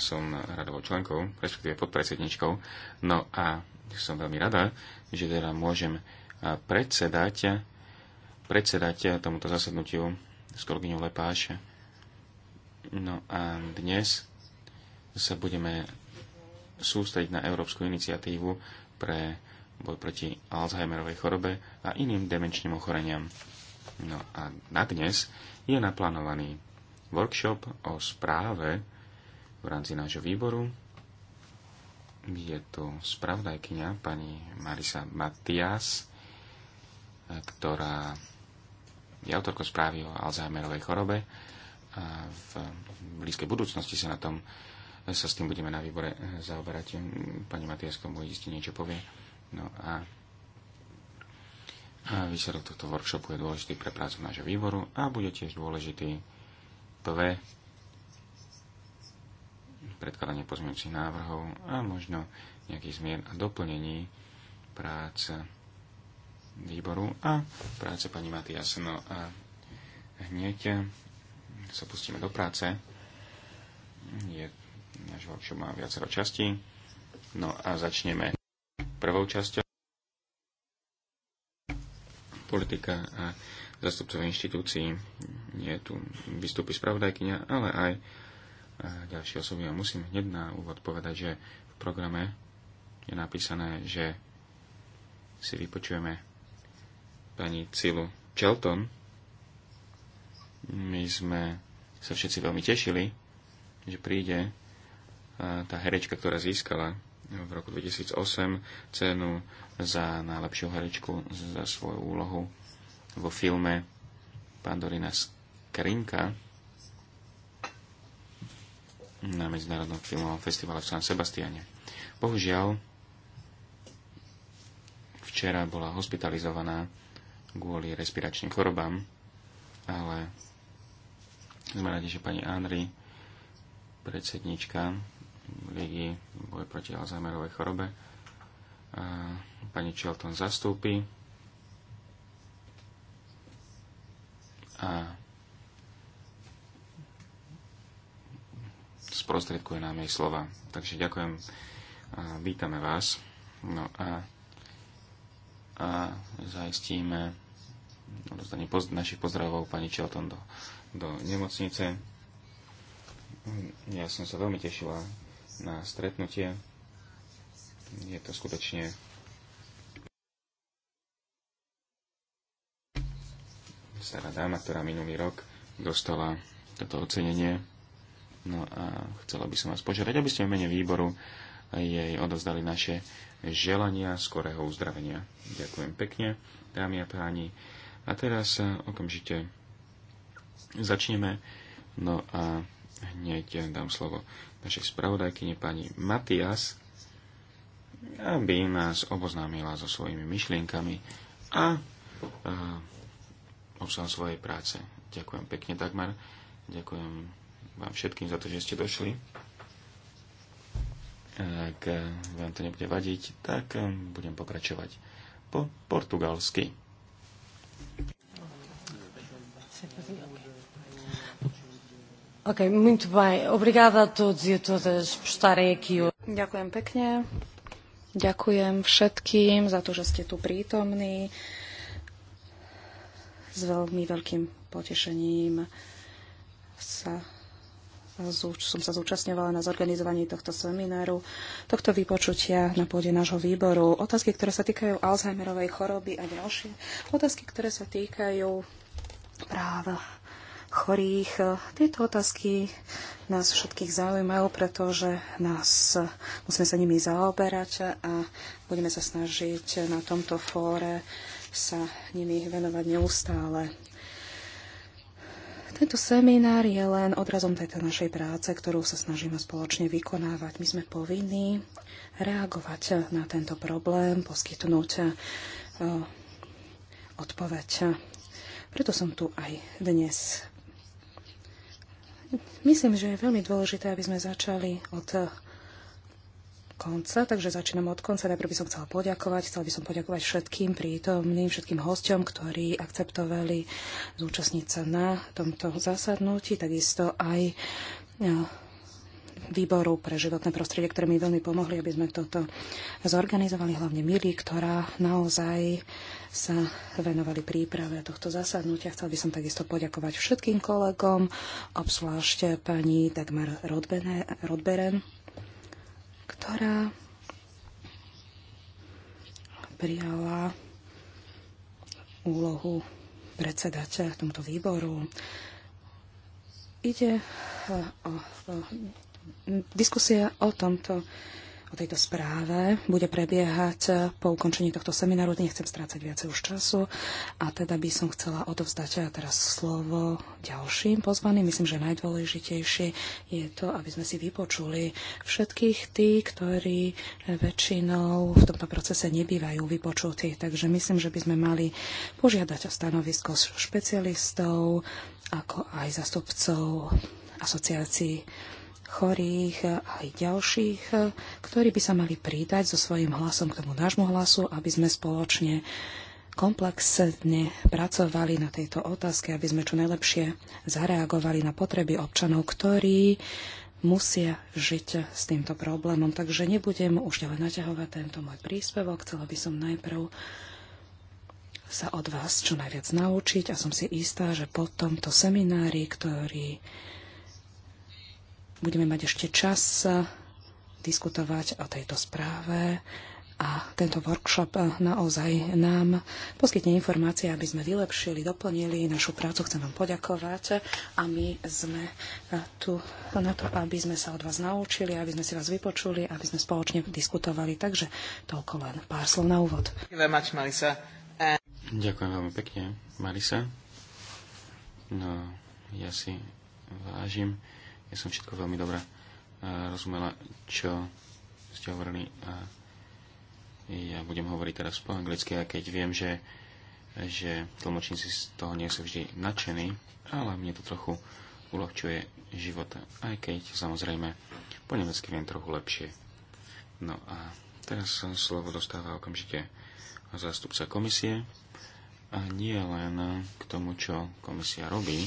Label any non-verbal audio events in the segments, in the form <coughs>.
som radovou členkou, respektíve podpredsedničkou. No a som veľmi rada, že teda môžem predsedať, predsedať tomuto zasadnutiu s kolegyňou Lepáš. No a dnes sa budeme sústrediť na Európsku iniciatívu pre boj proti Alzheimerovej chorobe a iným demenčným ochoreniam. No a na dnes je naplánovaný workshop o správe v rámci nášho výboru. Je tu spravdajkynia pani Marisa Matias, ktorá je autorkou správy o Alzheimerovej chorobe a v blízkej budúcnosti sa na tom sa s tým budeme na výbore zaoberať. Pani Matias tomu isté niečo povie. No a, a výsledok tohto workshopu je dôležitý pre prácu nášho výboru a bude tiež dôležitý pre predkladanie pozmeňujúcich návrhov a možno nejakých zmien a doplnení práce výboru a práce pani Matias. No a hneď sa pustíme do práce. Je, náš workshop má viacero častí. No a začneme prvou časťou. Politika a zastupcov inštitúcií. Je tu vystúpi spravodajkynia, ale aj ďalšie osoby. A musím hneď na úvod povedať, že v programe je napísané, že si vypočujeme pani Cilu Chelton. My sme sa všetci veľmi tešili, že príde tá herečka, ktorá získala v roku 2008 cenu za najlepšiu herečku za svoju úlohu vo filme Pandorina Skrinka na Medzinárodnom filmovom festivale v San Sebastiane. Bohužiaľ, včera bola hospitalizovaná kvôli respiračným chorobám, ale sme radi, že pani Andri, predsednička Ligy boje proti Alzheimerovej chorobe, a pani Chilton zastúpi a sprostredkuje nám jej slova. Takže ďakujem, a vítame vás. No a, a zaistíme rozdanie no, poz- našich pozdravov pani Čelton do, do nemocnice. Ja som sa veľmi tešila na stretnutie. Je to skutočne stará dáma, ktorá minulý rok dostala toto ocenenie. No a chcela by som vás požiadať, aby ste v mene výboru jej odozdali naše želania skorého uzdravenia. Ďakujem pekne, dámy a páni. A teraz okamžite začneme. No a hneď dám slovo našej spravodajkyne pani Matias, aby nás oboznámila so svojimi myšlienkami a, a obsahom svojej práce. Ďakujem pekne, Dagmar. Ďakujem vám všetkým za to, že ste došli. Ak vám to nebude vadiť, tak eh, budem pokračovať po portugalsky. Ok, muito bem. Obrigada a todos e a todas por estarem aqui hoje. Ďakujem pekne. Ďakujem všetkým za to, že ste tu prítomní. S veľmi veľkým potešením sa som sa zúčastňovala na zorganizovaní tohto semináru, tohto vypočutia na pôde nášho výboru. Otázky, ktoré sa týkajú Alzheimerovej choroby a ďalšie. Otázky, ktoré sa týkajú práva chorých. Tieto otázky nás všetkých zaujímajú, pretože nás, musíme sa nimi zaoberať a budeme sa snažiť na tomto fóre sa nimi venovať neustále. Tento seminár je len odrazom tejto našej práce, ktorú sa snažíme spoločne vykonávať. My sme povinní reagovať na tento problém, poskytnúť eh, odpoveď. Preto som tu aj dnes. Myslím, že je veľmi dôležité, aby sme začali od konca, takže začínam od konca. Najprv by som chcela poďakovať. Chcela by som poďakovať všetkým prítomným, všetkým hosťom, ktorí akceptovali zúčastniť sa na tomto zasadnutí, takisto aj e, výboru pre životné prostredie, ktoré mi veľmi pomohli, aby sme toto zorganizovali, hlavne Mili, ktorá naozaj sa venovali príprave tohto zasadnutia. Chcel by som takisto poďakovať všetkým kolegom, obzvlášť pani Dagmar Rodberen, ktorá prijala úlohu v tomto výboru. Ide o, eh, o, o diskusia o tomto o tejto správe bude prebiehať po ukončení tohto semináru. Nechcem strácať viacej už času a teda by som chcela odovzdať teraz slovo ďalším pozvaným. Myslím, že najdôležitejšie je to, aby sme si vypočuli všetkých tých, ktorí väčšinou v tomto procese nebývajú vypočutí. Takže myslím, že by sme mali požiadať o stanovisko špecialistov, ako aj zastupcov asociácií chorých a e, aj ďalších, e, ktorí by sa mali pridať so svojím hlasom k tomu nášmu hlasu, aby sme spoločne komplexne pracovali na tejto otázke, aby sme čo najlepšie zareagovali na potreby občanov, ktorí musia žiť s týmto problémom. Takže nebudem už ďalej naťahovať tento môj príspevok. Chcela by som najprv sa od vás čo najviac naučiť a som si istá, že po tomto seminári, ktorý Budeme mať ešte čas e, diskutovať o tejto správe a tento workshop e, naozaj nám poskytne informácie, aby sme vylepšili, doplnili našu prácu. Chcem vám poďakovať a my sme e, tu na to, aby sme sa od vás naučili, aby sme si vás vypočuli, aby sme spoločne diskutovali. Takže toľko len pár slov na úvod. Ďakujem veľmi pekne, Marisa. No, ja si vážim ja som všetko veľmi dobre e, rozumela, čo ste hovorili a ja budem hovoriť teraz po anglicky, a keď viem, že, že tlmočníci z toho nie sú vždy nadšení, ale mne to trochu uľahčuje život, aj keď samozrejme po nemecky viem trochu lepšie. No a teraz slovo dostáva okamžite zástupca komisie a nie len k tomu, čo komisia robí,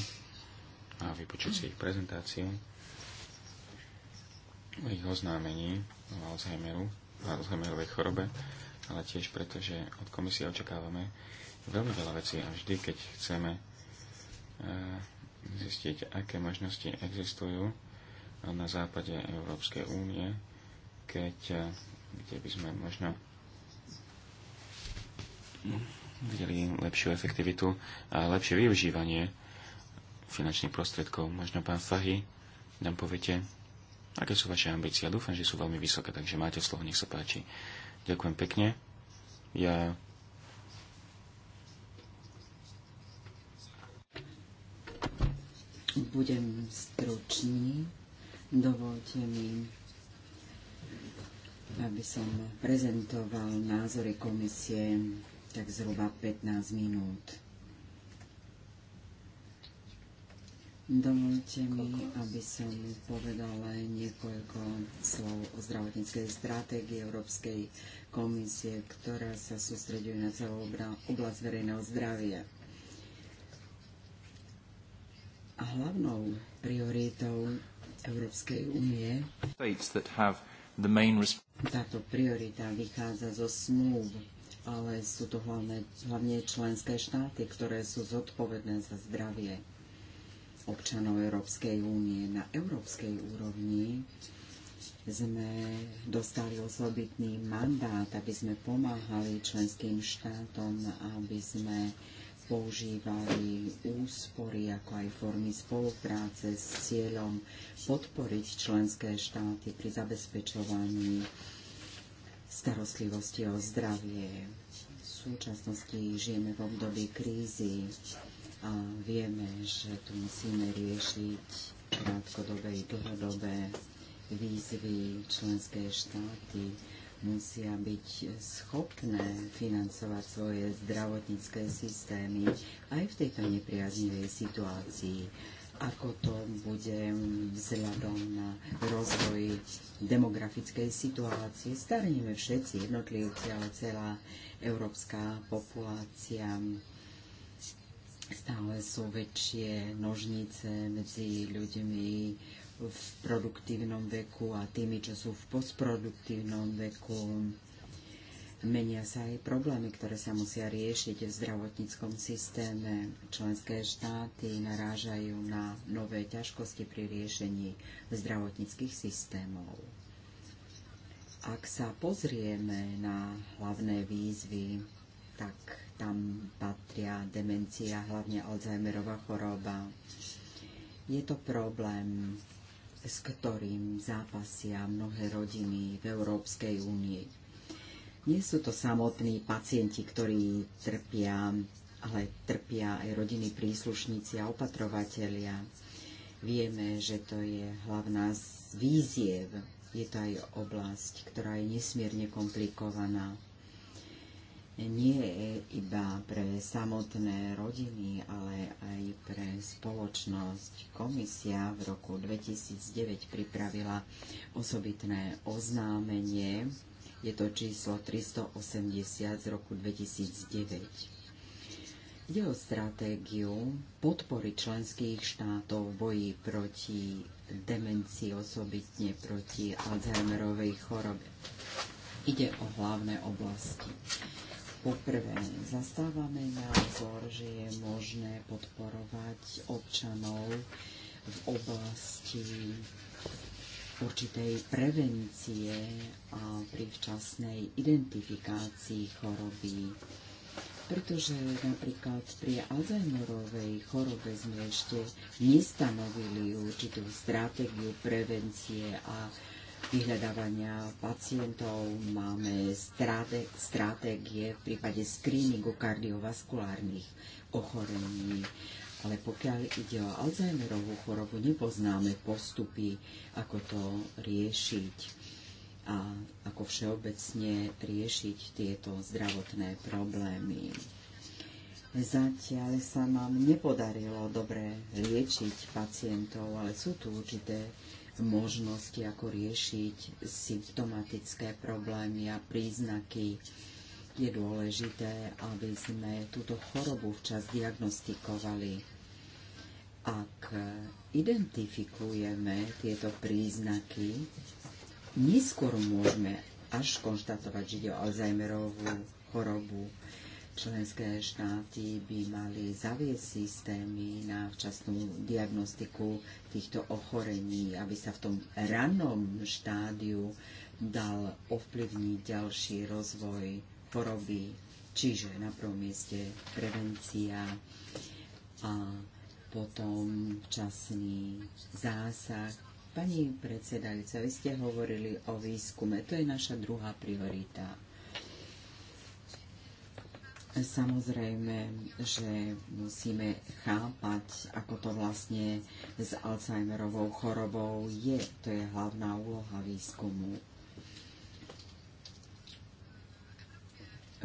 a vypočuť si ich prezentáciu, ich oznámení o Alzheimeru o Alzheimerovej chorobe, ale tiež preto, že od komisie očakávame veľmi veľa vecí a vždy, keď chceme eh, zistiť, aké možnosti existujú na západe Európskej únie, keď eh, kde by sme možno videli lepšiu efektivitu a lepšie využívanie finančných prostriedkov. Možno pán Fahy nám poviete, Aké sú vaše ambície? Dúfam, že sú veľmi vysoké, takže máte slovo, nech sa páči. Ďakujem pekne. Ja budem stručný. Dovolte mi, aby som prezentoval názory komisie tak zhruba 15 minút. Dovolte mi, aby som povedala niekoľko slov o zdravotníckej stratégii Európskej komisie, ktorá sa sústreďuje na celú oblasť verejného zdravia. A hlavnou prioritou Európskej únie táto priorita vychádza zo smluv, ale sú to hlavne, hlavne členské štáty, ktoré sú zodpovedné za zdravie občanov Európskej únie. Na európskej úrovni sme dostali osobitný mandát, aby sme pomáhali členským štátom, aby sme používali úspory ako aj formy spolupráce s cieľom podporiť členské štáty pri zabezpečovaní starostlivosti o zdravie. V súčasnosti žijeme v období krízy a vieme, že tu musíme riešiť krátkodobé i dlhodobé výzvy členské štáty musia byť schopné financovať svoje zdravotnícke systémy aj v tejto nepriaznivej situácii. Ako to bude vzhľadom na rozvoj demografickej situácie? Starníme všetci jednotlivci, ale celá európska populácia Stále sú väčšie nožnice medzi ľuďmi v produktívnom veku a tými, čo sú v postproduktívnom veku. Menia sa aj problémy, ktoré sa musia riešiť v zdravotníckom systéme. Členské štáty narážajú na nové ťažkosti pri riešení zdravotníckých systémov. Ak sa pozrieme na hlavné výzvy, tak tam patria demencia, hlavne Alzheimerova choroba. Je to problém, s ktorým zápasia mnohé rodiny v Európskej únii. Nie sú to samotní pacienti, ktorí trpia, ale trpia aj rodiny príslušníci a opatrovatelia. Vieme, že to je hlavná z výziev. Je to aj oblasť, ktorá je nesmierne komplikovaná nie iba pre samotné rodiny, ale aj pre spoločnosť. Komisia v roku 2009 pripravila osobitné oznámenie, je to číslo 380 z roku 2009. Ide o stratégiu podpory členských štátov v boji proti demencii, osobitne proti Alzheimerovej chorobe. Ide o hlavné oblasti Poprvé, zastávame názor, že je možné podporovať občanov v oblasti určitej prevencie a pri včasnej identifikácii choroby. Pretože napríklad pri Alzheimerovej chorobe sme ešte nestanovili určitú stratégiu prevencie a vyhľadávania pacientov, máme stratégie v prípade screeningu kardiovaskulárnych ochorení, ale pokiaľ ide o Alzheimerovú chorobu, nepoznáme postupy, ako to riešiť a ako všeobecne riešiť tieto zdravotné problémy. Zatiaľ sa nám nepodarilo dobre liečiť pacientov, ale sú tu určité možnosti, ako riešiť symptomatické problémy a príznaky. Je dôležité, aby sme túto chorobu včas diagnostikovali. Ak identifikujeme tieto príznaky, neskôr môžeme až konštatovať, že ide o Alzheimerovú chorobu. Členské štáty by mali zaviesť systémy na včasnú diagnostiku týchto ochorení, aby sa v tom rannom štádiu dal ovplyvniť ďalší rozvoj choroby. Čiže na prvom mieste prevencia a potom včasný zásah. Pani predsedajúca, vy ste hovorili o výskume, to je naša druhá priorita Samozrejme, že musíme chápať, ako to vlastne s Alzheimerovou chorobou je. To je hlavná úloha výskumu.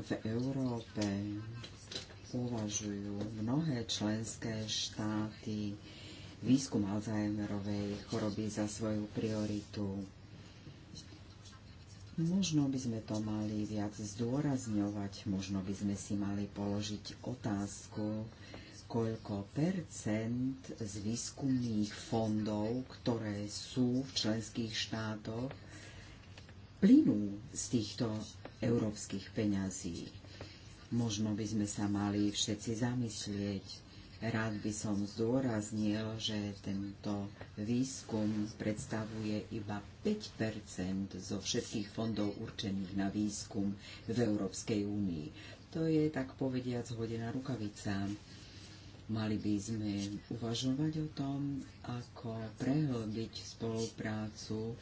V Európe uvažujú mnohé členské štáty výskum Alzheimerovej choroby za svoju prioritu Možno by sme to mali viac zdôrazňovať, možno by sme si mali položiť otázku, koľko percent z výskumných fondov, ktoré sú v členských štátoch, plynú z týchto európskych peňazí. Možno by sme sa mali všetci zamyslieť, Rád by som zdôraznil, že tento výskum predstavuje iba 5 zo všetkých fondov určených na výskum v Európskej únii. To je, tak povediac, hodená rukavica. Mali by sme uvažovať o tom, ako prehlbiť spoluprácu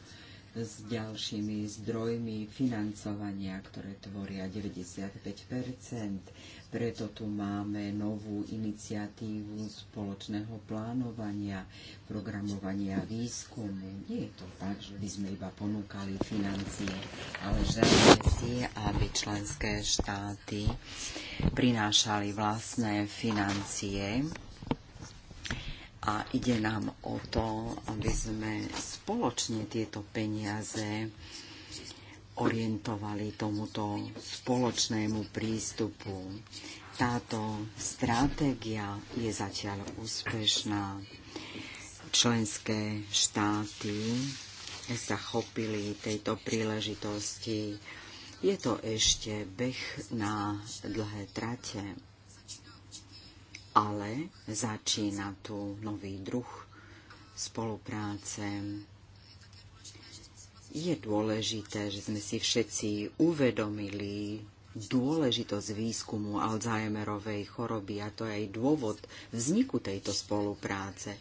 s ďalšími zdrojmi financovania, ktoré tvoria 95 preto tu máme novú iniciatívu spoločného plánovania, programovania výskumu. Nie je to tak, že by sme iba ponúkali financie, ale želáme si, aby členské štáty prinášali vlastné financie a ide nám o to, aby sme spoločne tieto peniaze orientovali tomuto spoločnému prístupu. Táto stratégia je zatiaľ úspešná. Členské štáty sa chopili tejto príležitosti. Je to ešte beh na dlhé trate, ale začína tu nový druh spolupráce je dôležité, že sme si všetci uvedomili dôležitosť výskumu Alzheimerovej choroby a to je aj dôvod vzniku tejto spolupráce.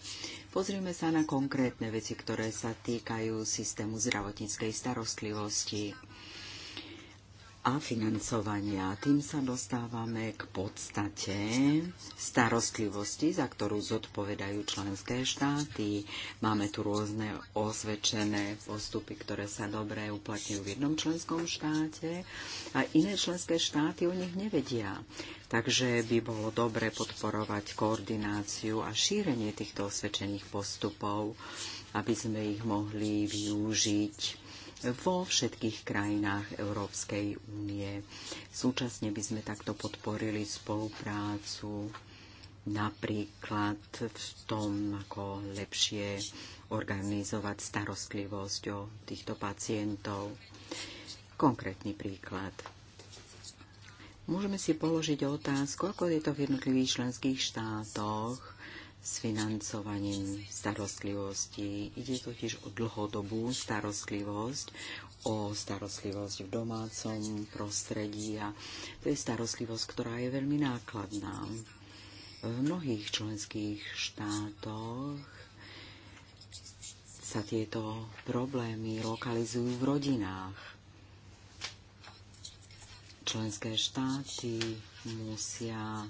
Pozrieme sa na konkrétne veci, ktoré sa týkajú systému zdravotníckej starostlivosti a financovania. Tým sa dostávame k podstate starostlivosti, za ktorú zodpovedajú členské štáty. Máme tu rôzne osvedčené postupy, ktoré sa dobre uplatňujú v jednom členskom štáte a iné členské štáty o nich nevedia. Takže by bolo dobre podporovať koordináciu a šírenie týchto osvedčených postupov, aby sme ich mohli využiť vo všetkých krajinách Európskej únie. Súčasne by sme takto podporili spoluprácu napríklad v tom, ako lepšie organizovať starostlivosť o týchto pacientov. Konkrétny príklad. Môžeme si položiť otázku, ako je to v jednotlivých členských štátoch s financovaním starostlivosti. Ide totiž o dlhodobú starostlivosť, o starostlivosť v domácom prostredí a to je starostlivosť, ktorá je veľmi nákladná. V mnohých členských štátoch sa tieto problémy lokalizujú v rodinách. Členské štáty musia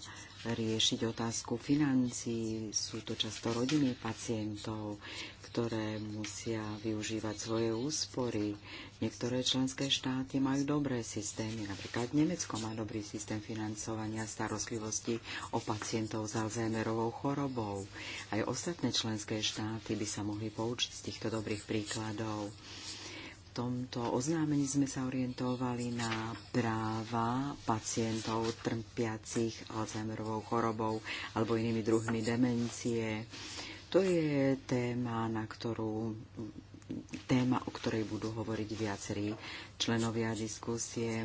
riešiť otázku financií. Sú to často rodiny pacientov, ktoré musia využívať svoje úspory. Niektoré členské štáty majú dobré systémy, napríklad Nemecko má dobrý systém financovania starostlivosti o pacientov s Alzheimerovou chorobou. Aj ostatné členské štáty by sa mohli poučiť z týchto dobrých príkladov tomto oznámení sme sa orientovali na práva pacientov trpiacich Alzheimerovou chorobou alebo inými druhmi demencie. To je téma, na ktorú téma, o ktorej budú hovoriť viacerí členovia diskusie.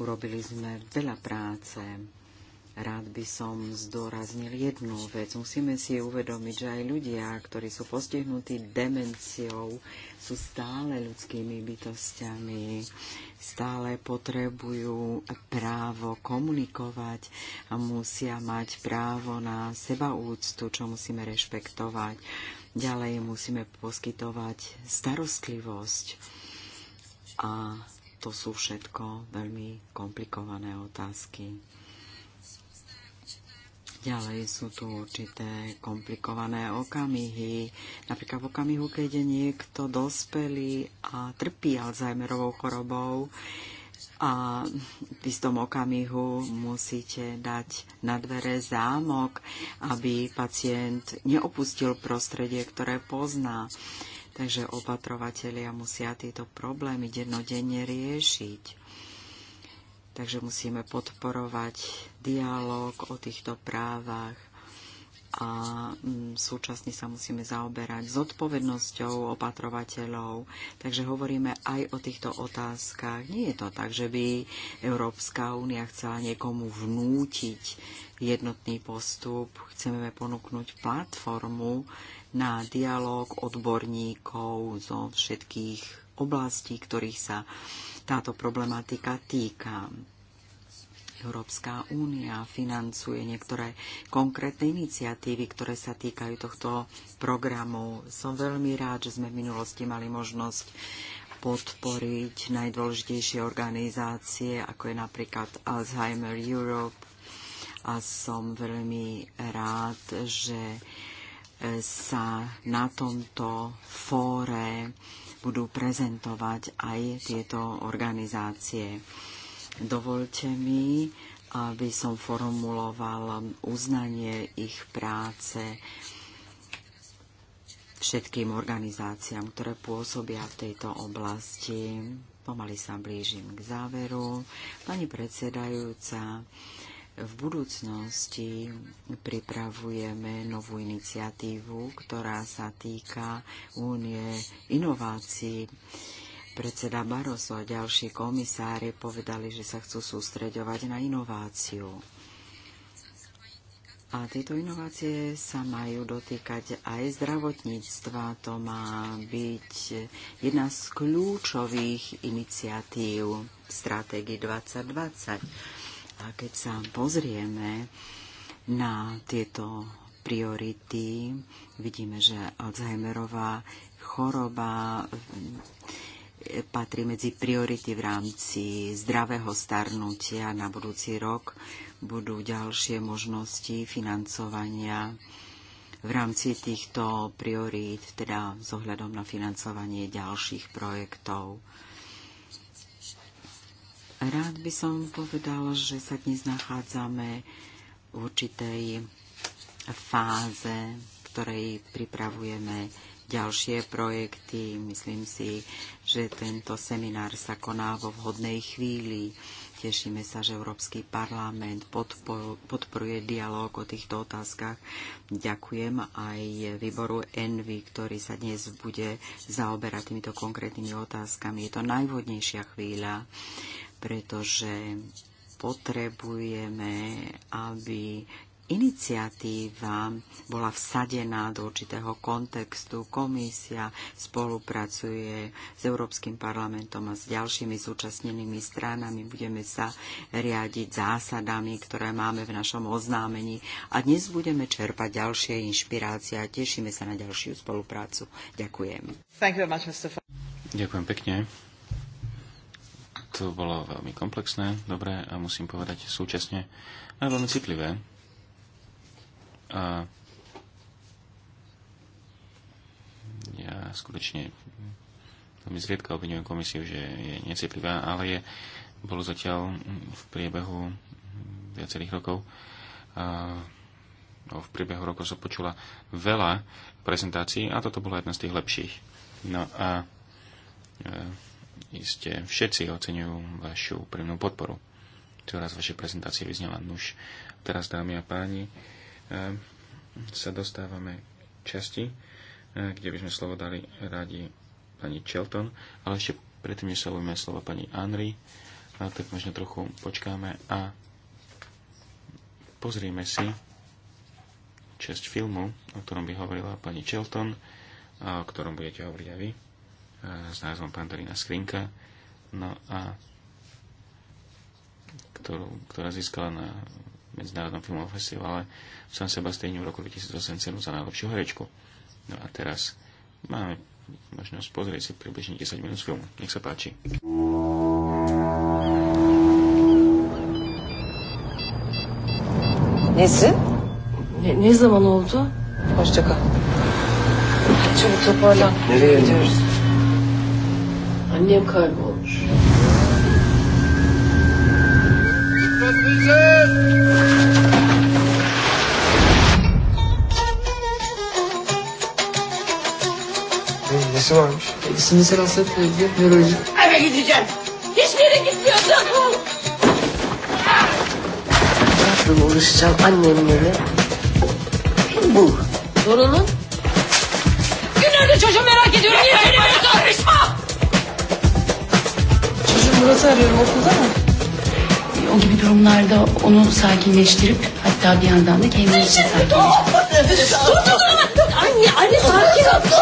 Urobili sme veľa práce Rád by som zdôraznil jednu vec. Musíme si uvedomiť, že aj ľudia, ktorí sú postihnutí demenciou, sú stále ľudskými bytostiami, stále potrebujú právo komunikovať a musia mať právo na sebaúctu, čo musíme rešpektovať. Ďalej musíme poskytovať starostlivosť a to sú všetko veľmi komplikované otázky. Ďalej sú tu určité komplikované okamihy. Napríklad v okamihu, keď je niekto dospelý a trpí Alzheimerovou chorobou, a v istom okamihu musíte dať na dvere zámok, aby pacient neopustil prostredie, ktoré pozná. Takže opatrovateľia musia tieto problémy dennodenne riešiť. Takže musíme podporovať dialog o týchto právach a mm, súčasne sa musíme zaoberať s odpovednosťou opatrovateľov. Takže hovoríme aj o týchto otázkach. Nie je to tak, že by Európska únia chcela niekomu vnútiť jednotný postup. Chceme ponúknuť platformu na dialog odborníkov zo všetkých oblastí, ktorých sa táto problematika týka. Európska únia financuje niektoré konkrétne iniciatívy, ktoré sa týkajú tohto programu. Som veľmi rád, že sme v minulosti mali možnosť podporiť najdôležitejšie organizácie, ako je napríklad Alzheimer Europe. A som veľmi rád, že sa na tomto fóre budú prezentovať aj tieto organizácie. Dovolte mi, aby som formuloval uznanie ich práce všetkým organizáciám, ktoré pôsobia v tejto oblasti. Pomaly sa blížim k záveru. Pani predsedajúca, v budúcnosti pripravujeme novú iniciatívu, ktorá sa týka únie inovácií. Predseda Barroso a ďalší komisári povedali, že sa chcú sústreďovať na inováciu. A tieto inovácie sa majú dotýkať aj zdravotníctva. To má byť jedna z kľúčových iniciatív stratégie 2020 a keď sa pozrieme na tieto priority, vidíme, že Alzheimerová choroba e, patrí medzi priority v rámci zdravého starnutia. Na budúci rok budú ďalšie možnosti financovania v rámci týchto priorít, teda s ohľadom na financovanie ďalších projektov. Rád by som povedal, že sa dnes nachádzame v určitej fáze, v ktorej pripravujeme ďalšie projekty. Myslím si, že tento seminár sa koná vo vhodnej chvíli. Tešíme sa, že Európsky parlament podporuje dialog o týchto otázkach. Ďakujem aj výboru Envy, ktorý sa dnes bude zaoberať týmito konkrétnymi otázkami. Je to najvhodnejšia chvíľa pretože potrebujeme, aby iniciatíva bola vsadená do určitého kontextu. Komisia spolupracuje s Európskym parlamentom a s ďalšími zúčastnenými stranami. Budeme sa riadiť zásadami, ktoré máme v našom oznámení. A dnes budeme čerpať ďalšie inšpirácie a tešíme sa na ďalšiu spoluprácu. Ďakujem. Much, Ďakujem pekne. To bolo veľmi komplexné, dobré a musím povedať súčasne a veľmi citlivé. A ja skutočne veľmi zriedka obvinujem komisiu, že je necitlivá, ale je, bolo zatiaľ v priebehu viacerých rokov a no, v priebehu rokov sa počula veľa prezentácií a toto bola jedna z tých lepších. No a e, iste všetci ocenujú vašu úprimnú podporu, ktorá vaše prezentácie vyznela. Nuž, teraz, dámy a páni, eh, sa dostávame k časti, eh, kde by sme slovo dali radi pani Chelton, ale ešte predtým, než sa ujme slovo pani Anri, tak možno trochu počkáme a pozrieme si časť filmu, o ktorom by hovorila pani Chelton a o ktorom budete hovoriť aj vy. Eh, s názvom Pandorína skrinka. No a ktorú, ktorá získala na Medzinárodnom filmovom festivale v San Sebastianu v roku 2008 cenu za najlepšiu herečku. No a teraz máme možnosť pozrieť si približne 10 minút filmu. Nech sa páči. Nesin? Ne, ne zaman oldu? Hoşça kal. Çabuk toparlan. Nereye gidiyoruz? nie kaybolmuş. Dikkatlice! Ne, nesi varmış? E, Sinir hastalıkla ilgili nöroloji. Eve gideceğim. Hiçbir yere gitmiyorsun. Nasıl uğraşacağım annemle? Bu. Sorunun? Günlerde çocuğu merak ediyorum. Niye beni söylemiyorsun? Karışma! Murat'ı arıyorum okulda mı? E, o gibi durumlarda onu sakinleştirip hatta bir yandan da kendini için sakinleştirip. anne, anne sakin ol.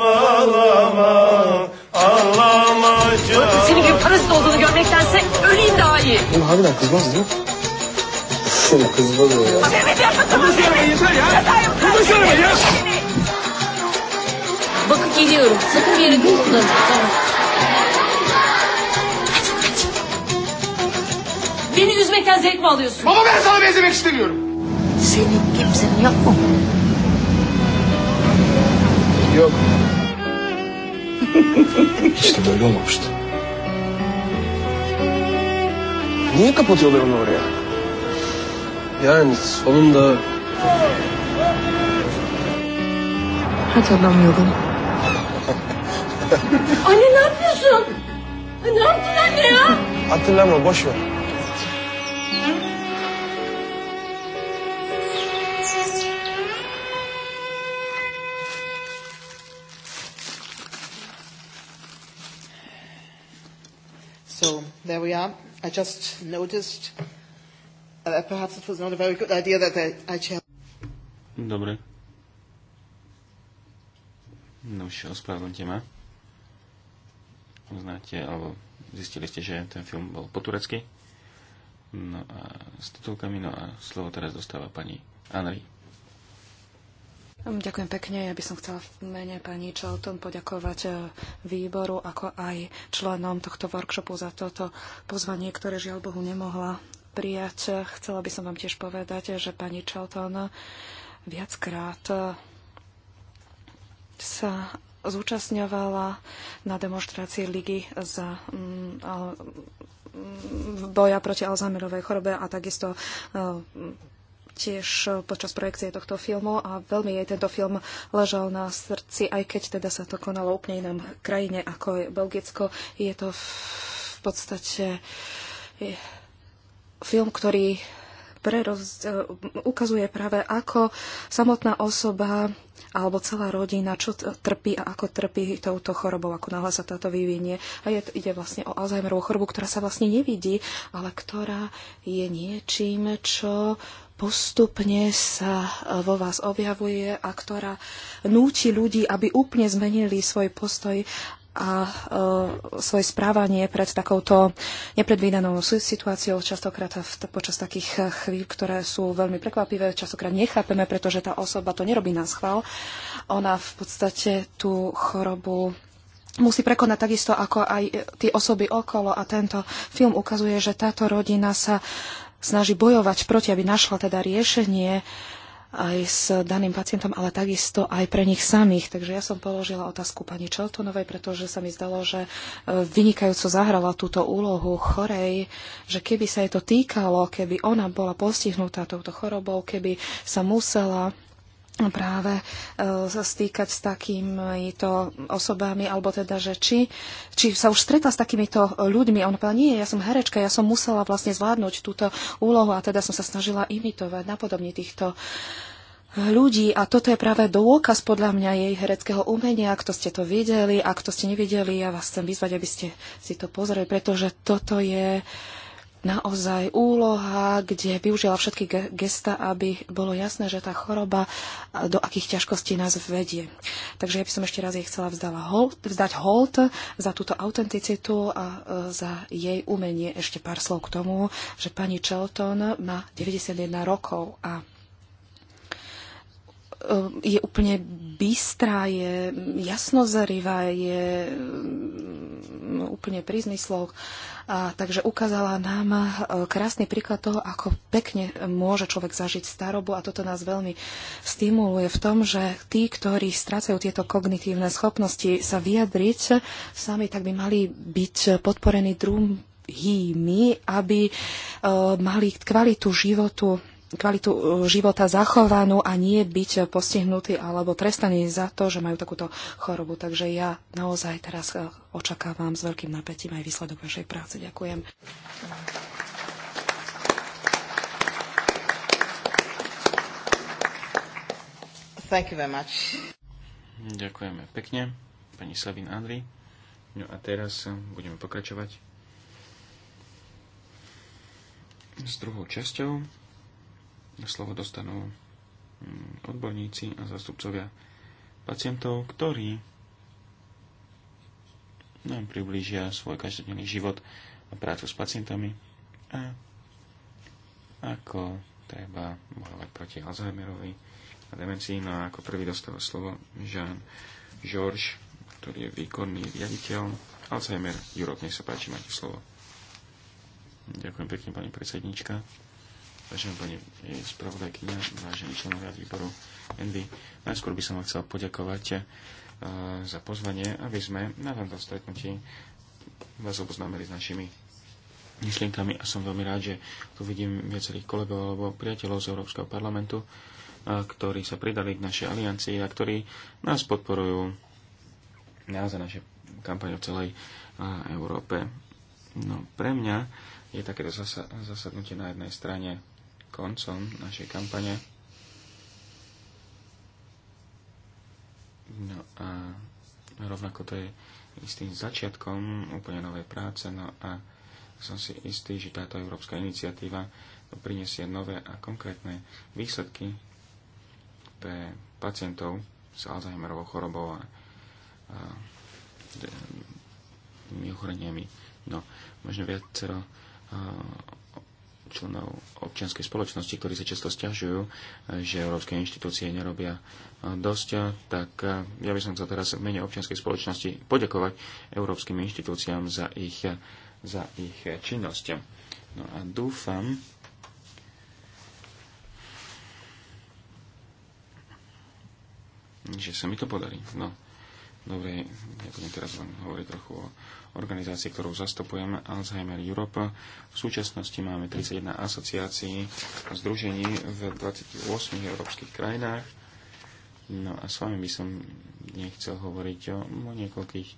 Ağlama, ağlama canım. Senin gibi parazit olduğunu görmektense öleyim daha iyi. Oğlum harbiden kızmaz değil mi? Kızmaz o ya. Mehmet yapma tamam. Kızmaz ya yeter ya. Kızmaz ya. Bakıp geliyorum. Sakın bir yere gitme. Tamam. Beni üzmekten zevk mi alıyorsun? Baba ben sana benzemek istemiyorum. Senin kimsenin yok mu? Yok. Hiç <laughs> böyle olmamıştı. Niye kapatıyorlar onu oraya? Yani sonunda... Hatırlamıyorum. Anne ne yapıyorsun? Ne yaptın anne ya? Hatırlamıyorum boş ver. So there we are. I just noticed uh, perhaps it was not a very good idea that I, I challenged. Dobre. No už ospravedlňte ma uznáte, alebo zistili ste, že ten film bol po turecky. No a s titulkami, no a slovo teraz dostáva pani Anri. Ďakujem pekne. Ja by som chcela v mene pani Charlton poďakovať e, výboru, ako aj členom tohto workshopu za toto pozvanie, ktoré žiaľ Bohu nemohla prijať. Chcela by som vám tiež povedať, že pani Charlton viackrát sa zúčastňovala na demonstrácii Ligy za mm, mm, boja proti Alzheimerovej chorobe a takisto e, tiež počas projekcie tohto filmu a veľmi jej tento film ležal na srdci, aj keď teda sa to konalo úplne inom krajine ako je Belgicko. Je to v podstate film, ktorý preroz, e, ukazuje práve, ako samotná osoba alebo celá rodina, čo trpí a ako trpí touto chorobou, ako náhle sa táto vyvinie. A je, ide vlastne o Alzheimerovú chorobu, ktorá sa vlastne nevidí, ale ktorá je niečím, čo postupne sa e, vo vás objavuje a ktorá núti ľudí, aby úplne zmenili svoj postoj a e, svoje správanie pred takouto nepredvídanou situáciou, častokrát v, počas takých e, chvíľ, ktoré sú veľmi prekvapivé, častokrát nechápeme, pretože tá osoba to nerobí na schvál. Ona v podstate tú chorobu musí prekonať takisto ako aj e, tie osoby okolo a tento film ukazuje, že táto rodina sa snaží bojovať proti, aby našla teda riešenie uh, aj s daným pacientom, ale takisto aj pre nich samých. Takže ja som položila otázku pani Čeltonovej, pretože sa mi zdalo, že e, vynikajúco zahrala túto úlohu chorej, že keby sa jej to týkalo, keby ona bola postihnutá touto chorobou, keby sa musela práve e, sa stýkať s takýmito osobami, alebo teda, že či, či sa už stretla s takýmito ľuďmi. On povedala, nie, ja som herečka, ja som musela vlastne zvládnuť túto úlohu a teda som sa snažila imitovať napodobne týchto ľudí a toto je práve dôkaz podľa mňa jej hereckého umenia. Ak to ste to videli, ak to ste nevideli, ja vás chcem vyzvať, aby ste si to pozreli, pretože toto je uh, naozaj úloha, kde využila všetky gesta, aby bolo jasné, že tá choroba do akých ťažkostí nás vedie. Takže ja by som ešte raz jej chcela hold, vzdať hold za túto autenticitu a e, za jej umenie. Ešte pár slov k tomu, že pani Chelton má 91 rokov a E, je úplne bystrá, je jasnozarivá, je mm, úplne pri zmysloch. A, takže ukázala nám e, krásny príklad toho, ako pekne môže človek zažiť starobu a toto nás veľmi stimuluje v tom, že tí, ktorí strácajú tieto kognitívne schopnosti sa vyjadriť sami, tak by mali byť podporení druhými, aby uh, mali kvalitu životu kvalitu uh, života zachovanú a nie byť postihnutí alebo trestaní za to, že majú takúto chorobu. Takže ja naozaj teraz uh, očakávam s veľkým napätím aj výsledok vašej práce. Ďakujem. Thank you very much. Ďakujeme pekne, pani Slavín Andri. No a teraz uh, budeme pokračovať s druhou časťou slovo dostanú mm, odborníci a zastupcovia pacientov, ktorí nám priblížia svoj každodenný život a prácu s pacientami a ako treba bojovať proti Alzheimerovi a demencii. No a ako prvý dostal slovo Jean Georges, ktorý je výkonný riaditeľ Alzheimer Europe. Nech sa páči, máte slovo. Ďakujem pekne, pani predsednička. Vážená pani e, spravodajkynia, vážení členovia výboru Envy, najskôr by som vám chcel poďakovať e, za pozvanie, aby sme na tomto stretnutí vás oboznámili s našimi myšlienkami a som veľmi rád, že tu vidím viacerých kolegov alebo priateľov z Európskeho parlamentu, e, ktorí sa pridali k našej aliancii a ktorí nás podporujú nás a naše kampaň v celej Európe. No, pre mňa je takéto zasadnutie na jednej strane koncom našej kampane. No a rovnako to je istým začiatkom úplne novej práce, no a som si istý, že táto európska iniciatíva prinesie nové a konkrétne výsledky pre pacientov s Alzheimerovou chorobou a, a ochoreniami. No, možno viacero členov občianskej spoločnosti, ktorí sa často stiažujú, že európske inštitúcie nerobia eh, dosť, eh, tak eh, ja by som chcel teraz v mene občianskej spoločnosti poďakovať európskym inštitúciám za ich, za ich činnosť. No a dúfam, že sa mi to podarí. No, Dobre, ja budem teraz vám hovoriť trochu o organizácii, ktorú zastupujem, Alzheimer Europe. V súčasnosti máme 31 asociácií a združení v 28 európskych krajinách. No a s vami by som nechcel hovoriť o, o niekoľkých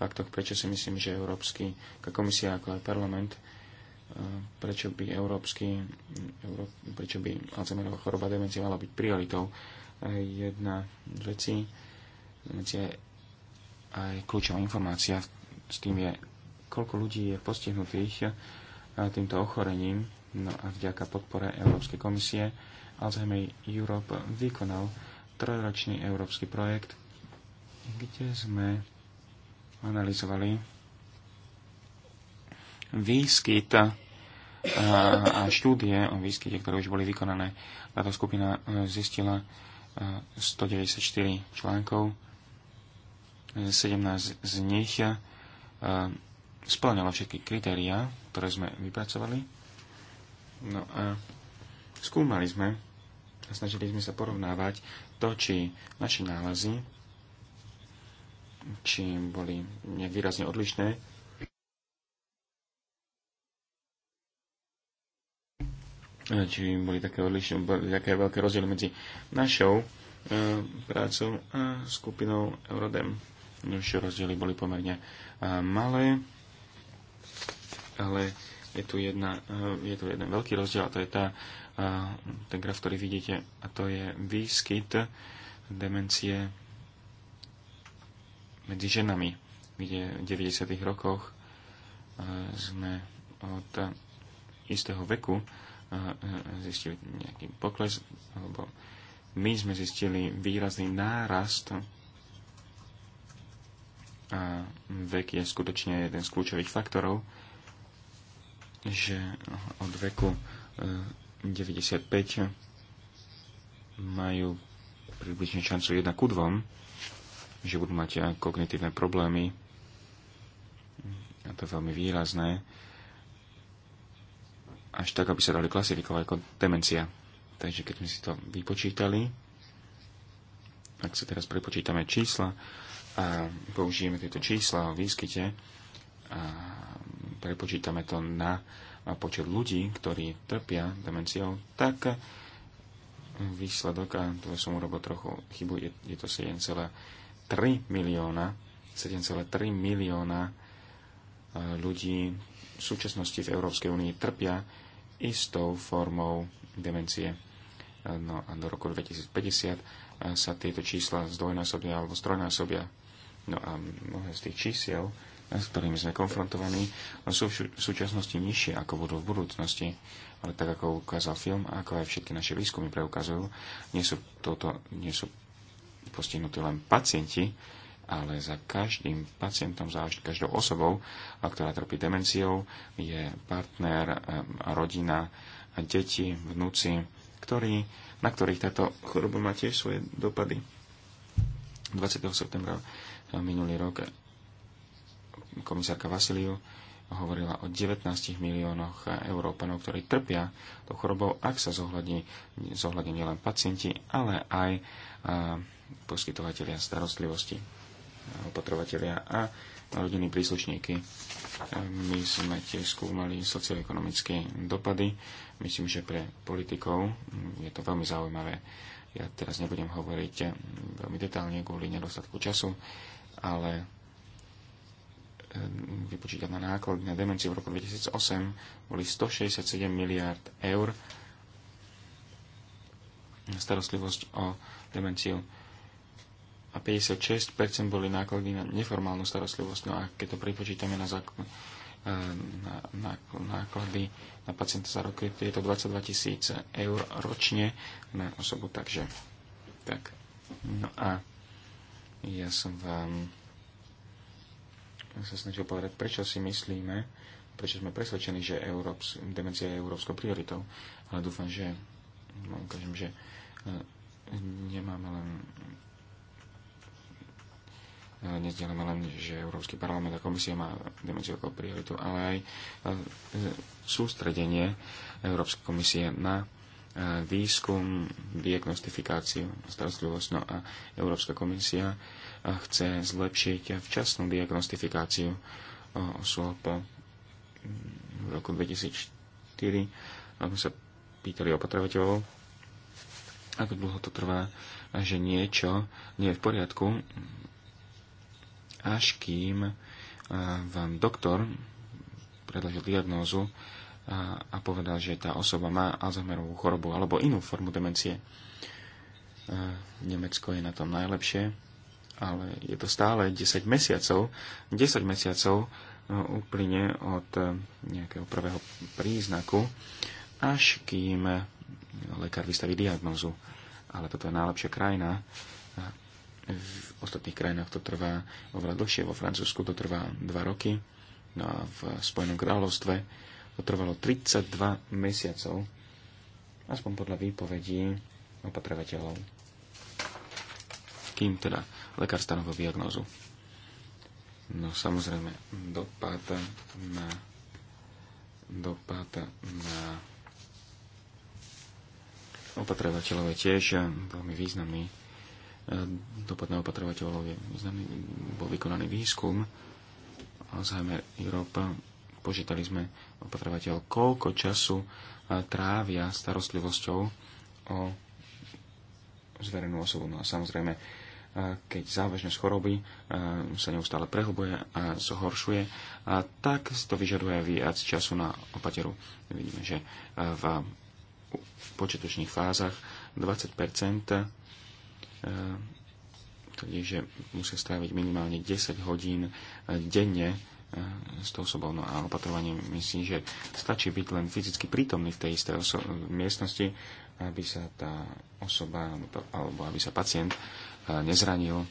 faktoch, prečo si myslím, že Európsky, komisia ako aj parlament, e, prečo by Európsky, Euró, prečo by Alzheimerová choroba demencia mala byť prioritou. E, jedna z vecí, demencia je aj kľúčová informácia s tým je, koľko ľudí je postihnutých e, týmto ochorením. No a vďaka podpore Európskej komisie Alzheimer Europe vykonal trojročný európsky projekt, kde sme analyzovali výskyt e, a štúdie o výskyte, ktoré už boli vykonané. Táto skupina e, zistila 194 článkov 17 z nich e, splňalo všetky kritériá, ktoré sme vypracovali. No a skúmali sme a snažili sme sa porovnávať to, či naše nálezy či boli výrazne odlišné. Či boli také, odlišné, boli také veľké rozdiely medzi našou e, prácou a skupinou Eurodem. Už rozdiely boli pomerne eh, malé, ale je tu, jedna, eh, je tu jeden veľký rozdiel a to je tá, eh, ten graf, ktorý vidíte a to je výskyt demencie medzi ženami, kde v 90. rokoch sme od istého veku zistili nejaký pokles, alebo my sme zistili výrazný nárast a vek je skutočne jeden z kľúčových faktorov, že od veku 95 eh, majú približne šancu 1 ku 2, že budú mať eh, kognitívne problémy a to je veľmi výrazné, až tak, aby sa dali klasifikovať ako demencia. Takže keď sme si to vypočítali, ak sa teraz prepočítame čísla, a použijeme tieto čísla o výskyte a prepočítame to na počet ľudí, ktorí trpia demenciou, tak výsledok, a tu som urobil trochu chybu, je, je to 7,3 milióna, 7,3 milióna e, ľudí v súčasnosti v Európskej únii trpia istou formou demencie. E, no a do roku 2050 e, sa tieto čísla zdvojnásobia alebo strojnásobia No a mnohé z tých čísiel, s ktorými sme konfrontovaní, sú v súčasnosti nižšie, ako budú v budúcnosti. Ale tak, ako ukázal film, a ako aj všetky naše výskumy preukazujú, nie sú, toto, nie sú postihnutí len pacienti, ale za každým pacientom, za každou osobou, ktorá trpí demenciou, je partner, rodina, deti, vnúci, ktorí, na ktorých táto choroba má tiež svoje dopady. 20. septembra Minulý rok komisárka Vasiliu hovorila o 19 miliónoch Európanov, ktorí trpia to chorobou, ak sa zohľadní, zohľadní nielen pacienti, ale aj a, poskytovateľia starostlivosti, opatrovateľia a rodinní príslušníky. My sme tiež skúmali socioekonomické dopady. Myslím, že pre politikov je to veľmi zaujímavé. Ja teraz nebudem hovoriť veľmi detálne kvôli nedostatku času ale ehm, vypočítané náklady na demenciu v roku 2008 boli 167 miliard eur. Starostlivosť o demenciu a 56% boli náklady na neformálnu starostlivosť. No a keď to pripočítame na, zák- ehm, na, na, náklady na pacienta za rok, je to 22 tisíc eur ročne na osobu. Takže tak. No a ja som vám ja sa snažil povedať, prečo si myslíme, prečo sme presvedčení, že Európs, demencia je európskou prioritou, ale dúfam, že no, ukážem, že e, nemáme len e, nezdielame len, že Európsky parlament a komisia má demenciu ako prioritu, ale aj e, sústredenie Európskej komisie na E, výskum, diagnostifikáciu starostlivosť. No a Európska komisia e, chce zlepšiť včasnú diagnostifikáciu e, osôb. V roku 2004 sme sa pýtali opatrovateľov, ako dlho to trvá, že niečo nie je v poriadku, až kým vám doktor predložil diagnózu a, a povedal, že tá osoba má Alzheimerovú chorobu alebo inú formu demencie. E, Nemecko je na tom najlepšie, ale je to stále 10 mesiacov. 10 mesiacov úplne e, od e, nejakého prvého príznaku, až kým lekár vystaví diagnozu. Ale toto je najlepšia krajina. V ostatných krajinách to trvá oveľa dlhšie. Vo Francúzsku to trvá 2 roky. No a v Spojenom kráľovstve to trvalo 32 mesiacov, aspoň podľa výpovedí opatrovateľov. Kým teda lekár stanovil diagnózu. No samozrejme, dopad na dopad na opatrovateľov je tiež veľmi významný. Dopad na opatrovateľov je významný. Bol vykonaný výskum Alzheimer Európa Požítali sme opatrovateľ, koľko času e, trávia starostlivosťou o zverenú osobu. No a samozrejme, e, keď závažnosť choroby e, sa neustále prehlbuje a zhoršuje, a tak to vyžaduje viac času na opateru. Vidíme, že v početočných fázach 20 takže musia stráviť minimálne 10 hodín denne Eh, s tou osobou. No a opatrovanie myslím, že stačí byť len fyzicky prítomný v tej istej miestnosti, aby sa tá osoba alebo aby sa pacient eh, nezranil,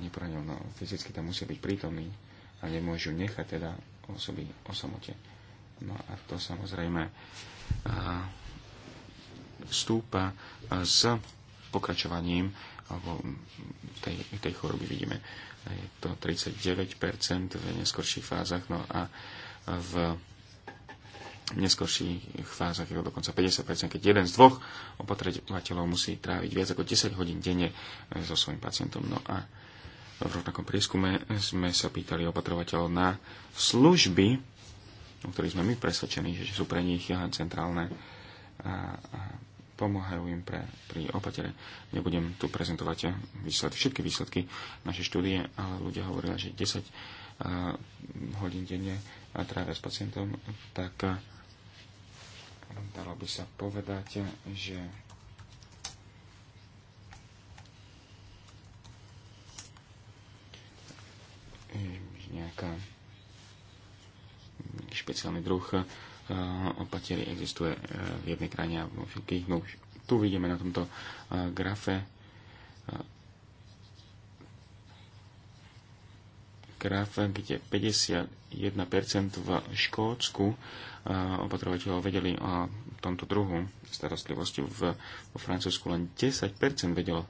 neporanil, no fyzicky tam musia byť prítomný a nemôžu nechať teda osoby o samote. No a to samozrejme eh, stúpa s pokračovaním alebo tej, tej choroby vidíme je to 39% v neskorších fázach, no a v neskorších fázach je to dokonca 50%, keď jeden z dvoch opatrovateľov musí tráviť viac ako 10 hodín denne eh, so svojím pacientom. No a v rovnakom prieskume sme sa pýtali opatrovateľov na služby, o ktorých sme my presvedčení, že sú pre nich centrálne a, a pomáhajú im pre, pri opatere. Nebudem tu prezentovať výsledky, všetky výsledky našej štúdie, ale ľudia hovorili, že 10 uh, hodín denne a trávia s pacientom, tak uh, dalo by sa povedať, že nejaká špeciálny druh Eh, opatiery existuje eh, v jednej krajine a vo všetkých. No už tu vidíme na tomto eh, grafe graf, kde 51% v Škótsku opatrovateľov vedeli o tomto druhu starostlivosti. V, vo Francúzsku len 10% vedelo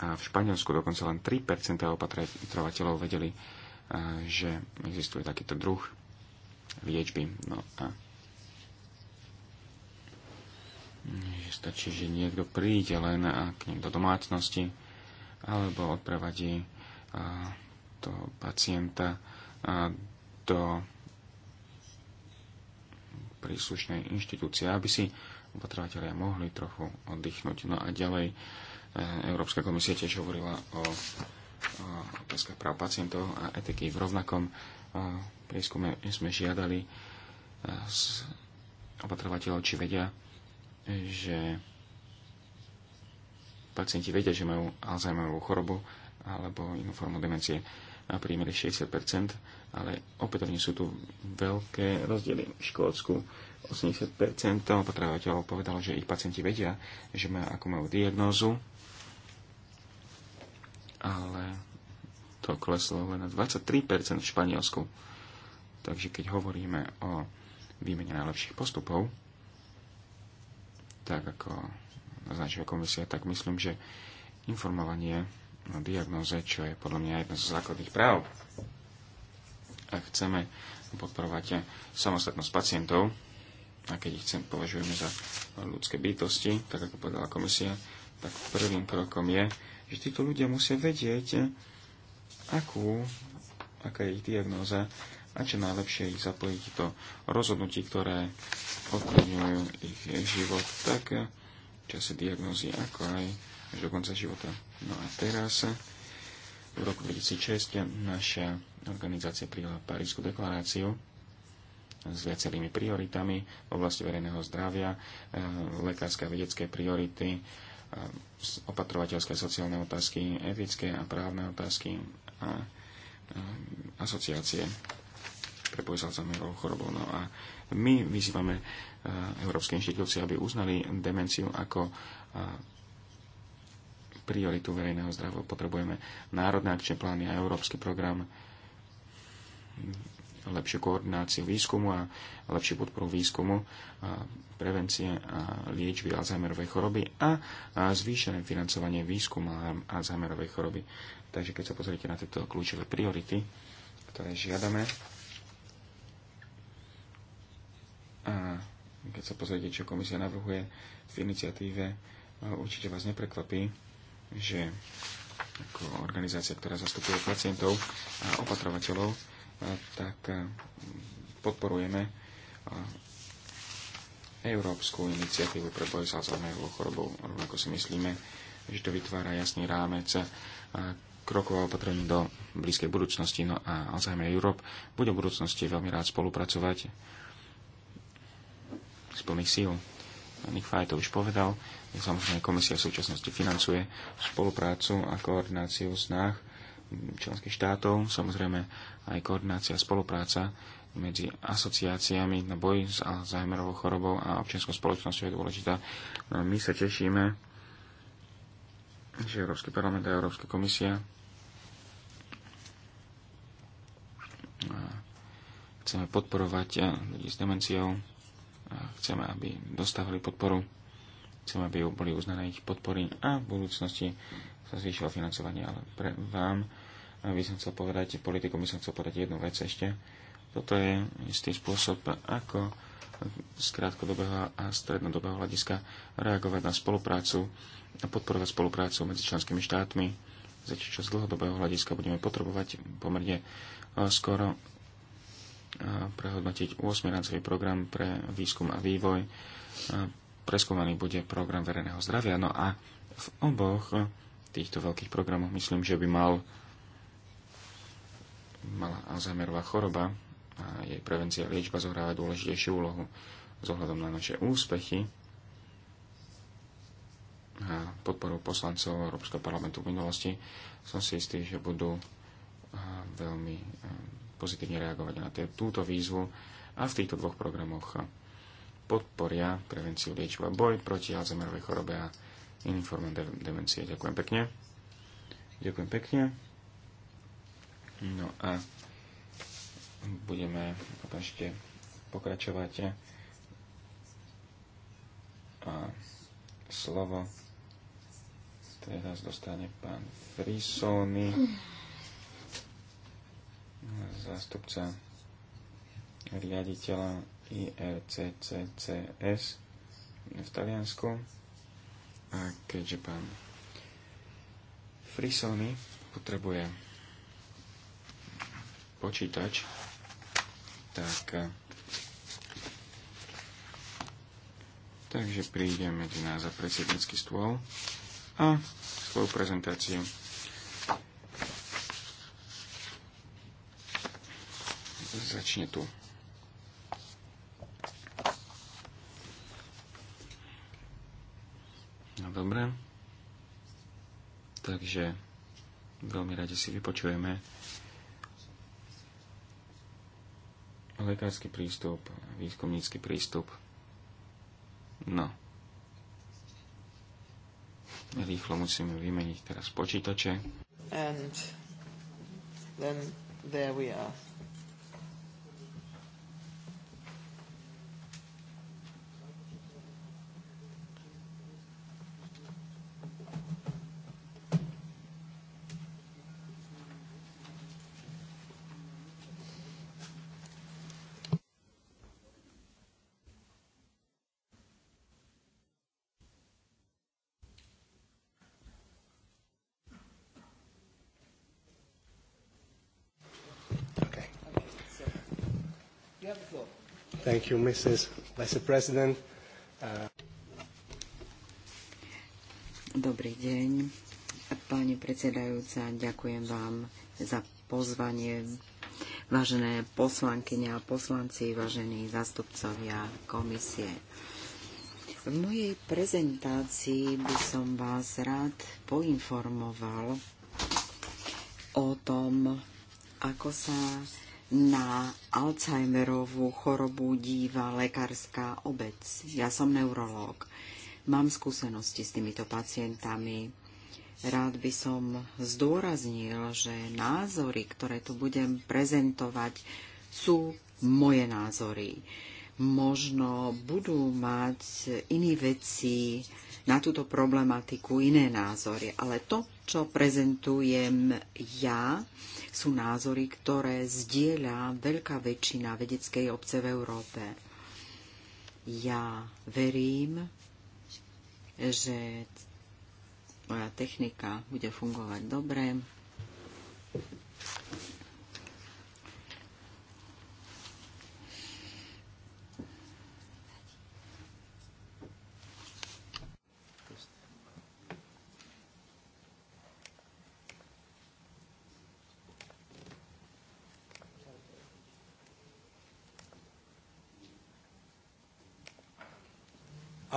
a v Španielsku dokonca len 3% opatrovateľov vedeli, že existuje takýto druh liečby. No a stačí, že niekto príde len a k ním do domácnosti alebo odprevadí toho pacienta do príslušnej inštitúcie, aby si opatrovateľia mohli trochu oddychnúť. No a ďalej e, Európska komisia tiež hovorila o otázkach práv pacientov a etiky v rovnakom prieskume sme žiadali e, opatrovateľov, či vedia, že pacienti vedia, že majú Alzheimerovú chorobu alebo inú formu demencie na prímer 60%, ale opätovne sú tu veľké rozdiely. V Škótsku 80% opatrovateľov povedalo, že ich pacienti vedia, že majú, ako majú diagnózu, ale to kleslo len na 23% v Španielsku. Takže keď hovoríme o výmene najlepších postupov, tak ako naznačuje komisia, tak myslím, že informovanie o diagnoze, čo je podľa mňa jedno z základných práv, ak chceme podporovať samostatnosť pacientov, a keď ich chcem, považujeme za ľudské bytosti, tak ako povedala komisia, tak prvým krokom je, že títo ľudia musia vedieť, akú, aká je ich diagnóza a čo najlepšie ich zapojiť do rozhodnutí, ktoré ovplyvňujú ich život tak v čase diagnózy, ako aj až do konca života. No a teraz v roku 2006 naša organizácia prijala Parísku deklaráciu s viacerými prioritami v oblasti verejného zdravia, eh, lekárske a vedecké priority, opatrovateľské sociálne otázky, etické a právne otázky a, asociácie pre boj s Alzheimerovou chorobou. No a my vyzývame e, európske inštitúcie, aby uznali demenciu ako e, prioritu verejného zdravia. Potrebujeme národné akčné plány a európsky program lepšiu koordináciu výskumu a lepšiu podporu výskumu, prevencie a liečby Alzheimerovej choroby a zvýšené financovanie výskumu Alzheimerovej choroby. Takže keď sa pozriete na tieto kľúčové priority, ktoré žiadame, a keď sa pozriete, čo komisia navrhuje v iniciatíve, určite vás neprekvapí, že ako organizácia, ktorá zastupuje pacientov a opatrovateľov, tak eh, podporujeme eh, európsku iniciatívu pre boj s Alzheimerovou chorobou, rovnako si myslíme, že to vytvára jasný rámec eh, krokov a opatrení do blízkej budúcnosti. No a Alzheimer Europe bude v budúcnosti veľmi rád spolupracovať z plných síl. Nichfaj to už povedal. Samozrejme, komisia v súčasnosti financuje spoluprácu a koordináciu snah členských štátov, samozrejme aj koordinácia a spolupráca medzi asociáciami na boj s Alzheimerovou chorobou a občianskou spoločnosťou je dôležitá. No, my sa tešíme, že Európsky parlament a Európska komisia chceme podporovať e, ľudí s demenciou, chceme, aby dostávali podporu, chceme, aby boli uznané ich podpory a v budúcnosti sa zvýšilo financovanie, ale pre vám by som chcel povedať, politikom by som chcel povedať jednu vec ešte. Toto je istý spôsob, ako z krátkodobého a strednodobého hľadiska reagovať na spoluprácu a podporovať spoluprácu medzi členskými štátmi, zatiaľ čo z dlhodobého hľadiska budeme potrebovať pomerne e, skoro e, prehodnotiť 8 rancový program pre výskum a vývoj. E, preskúmaný bude program verejného zdravia. No a v oboch týchto veľkých programoch. Myslím, že by mal mala Alzheimerová choroba a jej prevencia a liečba zohráva dôležitejšiu úlohu s ohľadom na naše úspechy a podporu poslancov Európskeho parlamentu v minulosti. Som si istý, že budú veľmi pozitívne reagovať na túto výzvu a v týchto dvoch programoch podporia prevenciu liečba boj proti Alzheimerovej chorobe a iným formám de- demencie. Ďakujem pekne. Ďakujem pekne. No a budeme ešte pokračovať. A slovo teraz dostane pán Frisony, zástupca riaditeľa IRCCCS v Taliansku. A keďže pán Frisony potrebuje počítač, tak takže príde medzi nás za predsednícky stôl a svoju prezentáciu začne tu. No dobre. Takže veľmi radi si vypočujeme lekársky prístup, výskumnícky prístup. No. Rýchlo musíme vymeniť teraz počítače. And then there we are. Thank you, Mrs. Vice President. Uh, Dobrý deň, pani predsedajúca, ďakujem vám za pozvanie. Vážené poslankyne a poslanci, vážení zastupcovia komisie. V mojej prezentácii by som vás rád poinformoval o tom, ako sa na Alzheimerovú chorobu díva lekárska obec. Ja som neurológ. Mám skúsenosti s týmito pacientami. Rád by som zdôraznil, že názory, ktoré tu budem prezentovať, sú moje názory. Možno budú mať iní veci na túto problematiku iné názory, ale to, čo prezentujem ja, sú názory, ktoré zdieľa veľká väčšina vedeckej obce v Európe. Ja verím, že moja technika bude fungovať dobre,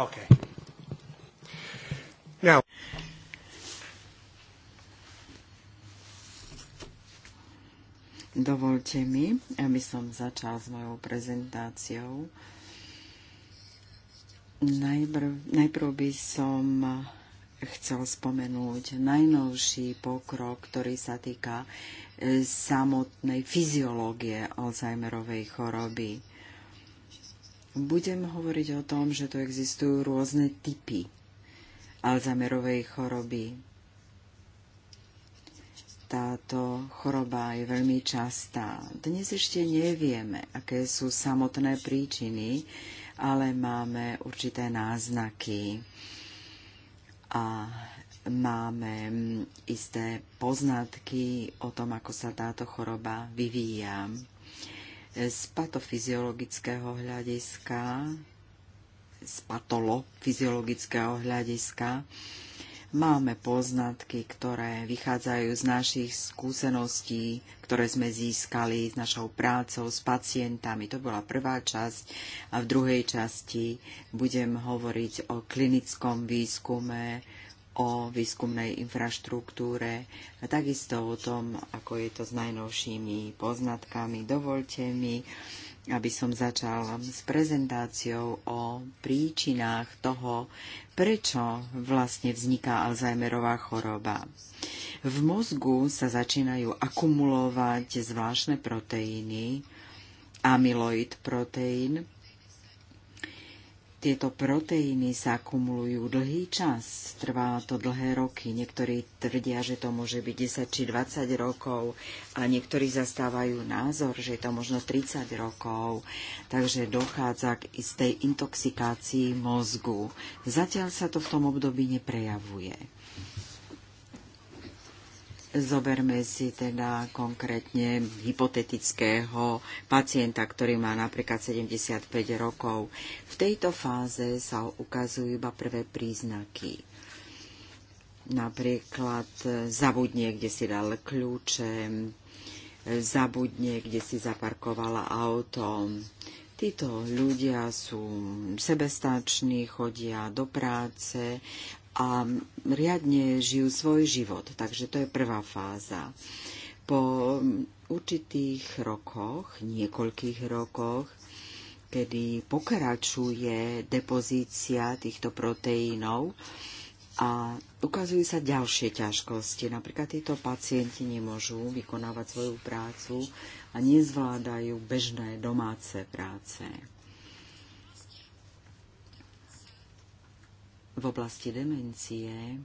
Okay. Now. Dovolte mi, aby som začal s mojou prezentáciou. Najprv, najprv by som chcel spomenúť najnovší pokrok, ktorý sa týka e, samotnej fyziológie Alzheimerovej choroby. Budem hovoriť o tom, že tu existujú rôzne typy Alzheimerovej choroby. Táto choroba je veľmi častá. Dnes ešte nevieme, aké sú samotné príčiny, ale máme určité náznaky a máme mm, isté poznatky o tom, ako sa táto choroba vyvíja z patofyziologického hľadiska, z patolofyziologického hľadiska, máme poznatky, ktoré vychádzajú z našich skúseností, ktoré sme získali s našou prácou s pacientami. To bola prvá časť a v druhej časti budem hovoriť o klinickom výskume, o výskumnej infraštruktúre a takisto o tom, ako je to s najnovšími poznatkami. Dovolte mi, aby som začal s prezentáciou o príčinách toho, prečo vlastne vzniká Alzheimerová choroba. V mozgu sa začínajú akumulovať zvláštne proteíny, amyloid proteín, tieto proteíny sa akumulujú dlhý čas, trvá to dlhé roky. Niektorí tvrdia, že to môže byť 10 či 20 rokov a niektorí zastávajú názor, že je to možno 30 rokov. Takže dochádza k istej intoxikácii mozgu. Zatiaľ sa to v tom období neprejavuje. Zoberme si teda konkrétne hypotetického pacienta, ktorý má napríklad 75 rokov. V tejto fáze sa ukazujú iba prvé príznaky. Napríklad e, zabudne, kde si dal kľúče, e, zabudne, kde si zaparkovala auto. Títo ľudia sú sebestační, chodia do práce, a riadne žijú svoj život. Takže to je prvá fáza. Po určitých rokoch, niekoľkých rokoch, kedy pokračuje depozícia týchto proteínov a ukazujú sa ďalšie ťažkosti. Napríklad títo pacienti nemôžu vykonávať svoju prácu a nezvládajú bežné domáce práce. v oblasti demencie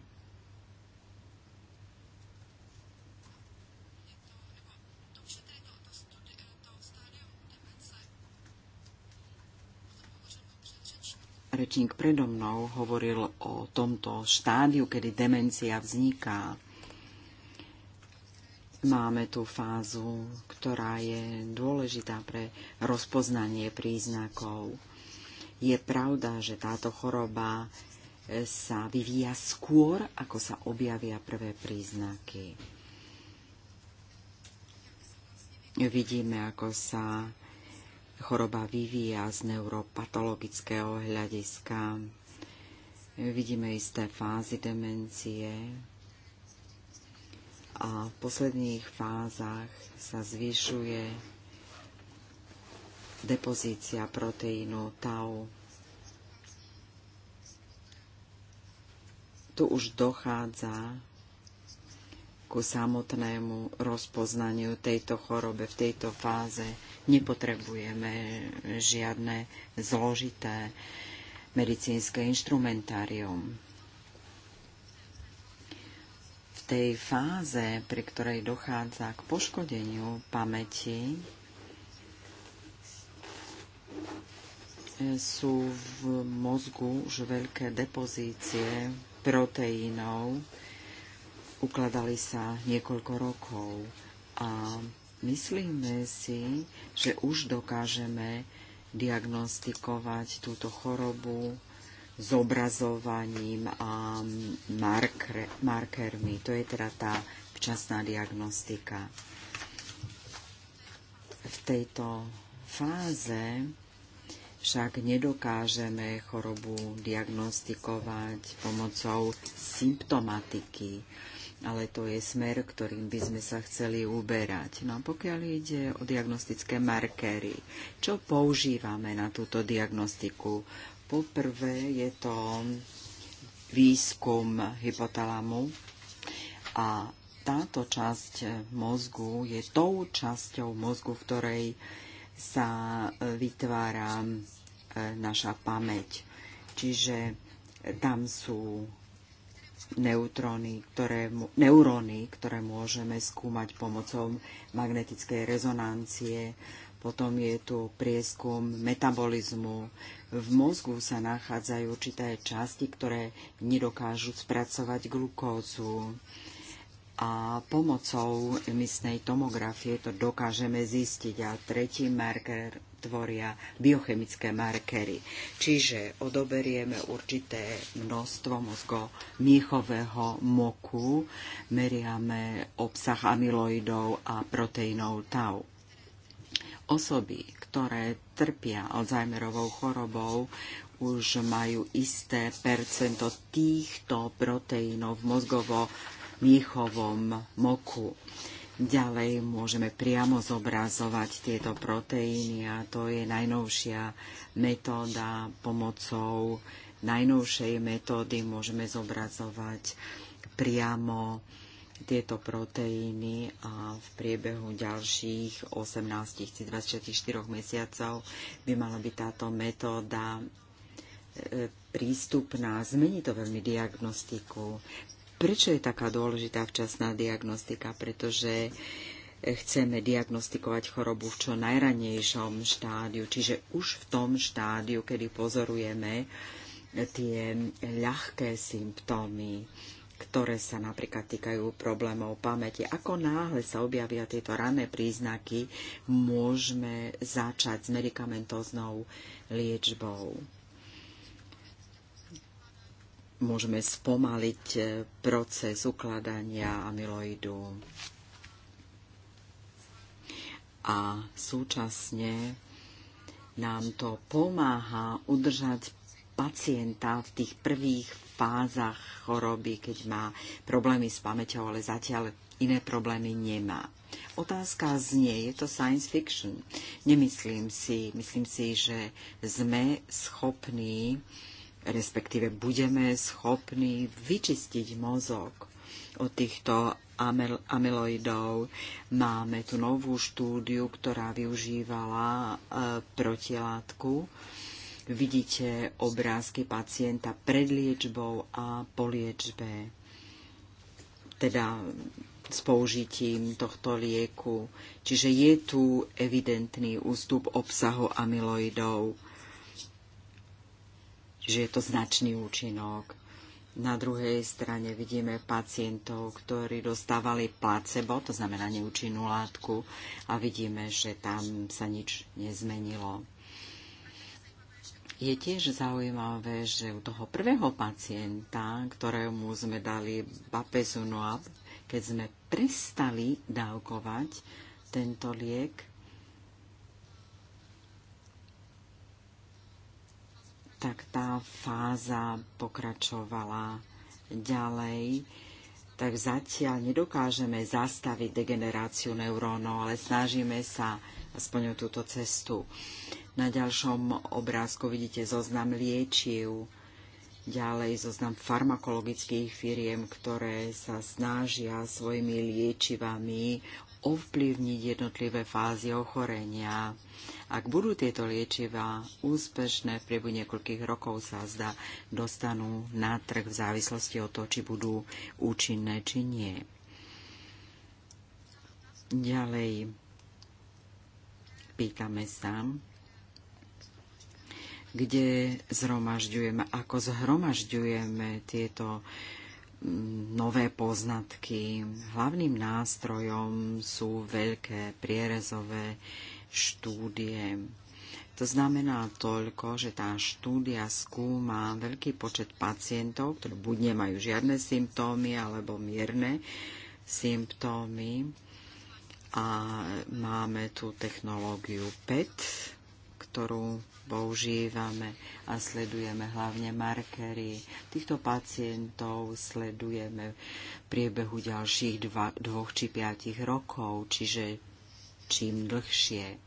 rečník predo mnou hovoril o tomto štádiu, kedy demencia vzniká. Máme tu fázu, ktorá je dôležitá pre rozpoznanie príznakov. Je pravda, že táto choroba sa vyvíja skôr, ako sa objavia prvé príznaky. Vidíme, ako sa choroba vyvíja z neuropatologického hľadiska. Vidíme isté fázy demencie, a v posledných fázach sa zvyšuje depozícia proteínu tau tu už dochádza ku samotnému rozpoznaniu tejto chorobe v tejto fáze. Nepotrebujeme žiadne zložité medicínske instrumentárium. V tej fáze, pri ktorej dochádza k poškodeniu pamäti, sú v mozgu už veľké depozície proteínov ukladali sa niekoľko rokov a myslíme si, že už dokážeme diagnostikovať túto chorobu zobrazovaním a marker, markermi. To je teda tá včasná diagnostika. V tejto fáze však nedokážeme chorobu diagnostikovať pomocou symptomatiky, ale to je smer, ktorým by sme sa chceli uberať. No a pokiaľ ide o diagnostické markéry, čo používame na túto diagnostiku? Poprvé je to výskum hypotalamu a táto časť mozgu je tou časťou mozgu, v ktorej sa vytvára E, naša pamäť. Čiže tam sú neutróny, ktoré, neuróny, ktoré môžeme skúmať pomocou magnetickej rezonancie. Potom je tu prieskum metabolizmu. V mozgu sa nachádzajú určité časti, ktoré nedokážu spracovať glukózu a pomocou emisnej tomografie to dokážeme zistiť. A tretí marker, tvoria biochemické markery. Čiže odoberieme určité množstvo mozgo miechového moku, meriame obsah amyloidov a proteínov tau. Osoby, ktoré trpia Alzheimerovou chorobou, už majú isté percento týchto proteínov v mozgovo miechovom moku. Ďalej môžeme priamo zobrazovať tieto proteíny a to je najnovšia metóda pomocou najnovšej metódy môžeme zobrazovať priamo tieto proteíny a v priebehu ďalších 18 24 mesiacov by mala byť táto metóda e, prístupná. Zmení to veľmi diagnostiku. Prečo je taká dôležitá včasná diagnostika? Pretože chceme diagnostikovať chorobu v čo najranejšom štádiu, čiže už v tom štádiu, kedy pozorujeme tie ľahké symptómy, ktoré sa napríklad týkajú problémov pamäti. Ako náhle sa objavia tieto rané príznaky, môžeme začať s medicamentoznou liečbou môžeme spomaliť e, proces ukladania amyloidu a súčasne nám to pomáha udržať pacienta v tých prvých fázach choroby, keď má problémy s pamäťou, ale zatiaľ iné problémy nemá. Otázka znie, je to science fiction. Nemyslím si, myslím si, že sme schopní uh, respektíve budeme schopní vyčistiť mozog od týchto amyloidov. Máme tu novú štúdiu, ktorá využívala e, protilátku. Vidíte obrázky pacienta pred liečbou a po liečbe. Teda s použitím tohto lieku. Čiže je tu evidentný ústup obsahu amyloidov. Čiže je to značný účinok. Na druhej strane vidíme pacientov, ktorí dostávali placebo, to znamená neúčinnú látku, a vidíme, že tam sa nič nezmenilo. Je tiež zaujímavé, že u toho prvého pacienta, ktorému sme dali bapezunuab, keď sme prestali dávkovať tento liek, tak tá fáza pokračovala ďalej. Tak zatiaľ nedokážeme zastaviť degeneráciu neurónov, ale snažíme sa aspoň o túto cestu. Na ďalšom obrázku vidíte zoznam liečiv, ďalej zoznam farmakologických firiem, ktoré sa snažia svojimi liečivami ovplyvniť jednotlivé fázy ochorenia. Ak budú tieto liečivá úspešné, v priebu niekoľkých rokov sa zdá, dostanú na trh v závislosti od toho, či budú účinné, či nie. Ďalej pýtame sa, kde zhromažďujeme, ako zhromažďujeme tieto mm, nové poznatky. Hlavným nástrojom sú veľké prierezové štúdie. To znamená toľko, že tá štúdia skúma veľký počet pacientov, ktorí buď nemajú žiadne symptómy alebo mierne symptómy. A máme tu technológiu PET, ktorú používame a sledujeme hlavne markery. Týchto pacientov sledujeme v priebehu ďalších dva, dvoch či piatich rokov, čiže čím dlhšie.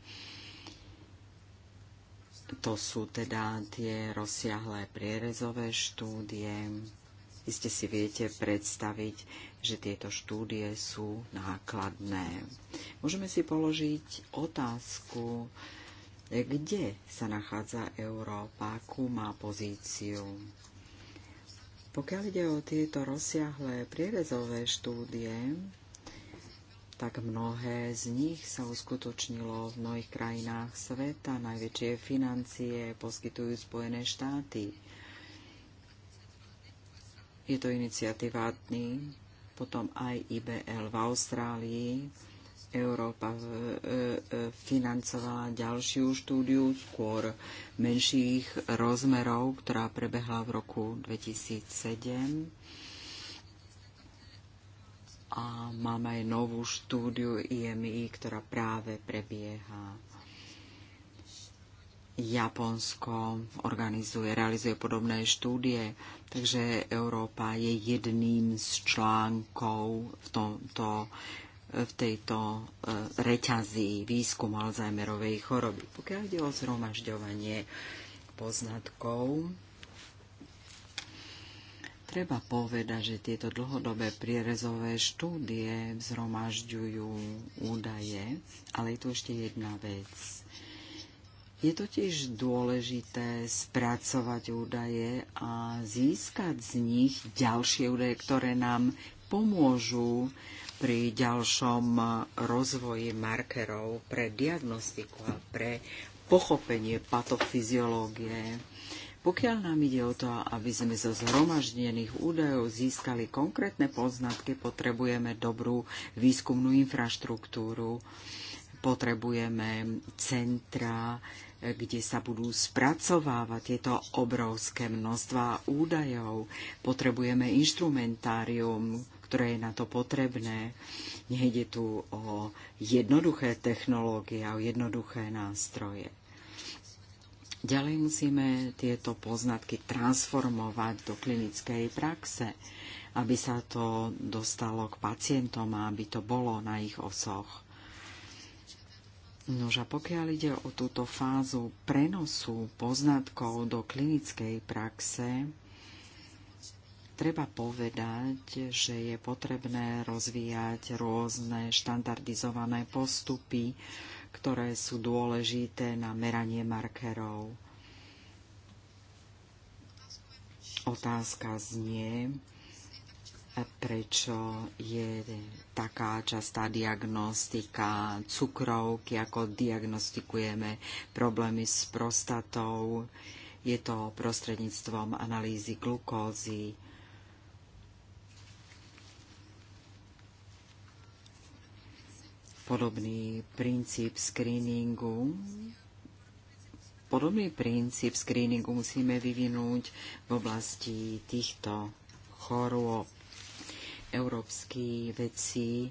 To sú teda tie rozsiahlé prierezové štúdie. Iste si viete predstaviť, že tieto štúdie sú nákladné. Môžeme si položiť otázku, kde sa nachádza Európa, akú má pozíciu. Pokiaľ ide o tieto rozsiahlé prierezové štúdie, tak mnohé z nich sa uskutočnilo v mnohých krajinách sveta. Najväčšie financie poskytujú Spojené štáty. Je to iniciatíva DNI, potom aj IBL v Austrálii. Európa e, e, financovala ďalšiu štúdiu skôr menších rozmerov, ktorá prebehla v roku 2007 a máme aj novú štúdiu IMI, ktorá práve prebieha. Japonsko organizuje, realizuje podobné štúdie, takže Európa je jedným z článkov v, tomto, v tejto e, reťazí výskumu Alzheimerovej choroby. Pokiaľ ide o zhromažďovanie poznatkov, Treba povedať, že tieto dlhodobé prierezové štúdie vzromažďujú údaje, ale je tu ešte jedna vec. Je totiž dôležité spracovať údaje a získať z nich ďalšie údaje, ktoré nám pomôžu pri ďalšom rozvoji markerov pre diagnostiku a pre pochopenie patofyziológie pokiaľ nám ide o to, aby sme zo zhromaždených údajov získali konkrétne poznatky, potrebujeme dobrú výskumnú infraštruktúru, potrebujeme centra, kde sa budú spracovávať tieto obrovské množstva údajov. Potrebujeme inštrumentárium, ktoré je na to potrebné. Nejde tu o jednoduché technológie a o jednoduché nástroje. Ďalej musíme tieto poznatky transformovať do klinickej praxe, aby sa to dostalo k pacientom a aby to bolo na ich osoch. Nož a pokiaľ ide o túto fázu prenosu poznatkov do klinickej praxe, treba povedať, že je potrebné rozvíjať rôzne štandardizované postupy, ktoré sú dôležité na meranie markerov. Otázka znie, prečo je taká častá diagnostika cukrovky, ako diagnostikujeme problémy s prostatou. Je to prostredníctvom analýzy glukózy. podobný princíp screeningu. Podobný princíp screeningu musíme vyvinúť v oblasti týchto chorôb. Európsky vedci e,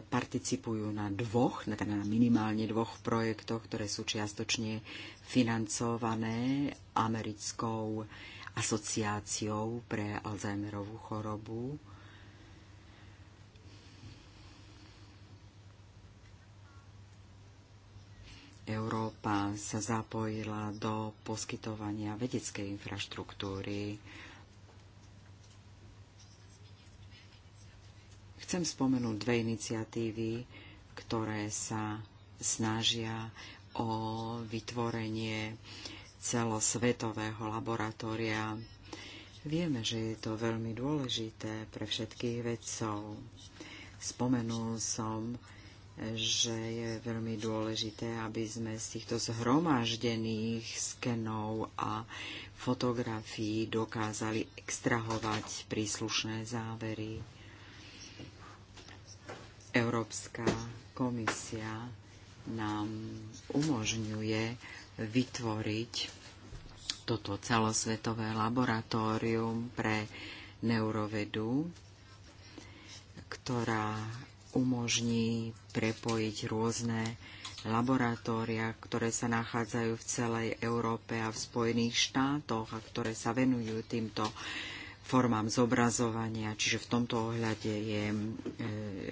participujú na dvoch, teda na minimálne dvoch projektoch, ktoré sú čiastočne financované americkou asociáciou pre Alzheimerovú chorobu Európa sa zapojila do poskytovania vedeckej infraštruktúry. Chcem spomenúť dve iniciatívy, ktoré sa snažia o vytvorenie celosvetového laboratória. Vieme, že je to veľmi dôležité pre všetkých vedcov. Spomenul som že je veľmi dôležité, aby sme z týchto zhromaždených skenov a fotografií dokázali extrahovať príslušné závery. Európska komisia nám umožňuje vytvoriť toto celosvetové laboratórium pre neurovedu, ktorá umožní prepojiť rôzne laboratória, ktoré sa nachádzajú v celej Európe a v Spojených štátoch a ktoré sa venujú týmto formám zobrazovania. Čiže v tomto ohľade je e,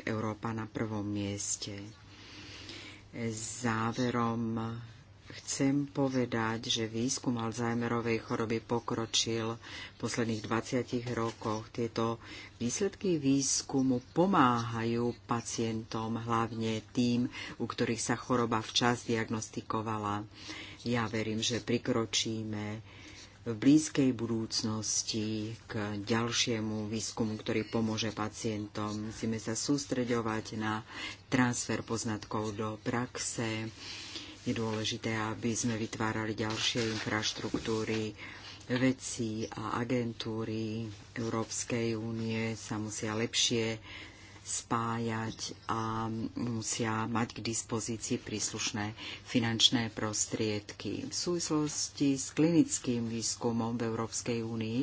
Európa na prvom mieste. Záverom chcem povedať, že výskum Alzheimerovej choroby pokročil v posledných 20 rokoch. Tieto výsledky výskumu pomáhajú pacientom, hlavne tým, u ktorých sa choroba včas diagnostikovala. Ja verím, že prikročíme v blízkej budúcnosti k ďalšiemu výskumu, ktorý pomôže pacientom. Musíme sa sústreďovať na transfer poznatkov do praxe, je dôležité, aby sme vytvárali ďalšie infraštruktúry, veci a agentúry Európskej únie sa musia lepšie spájať a musia mať k dispozícii príslušné finančné prostriedky. V súvislosti s klinickým výskumom v Európskej únii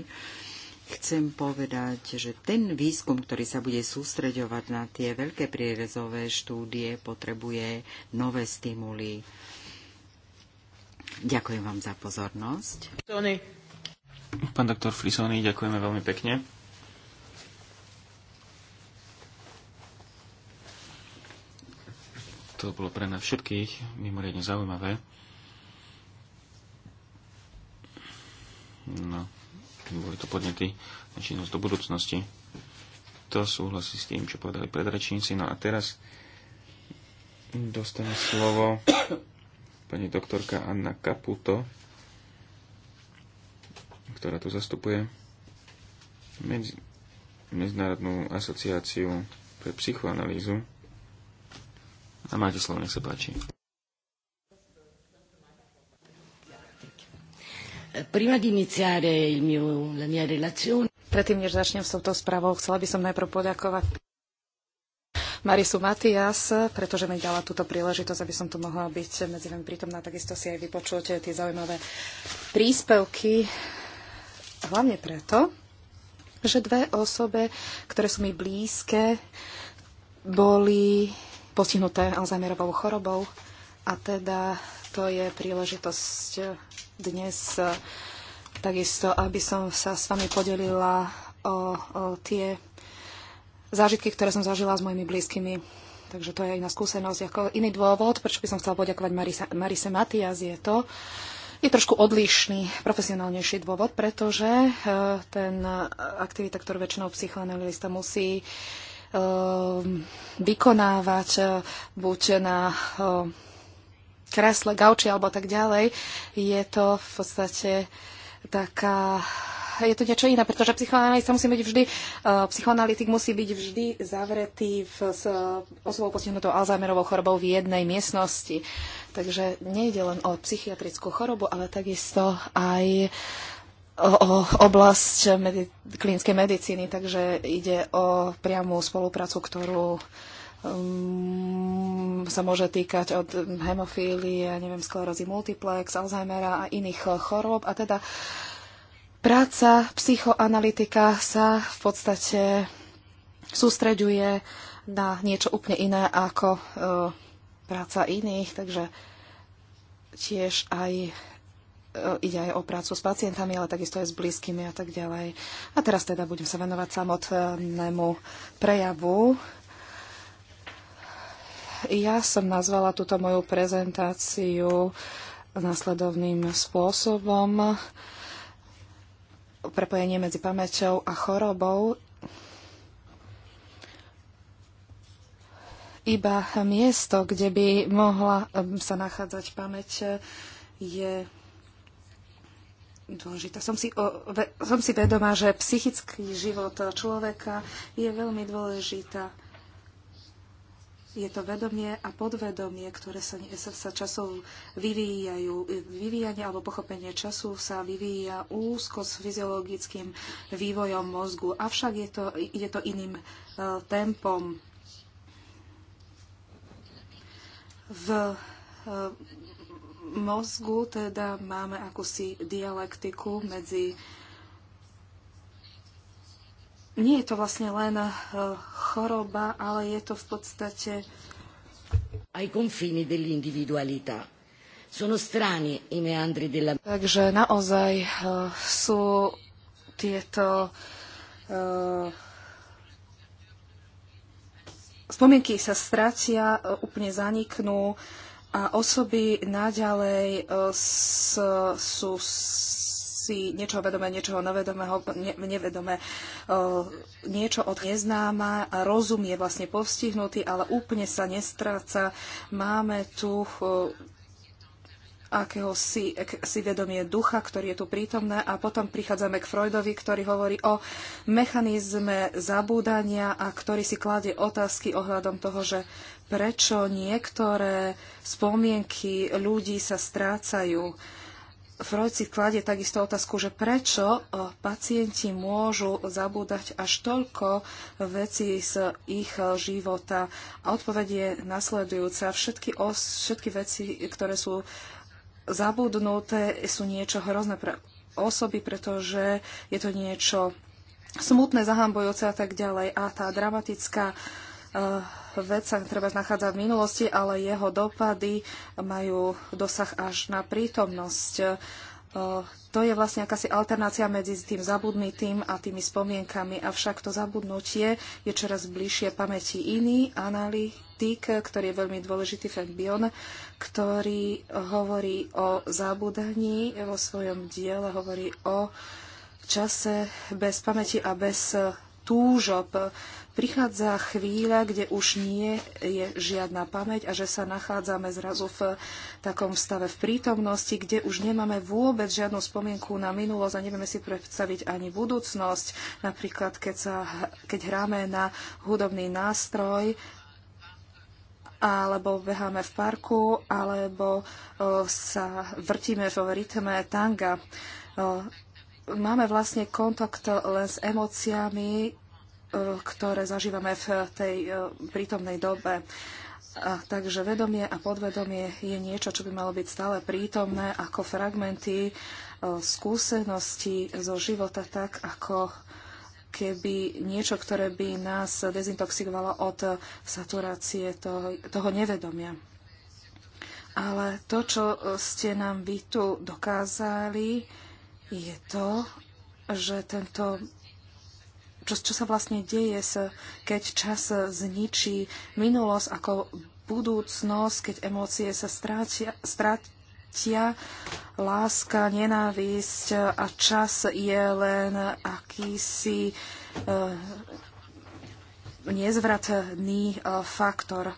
chcem povedať, že ten výskum, ktorý sa bude sústreďovať na tie veľké prierezové štúdie, potrebuje nové stimuly Ďakujem vám za pozornosť. Tony. Pán doktor Frisoni, ďakujeme veľmi pekne. To bolo pre nás všetkých mimoriadne zaujímavé. No, boli to podnety na činnosť do budúcnosti. To súhlasí s tým, čo povedali predračníci. No a teraz dostane slovo pani doktorka Anna Kaputo, ktorá tu zastupuje medzi, Medzinárodnú asociáciu pre psychoanalýzu. A máte slovo, nech sa páči. Predtým, než začnem s touto správou, chcela by som najprv poďakovať Marisu Matias, pretože mi dala túto príležitosť, aby som tu mohla byť medzi vami prítomná. Takisto si aj vypočujete tie zaujímavé príspevky, hlavne preto, že dve osobe, ktoré sú mi blízke, boli postihnuté Alzheimerovou chorobou a teda to je príležitosť dnes takisto, aby som sa s vami podelila o, o tie zážitky, ktoré som zažila s mojimi blízkymi. Takže to je iná skúsenosť. Ako iný dôvod, prečo by som chcela poďakovať Marise, Marise Matias, je to, je trošku odlišný, profesionálnejší dôvod, pretože e, ten aktivita, ktorú väčšinou psychoanalista musí e, vykonávať e, buď na kresle, gauči alebo tak ďalej, je to v podstate taká je to niečo iné, pretože psychoanalýza musí byť vždy, eh, psychoanalytik musí byť vždy zavretý v, s eh, osobou postihnutou Alzheimerovou chorobou v jednej miestnosti. Takže nejde len o psychiatrickú chorobu, ale takisto aj o oblasť medi- klinickej medicíny, takže ide o priamú spoluprácu, ktorú um, sa môže týkať od hemofílie, neviem, sklerózy multiplex, Alzheimera a iných chorôb. A teda Práca psychoanalytika sa v podstate sústreďuje na niečo úplne iné ako e, práca iných, takže tiež aj e, ide aj o prácu s pacientami, ale takisto aj s blízkymi a tak ďalej. A teraz teda budem sa venovať samotnému prejavu. Ja som nazvala túto moju prezentáciu nasledovným spôsobom. E, prepojenie medzi pamäťou a chorobou iba miesto, kde by mohla sa nachádzať pamäť, je dôležitá. Som si, o, ve, som si vedomá, že psychický život človeka je veľmi dôležitá je to vedomie a podvedomie, ktoré sa, sa časov vyvíjajú. Vyvíjanie alebo pochopenie času sa vyvíja úzko s fyziologickým vývojom mozgu, avšak je to, je to iným uh, tempom. V uh, mozgu teda máme akúsi dialektiku medzi uh, nie je to vlastne len eh, choroba, ale je to v podstate ai confini dell'individualità. Sono strani i meandri della... Takže naozaj uh, sú tieto uh, spomienky sa stratia, uh, úplne zaniknú a osoby naďalej uh, s, sú s, si niečo vedomé, niečoho nevedomého, ne, nevedomé, niečo od neznáma, rozum je vlastne povstihnutý, ale úplne sa nestráca. Máme tu akého si, si vedomie ducha, ktorý je tu prítomné. A potom prichádzame k Freudovi, ktorý hovorí o mechanizme zabúdania a ktorý si kladie otázky ohľadom toho, že prečo niektoré spomienky ľudí sa strácajú Freud si kladie takisto otázku, že prečo e, pacienti môžu zabúdať až toľko vecí z ich e, života. A odpoveď je nasledujúca. Všetky, os, všetky veci, ktoré sú zabudnuté, sú niečo hrozné pre osoby, pretože je to niečo smutné, zahambujúce a tak ďalej. A tá dramatická uh, Eh, vecach sa treba nachádza v minulosti, ale jeho dopady majú dosah až na prítomnosť. Eh, to je vlastne akási alternácia medzi tým zabudnutým a tými spomienkami. Avšak to zabudnutie je čoraz bližšie pamäti iný analytik, ktorý je veľmi dôležitý, Frank Bion, ktorý hovorí o zabudaní vo svojom diele, hovorí o čase bez pamäti a bez túžob prichádza chvíľa, kde už nie je žiadna pamäť a že sa nachádzame zrazu v takom stave v prítomnosti, kde už nemáme vôbec žiadnu spomienku na minulosť a nevieme si predstaviť ani budúcnosť. Napríklad, keď, sa, keď hráme na hudobný nástroj, alebo beháme v parku, alebo sa vrtíme v rytme tanga. Máme vlastne kontakt len s emóciami, E, ktoré zažívame v tej e, prítomnej dobe. A, takže vedomie a podvedomie je niečo, čo by malo byť stále prítomné ako fragmenty e, skúsenosti zo života, tak ako keby niečo, ktoré by nás dezintoxikovalo od saturácie toho, toho nevedomia. Ale to, čo ste nám vy tu dokázali, je to, že tento čo, čo sa vlastne deje, keď čas zničí minulosť ako budúcnosť, keď emócie sa strátia, strátia láska, nenávisť a čas je len akýsi uh, nezvratný uh, faktor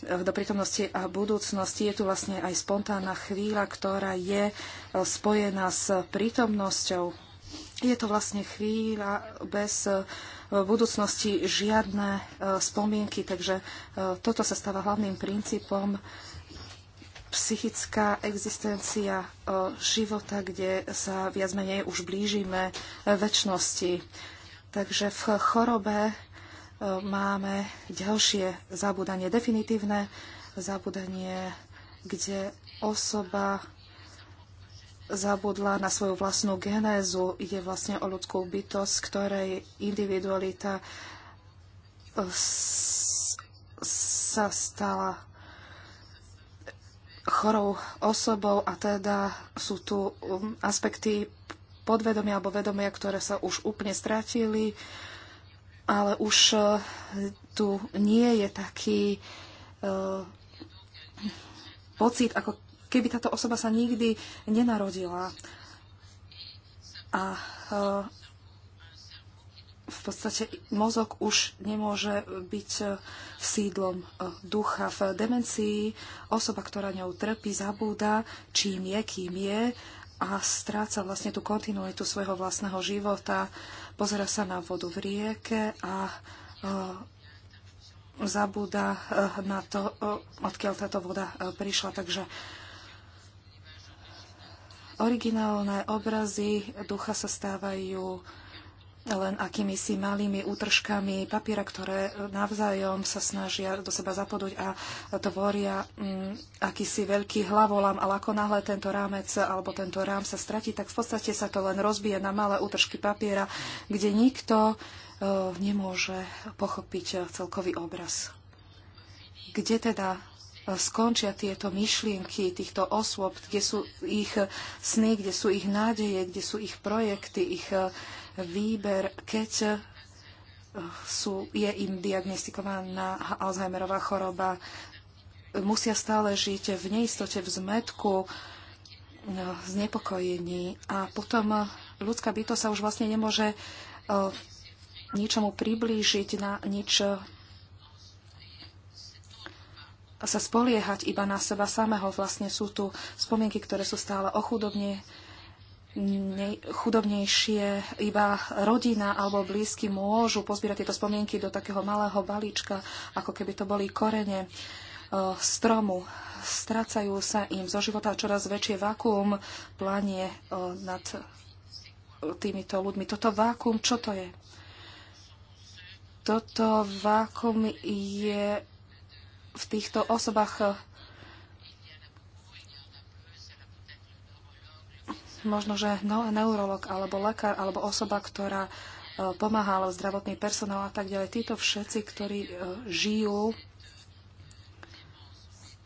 do prítomnosti a budúcnosti. Je tu vlastne aj spontánna chvíľa, ktorá je eh, spojená s prítomnosťou je to vlastne chvíľa bez e, budúcnosti žiadne e, spomienky, takže e, toto sa stáva hlavným princípom psychická existencia života, kde sa viac menej už blížime väčšnosti. Takže v chorobe máme ďalšie zabudanie, definitívne zabudanie, kde osoba zabudla na svoju vlastnú genézu. Ide vlastne o ľudskú bytosť, ktorej individualita eh, sa stala chorou osobou a teda sú tu um, aspekty podvedomia alebo vedomia, ktoré sa už úplne stratili, ale už eh, tu nie je taký eh, pocit, ako keby táto osoba sa nikdy nenarodila. A e, v podstate mozog už nemôže byť e, sídlom e, ducha. V demencii osoba, ktorá ňou trpí, zabúda, čím je, kým je a stráca vlastne tú kontinuitu svojho vlastného života, pozera sa na vodu v rieke a zabúda na to, odkiaľ táto voda prišla. Takže Originálne obrazy ducha sa stávajú len akýmisi malými útržkami papiera, ktoré navzájom sa snažia do seba zapoduť a tvoria mm, akýsi veľký hlavolám, ale ako náhle tento rámec alebo tento rám sa stratí, tak v podstate sa to len rozbije na malé útržky papiera, kde nikto e, nemôže pochopiť celkový obraz. Kde teda skončia tieto myšlienky týchto osôb, kde sú ich sny, kde sú ich nádeje, kde sú ich projekty, ich eh, výber, keď eh, sú, je im diagnostikovaná Alzheimerová choroba. Musia stále žiť v neistote, v zmetku, eh, znepokojení. A potom ľudská byto sa už vlastne nemôže ničomu priblížiť, na nič sa spoliehať iba na seba samého. Vlastne sú tu spomienky, ktoré sú stále o chudobne, ne, chudobnejšie. Iba rodina alebo blízky môžu pozbierať tieto spomienky do takého malého balíčka, ako keby to boli korene e, stromu. Strácajú sa im zo života čoraz väčšie vakuum planie e, nad e, týmito ľuďmi. Toto vákum, čo to je? Toto vákum je v týchto osobách eh, možno, že no, neurolog alebo lekár alebo osoba, ktorá eh, pomáha, alebo zdravotný personál a tak ďalej. Títo všetci, ktorí eh, žijú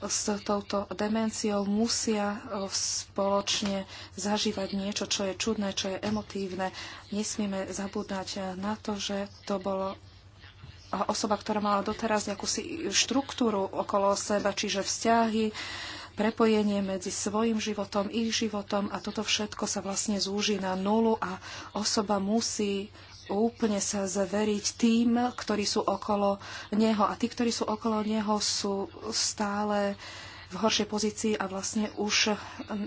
s touto demenciou musia spoločne zažívať niečo, čo je čudné, čo je emotívne. Nesmieme zabúdať na to, že to bolo osoba, ktorá mala doteraz nejakú štruktúru okolo seba, čiže vzťahy, prepojenie medzi svojim životom, ich životom a toto všetko sa vlastne zúži na nulu a osoba musí úplne sa zveriť tým, ktorí sú okolo neho. A tí, ktorí sú okolo neho, sú stále v horšej pozícii a vlastne už mm,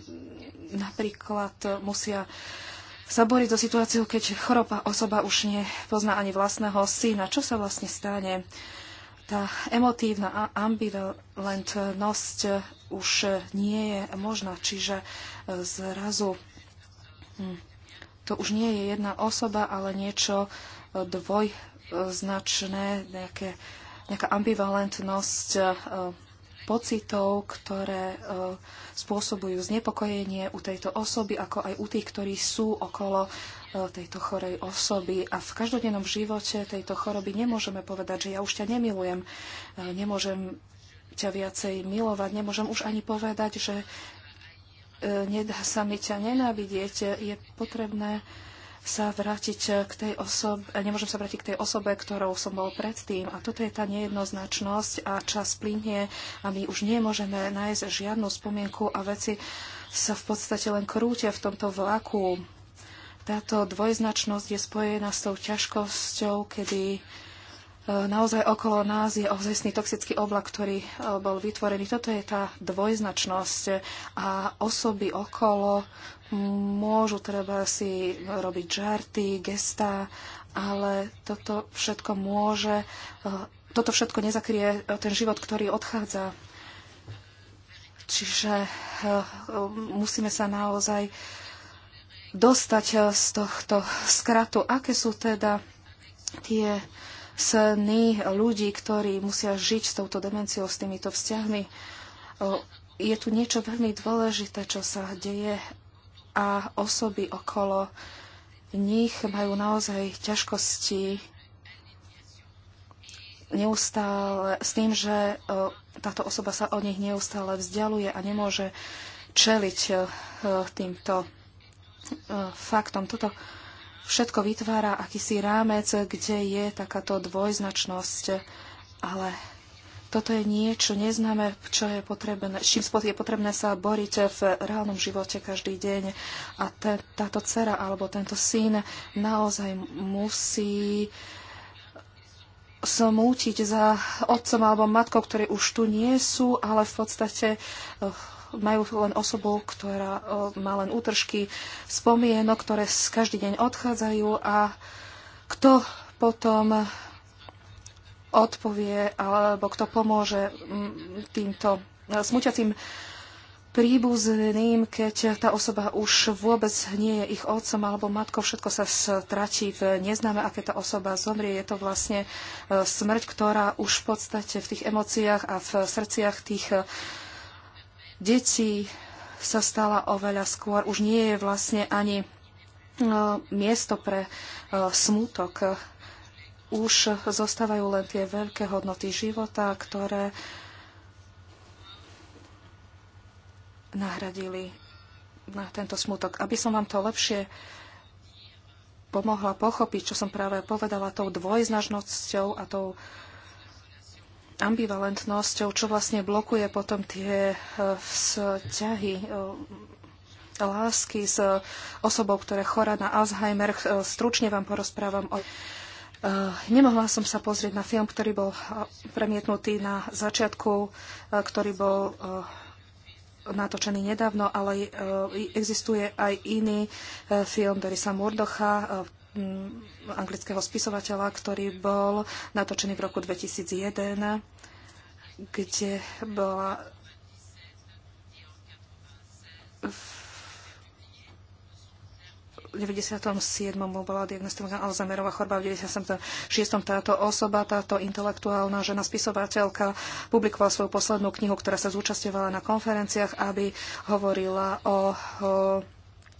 napríklad musia sa borí do situáciou, keď choroba osoba už nepozná ani vlastného syna. Čo sa vlastne stane? Tá emotívna ambivalentnosť už nie je možná, čiže e, zrazu hm, to už nie je jedna osoba, ale niečo e, dvojznačné, nejaké, nejaká ambivalentnosť e, pocitov, ktoré eh, spôsobujú znepokojenie u tejto osoby, ako aj u tých, ktorí sú okolo eh, tejto chorej osoby. A v každodennom živote tejto choroby nemôžeme povedať, že ja už ťa nemilujem, eh, nemôžem ťa viacej milovať, nemôžem už ani povedať, že nedá sa mi ťa nenávidieť. Je potrebné sa vrátiť k tej osobe, eh, nemôžem sa vrátiť k tej osobe, ktorou som bol predtým. A toto je tá nejednoznačnosť a čas plinie a my už nemôžeme nájsť žiadnu spomienku a veci sa v podstate len krútia v tomto vlaku. Táto dvojznačnosť je spojená s tou ťažkosťou, kedy naozaj okolo nás je ozajstný toxický oblak, ktorý e, bol vytvorený. Toto je tá dvojznačnosť a osoby okolo môžu treba si robiť žarty, gestá, ale toto všetko môže, e, toto všetko nezakrie e, ten život, ktorý odchádza. Čiže musíme sa naozaj dostať z tohto skratu. Aké sú teda tie uh, sny ľudí, ktorí musia žiť s touto demenciou, s týmito vzťahmi. Je tu niečo veľmi dôležité, čo sa deje a osoby okolo nich majú naozaj ťažkosti neustále s tým, že táto osoba sa od nich neustále vzdialuje a nemôže čeliť týmto faktom. Toto všetko vytvára akýsi rámec, kde je takáto dvojznačnosť, ale toto je niečo neznáme, čo je potrebné, čím je potrebné sa boriť v reálnom živote každý deň. A te, táto dcera alebo tento syn naozaj musí smútiť za otcom alebo matkou, ktorí už tu nie sú, ale v podstate eh, majú len osobu, ktorá e, má len útržky spomienok, ktoré každý deň odchádzajú a kto potom odpovie alebo kto pomôže týmto e, smutiacím príbuzným, keď tá osoba už vôbec nie je ich otcom alebo matkou, všetko sa stratí v neznáme a keď tá osoba zomrie, je to vlastne e, smrť, ktorá už v podstate v tých emóciách a v srdciach tých detí sa stala oveľa skôr. Už nie je vlastne ani e, miesto pre e, smutok, Už zostávajú len tie veľké hodnoty života, ktoré nahradili na tento smutok. Aby som vám to lepšie pomohla pochopiť, čo som práve povedala tou dvojznažnosťou a tou ambivalentnosťou, čo vlastne blokuje potom tie e, vzťahy e, lásky s osobou, ktorá je chorá na Alzheimer. E, stručne vám porozprávam o... Nemohla som sa pozrieť na film, ktorý bol premietnutý na začiatku, ktorý bol natočený nedávno, ale existuje aj iný film Derisa Murdocha, Mm, anglického spisovateľa, ktorý bol natočený v roku 2001, kde bola v 97. bola diagnostikovaná Alzheimerová chorba, v 96. táto osoba, táto intelektuálna žena spisovateľka publikovala svoju poslednú knihu, ktorá sa zúčastňovala na konferenciách, aby hovorila o, o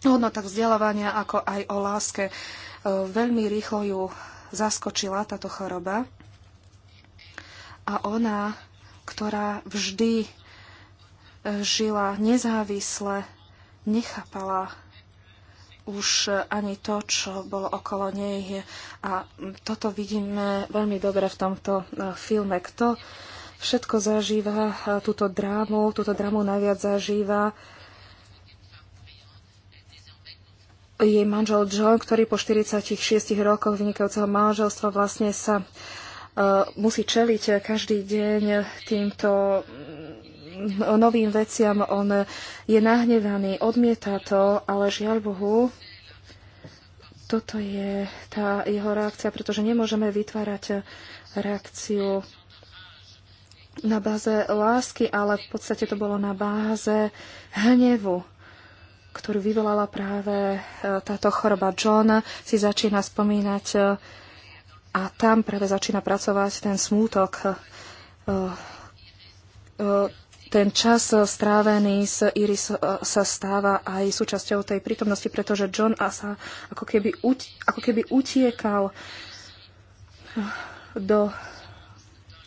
hodnotách vzdelávania, ako aj o láske E, veľmi rýchlo ju zaskočila táto choroba a ona, ktorá vždy e, žila nezávisle, nechápala už ani to, čo bolo okolo nej. A toto vidíme veľmi dobre v tomto e, filme. Kto všetko zažíva túto drámu, túto drámu najviac zažíva jej manžel John, ktorý po 46 rokoch vynikajúceho manželstva vlastne sa e, musí čeliť každý deň týmto mm, novým veciam. On je nahnevaný, odmieta to, ale žiaľ Bohu, toto je tá jeho reakcia, pretože nemôžeme vytvárať reakciu na báze lásky, ale v podstate to bolo na báze hnevu ktorú vyvolala práve e, táto choroba. John si začína spomínať e, a tam práve začína pracovať ten smútok, e, ten čas strávený s Iris sa stáva aj súčasťou tej prítomnosti, pretože John sa ako keby, ako keby utiekal do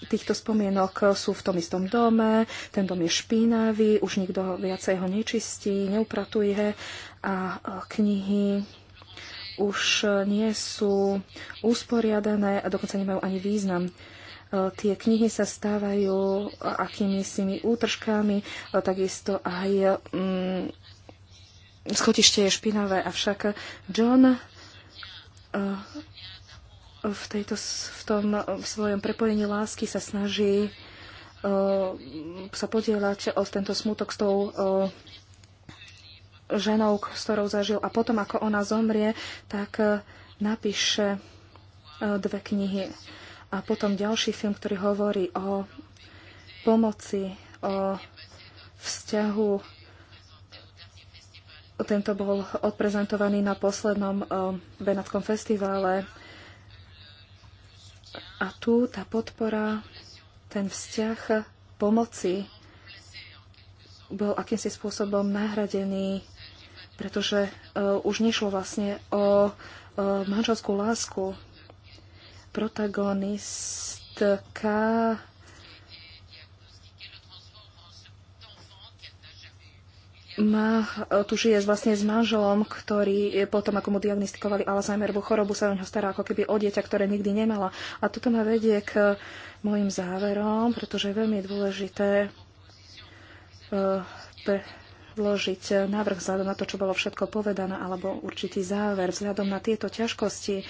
týchto spomienok sú v tom istom dome, ten dom je špinavý, už nikto viacej ho nečistí, neupratuje a knihy už nie sú usporiadané a dokonca nemajú ani význam e, tie knihy sa stávajú akými sými útržkami, e, takisto aj mm, schotište je špinavé, avšak John e, v, tejto, v tom v svojom prepojení lásky sa snaží uh, sa podielať o tento smutok s tou uh, ženou, s ktorou zažil. A potom, ako ona zomrie, tak uh, napíše uh, dve knihy. A potom ďalší film, ktorý hovorí o pomoci, o vzťahu. Tento bol odprezentovaný na poslednom uh, festivále a tu tá podpora, ten vzťah pomoci bol akýmsi spôsobom nahradený, pretože uh, už nešlo vlastne o uh, manželskú lásku. Protagonistka má, tu žije vlastne s manželom, ktorý potom, ako mu diagnostikovali Alzheimerovú chorobu, sa o neho stará ako keby o dieťa, ktoré nikdy nemala. A toto ma vedie k eh, mojim záverom, pretože je veľmi dôležité eh, predložiť návrh vzhľadom na to, čo bolo všetko povedané, alebo určitý záver vzhľadom na tieto ťažkosti,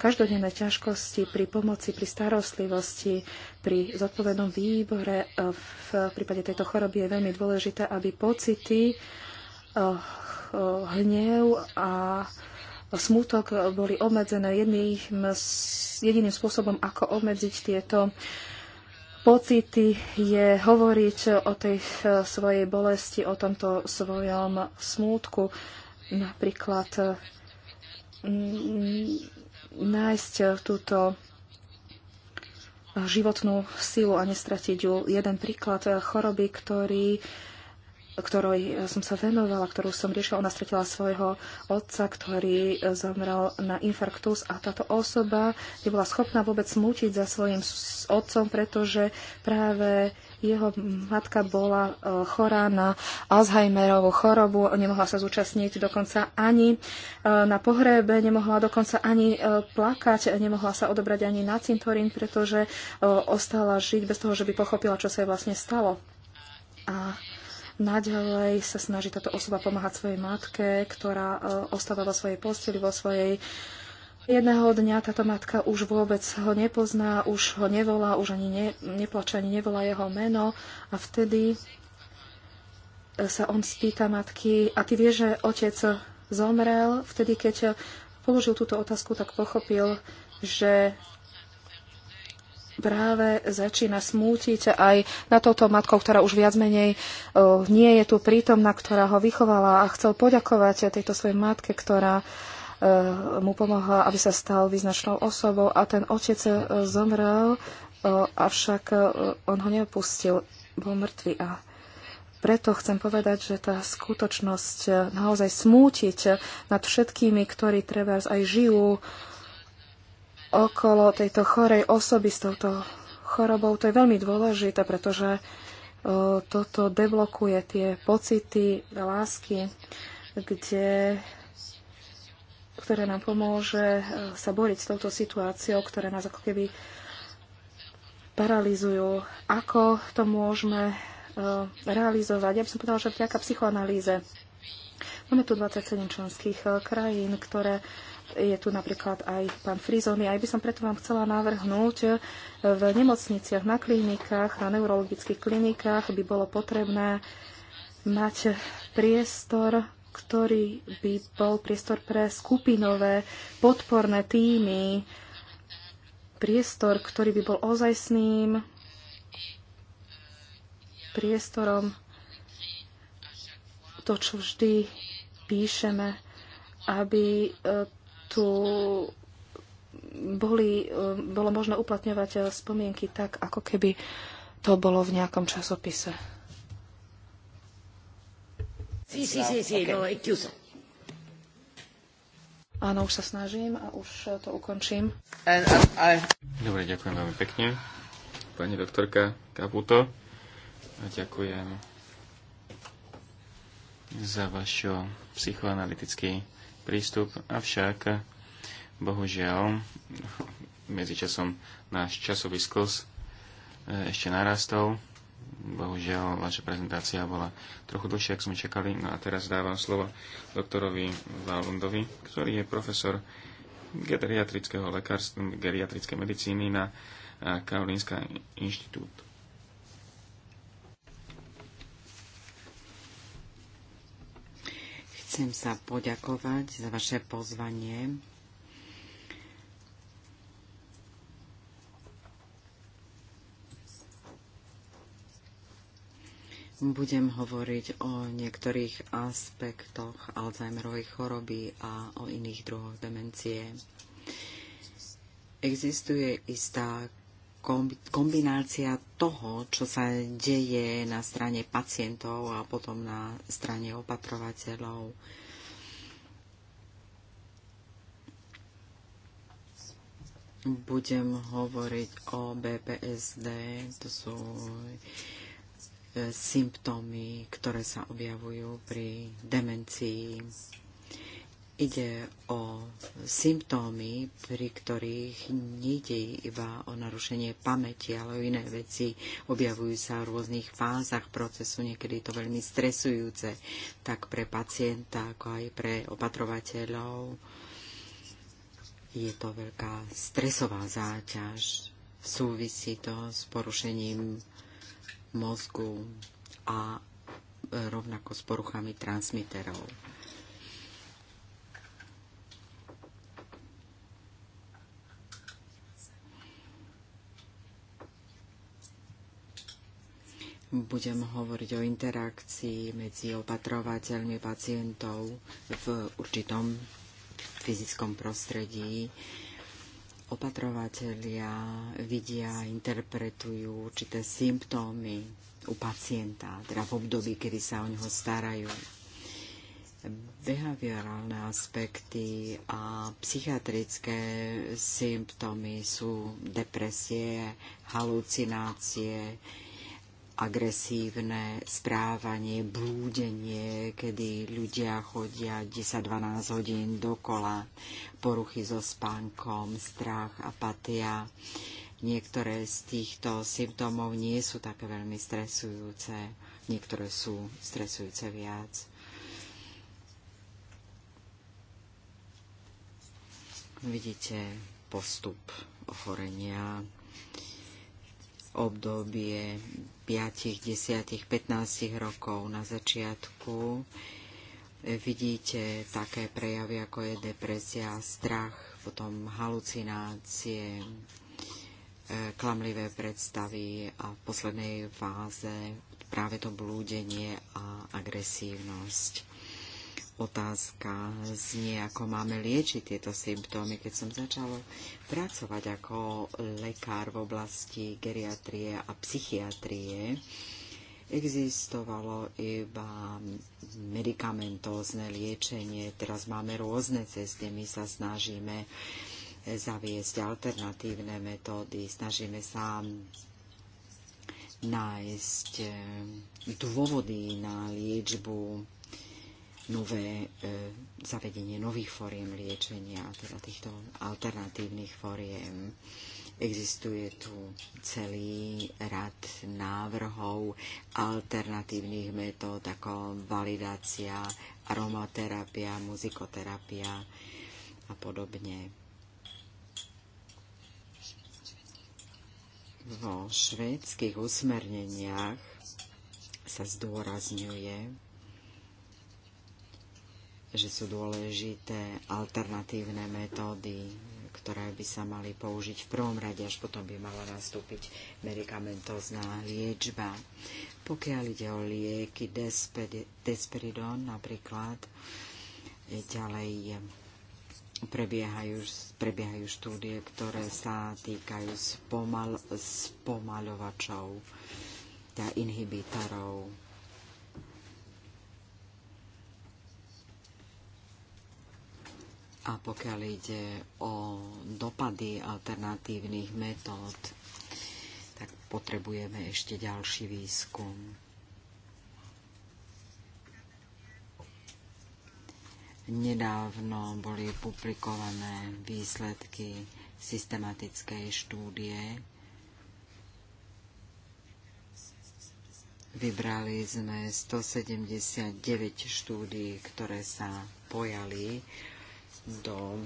každodenné ťažkosti pri pomoci, pri starostlivosti, pri zodpovednom výbore eh, v prípade tejto choroby je veľmi dôležité, aby pocity, eh, eh, hnev a smutok boli obmedzené jedným, jediným spôsobom, ako obmedziť tieto pocity je hovoriť o tej svojej bolesti, o tomto svojom smútku. Napríklad nájsť eh, túto eh, životnú silu a nestratiť ju. Jeden príklad eh, choroby, ktorý ktorej som sa venovala, ktorú som riešila. Ona stretila svojho otca, ktorý zomrel na infarktus a táto osoba nebola schopná vôbec smútiť za svojim otcom, pretože práve jeho matka bola e, chorá na Alzheimerovú chorobu, nemohla sa zúčastniť dokonca ani e, na pohrebe, nemohla dokonca ani e, plakať, nemohla sa odobrať ani na cintorín, pretože ostala žiť bez toho, že by pochopila, čo sa jej vlastne stalo. A Naďalej sa snaží táto osoba pomáhať svojej matke, ktorá ostáva vo svojej posteli, vo svojej uh, Jedného dňa táto matka už vôbec ho nepozná, už ho nevolá, už ani ne, neplače, ani nevolá jeho meno a vtedy sa on spýta matky, a ty vieš, že otec zomrel? Vtedy, keď položil túto otázku, tak pochopil, že práve začína smútiť aj na touto matkou, ktorá už viac menej nie je tu prítomná, ktorá ho vychovala a chcel poďakovať tejto svojej matke, ktorá Eh, mu pomohla, aby sa stal význačnou osobou a ten otec eh, zomrel, eh, avšak on ho neopustil, bol mŕtvý a preto chcem povedať, že tá skutočnosť naozaj smútiť nad všetkými, ktorí treba aj žijú okolo tejto chorej osoby s touto chorobou, to je veľmi dôležité, pretože toto deblokuje tie pocity lásky, kde ktoré nám pomôže e, sa boriť s touto situáciou, ktoré nás ako keby paralizujú. Ako to môžeme e, realizovať? Ja by som povedala, že vďaka psychoanalýze. Máme tu 27 členských e, krajín, ktoré je tu napríklad aj pán Frizony. Aj by som preto vám chcela navrhnúť, v nemocniciach, na klinikách, na neurologických klinikách by bolo potrebné mať priestor ktorý by bol priestor pre skupinové podporné týmy, priestor, ktorý by bol ozajstným priestorom to, čo vždy píšeme, aby e, tu boli, e, bolo možné uplatňovať e, spomienky tak, ako keby to bolo v nejakom časopise. Sì, sì, sì, sì, okay. no, chiusa. Áno, už sa snažím a už to ukončím. And, and, uh, and... Dobre, ďakujem veľmi pekne. Pani doktorka Kaputo, a ďakujem za váš psychoanalytický prístup. Avšak, bohužiaľ, medzičasom náš časový skos eh, ešte narastol. Bohužiaľ, vaša prezentácia bola trochu dlhšia, ako sme čakali. No a teraz dávam slovo doktorovi Valundovi, ktorý je profesor geriatrického lekárstva, geriatrické medicíny na eh, Karolínska inštitút. Chcem sa poďakovať za vaše pozvanie budem hovoriť o niektorých aspektoch Alzheimerovej choroby a o iných druhoch demencie. Existuje istá kombinácia toho, čo sa deje na strane pacientov a potom na strane opatrovateľov. Budem hovoriť o BPSD, to sú E, symptómy, ktoré sa objavujú pri demencii. Ide o symptómy, pri ktorých nejde iba o narušenie pamäti, ale o iné veci. Objavujú sa v rôznych fázach procesu, niekedy je to veľmi stresujúce, tak pre pacienta, ako aj pre opatrovateľov. Je to veľká stresová záťaž. Súvisí to s porušením mozgu a rovnako s poruchami transmiterov. Budem hovoriť o interakcii medzi opatrovateľmi pacientov v určitom fyzickom prostredí opatrovatelia vidia, interpretujú určité symptómy u pacienta, teda v období, kedy sa o neho starajú. Behaviorálne aspekty a psychiatrické symptómy sú depresie, halucinácie, agresívne správanie, blúdenie, kedy ľudia chodia 10-12 hodín dokola, poruchy so spánkom, strach, apatia. Niektoré z týchto symptómov nie sú také veľmi stresujúce, niektoré sú stresujúce viac. Vidíte postup ochorenia, obdobie 5, 10, 15 rokov. Na začiatku vidíte také prejavy, ako je depresia, strach, potom halucinácie, e, klamlivé predstavy a v poslednej fáze práve to blúdenie a agresívnosť otázka znie, ako máme liečiť tieto symptómy. Keď som začala pracovať ako lekár v oblasti geriatrie a psychiatrie, existovalo iba medicamentózne liečenie. Teraz máme rôzne cesty, my sa snažíme zaviesť alternatívne metódy, snažíme sa nájsť eh, dôvody na liečbu nové e, zavedenie nových fóriem liečenia, teda týchto alternatívnych fóriem. Existuje tu celý rad návrhov alternatívnych metód ako validácia, aromaterapia, muzikoterapia a podobne. Vo švédskych usmerneniach sa zdôrazňuje, že sú dôležité alternatívne metódy, ktoré by sa mali použiť v prvom rade, až potom by mala nastúpiť medikamentozná liečba. Pokiaľ ide o lieky desperidon napríklad, ďalej prebiehajú, prebiehajú štúdie, ktoré sa týkajú spomal, spomalovačov, teda inhibitorov A pokiaľ ide o dopady alternatívnych metód, tak potrebujeme ešte ďalší výskum. Nedávno boli publikované výsledky systematickej štúdie. Vybrali sme 179 štúdií, ktoré sa pojali do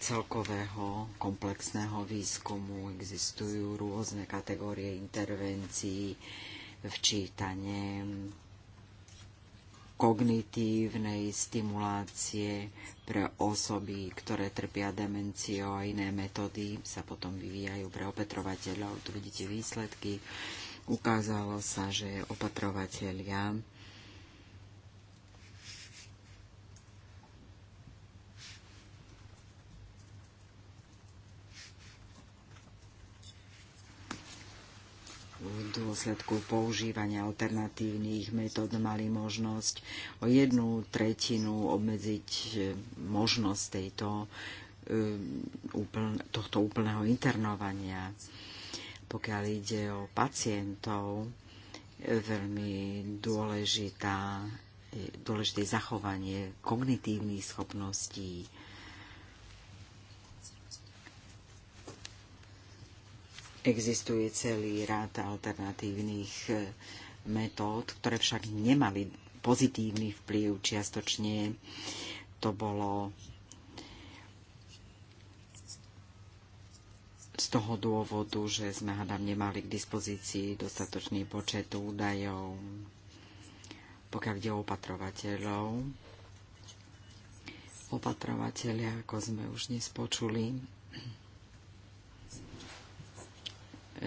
celkového komplexného výskumu. Existujú rôzne kategórie intervencií, včítanie kognitívnej stimulácie pre osoby, ktoré trpia demenciou a iné metódy sa potom vyvíjajú pre opatrovateľov. Tu vidíte výsledky. Ukázalo sa, že opatrovateľia v dôsledku používania alternatívnych metód mali možnosť o jednu tretinu obmedziť e, možnosť tejto, e, tohto úplného internovania. Pokiaľ ide o pacientov, e, veľmi dôležitá, dôležité zachovanie kognitívnych schopností, Existuje celý rád alternatívnych e, metód, ktoré však nemali pozitívny vplyv čiastočne. To bolo z toho dôvodu, že sme hádam nemali k dispozícii dostatočný počet údajov, pokiaľ ide o opatrovateľov. Opatrovateľia, ako sme už nespočuli.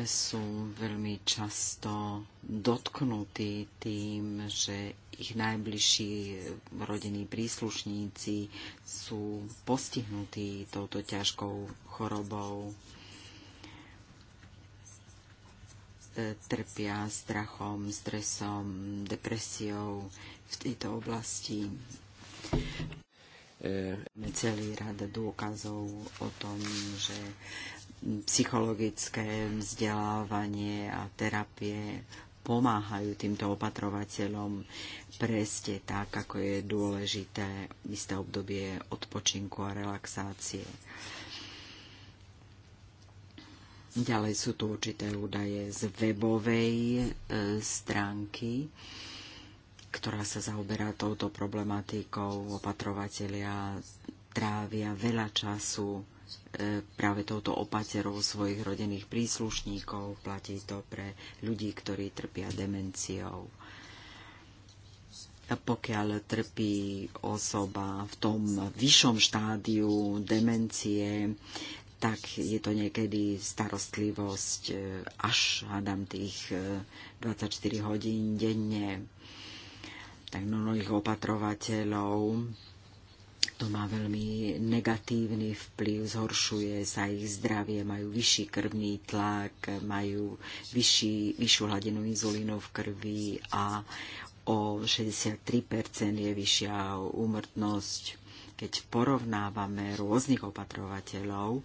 sú veľmi často dotknutí tým, že ich najbližší rodinní príslušníci sú postihnutí touto ťažkou chorobou. E, trpia strachom, stresom, depresiou v tejto oblasti. E, Máme celý rad dôkazov o tom, že psychologické vzdelávanie a terapie pomáhajú týmto opatrovateľom preste tak, ako je dôležité isté obdobie odpočinku a relaxácie. Ďalej sú tu určité údaje z webovej e, stránky, ktorá sa zaoberá touto problematikou. Opatrovateľia trávia veľa času E, práve touto opaterou svojich rodených príslušníkov. Platí to pre ľudí, ktorí trpia demenciou. A pokiaľ trpí osoba v tom vyššom štádiu demencie, tak je to niekedy starostlivosť e, až, hádam, tých 24 e, hodín denne. Tak mnohých opatrovateľov to má veľmi negatívny vplyv, zhoršuje sa ich zdravie, majú vyšší krvný tlak, majú vyšší, vyššiu hladinu inzulínov v krvi a o 63% je vyššia úmrtnosť. Keď porovnávame rôznych opatrovateľov,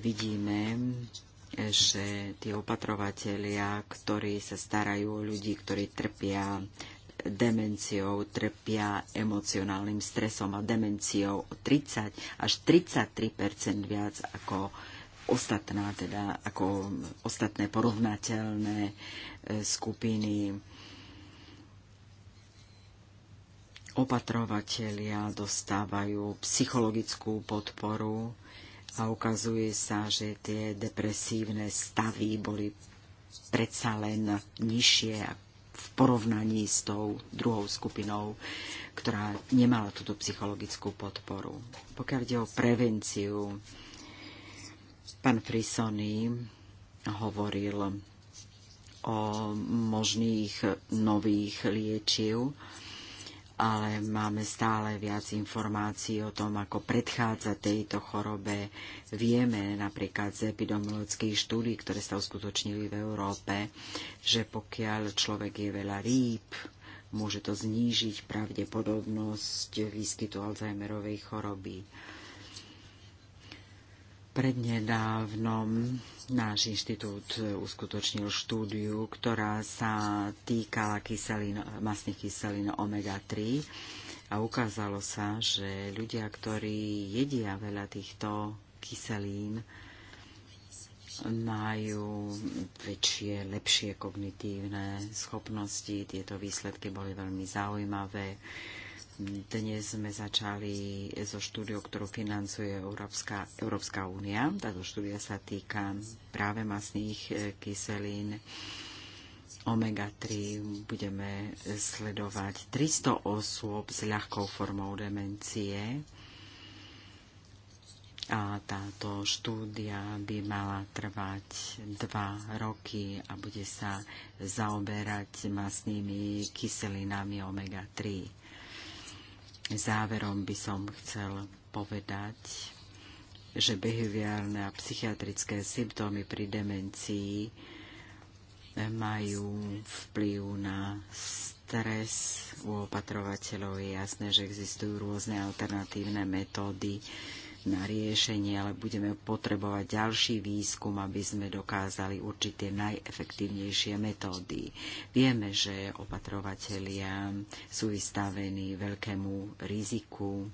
vidíme, že tí opatrovateľia, ktorí sa starajú o ľudí, ktorí trpia demenciou, trpia emocionálnym stresom a demenciou o 30 až 33 viac ako ostatná, teda ako ostatné porovnateľné e, skupiny. Opatrovatelia dostávajú psychologickú podporu a ukazuje sa, že tie depresívne stavy boli predsa len nižšie ako v porovnaní s tou druhou skupinou, ktorá nemala túto psychologickú podporu. Pokiaľ ide o prevenciu, pán Frisony hovoril o možných nových liečiv ale máme stále viac informácií o tom, ako predchádza tejto chorobe. Vieme napríklad z epidemiologických štúdí, ktoré sa uskutočnili v Európe, že pokiaľ človek je veľa rýb, môže to znížiť pravdepodobnosť výskytu Alzheimerovej choroby. Prednedávnom náš inštitút uskutočnil štúdiu, ktorá sa týkala kyselín, masných kyselín omega-3 a ukázalo sa, že ľudia, ktorí jedia veľa týchto kyselín, majú väčšie, lepšie kognitívne schopnosti. Tieto výsledky boli veľmi zaujímavé. Dnes sme začali so štúdiou, ktorú financuje Európska, Európska únia. Táto štúdia sa týka práve masných e, kyselín omega-3. Budeme sledovať 300 osôb s ľahkou formou demencie. A táto štúdia by mala trvať dva roky a bude sa zaoberať masnými kyselinami omega-3 Záverom by som chcel povedať, že behaviorálne a psychiatrické symptómy pri demencii majú vplyv na stres u opatrovateľov. Je jasné, že existujú rôzne alternatívne metódy na riešenie, ale budeme potrebovať ďalší výskum, aby sme dokázali určite najefektívnejšie metódy. Vieme, že opatrovatelia sú vystavení veľkému riziku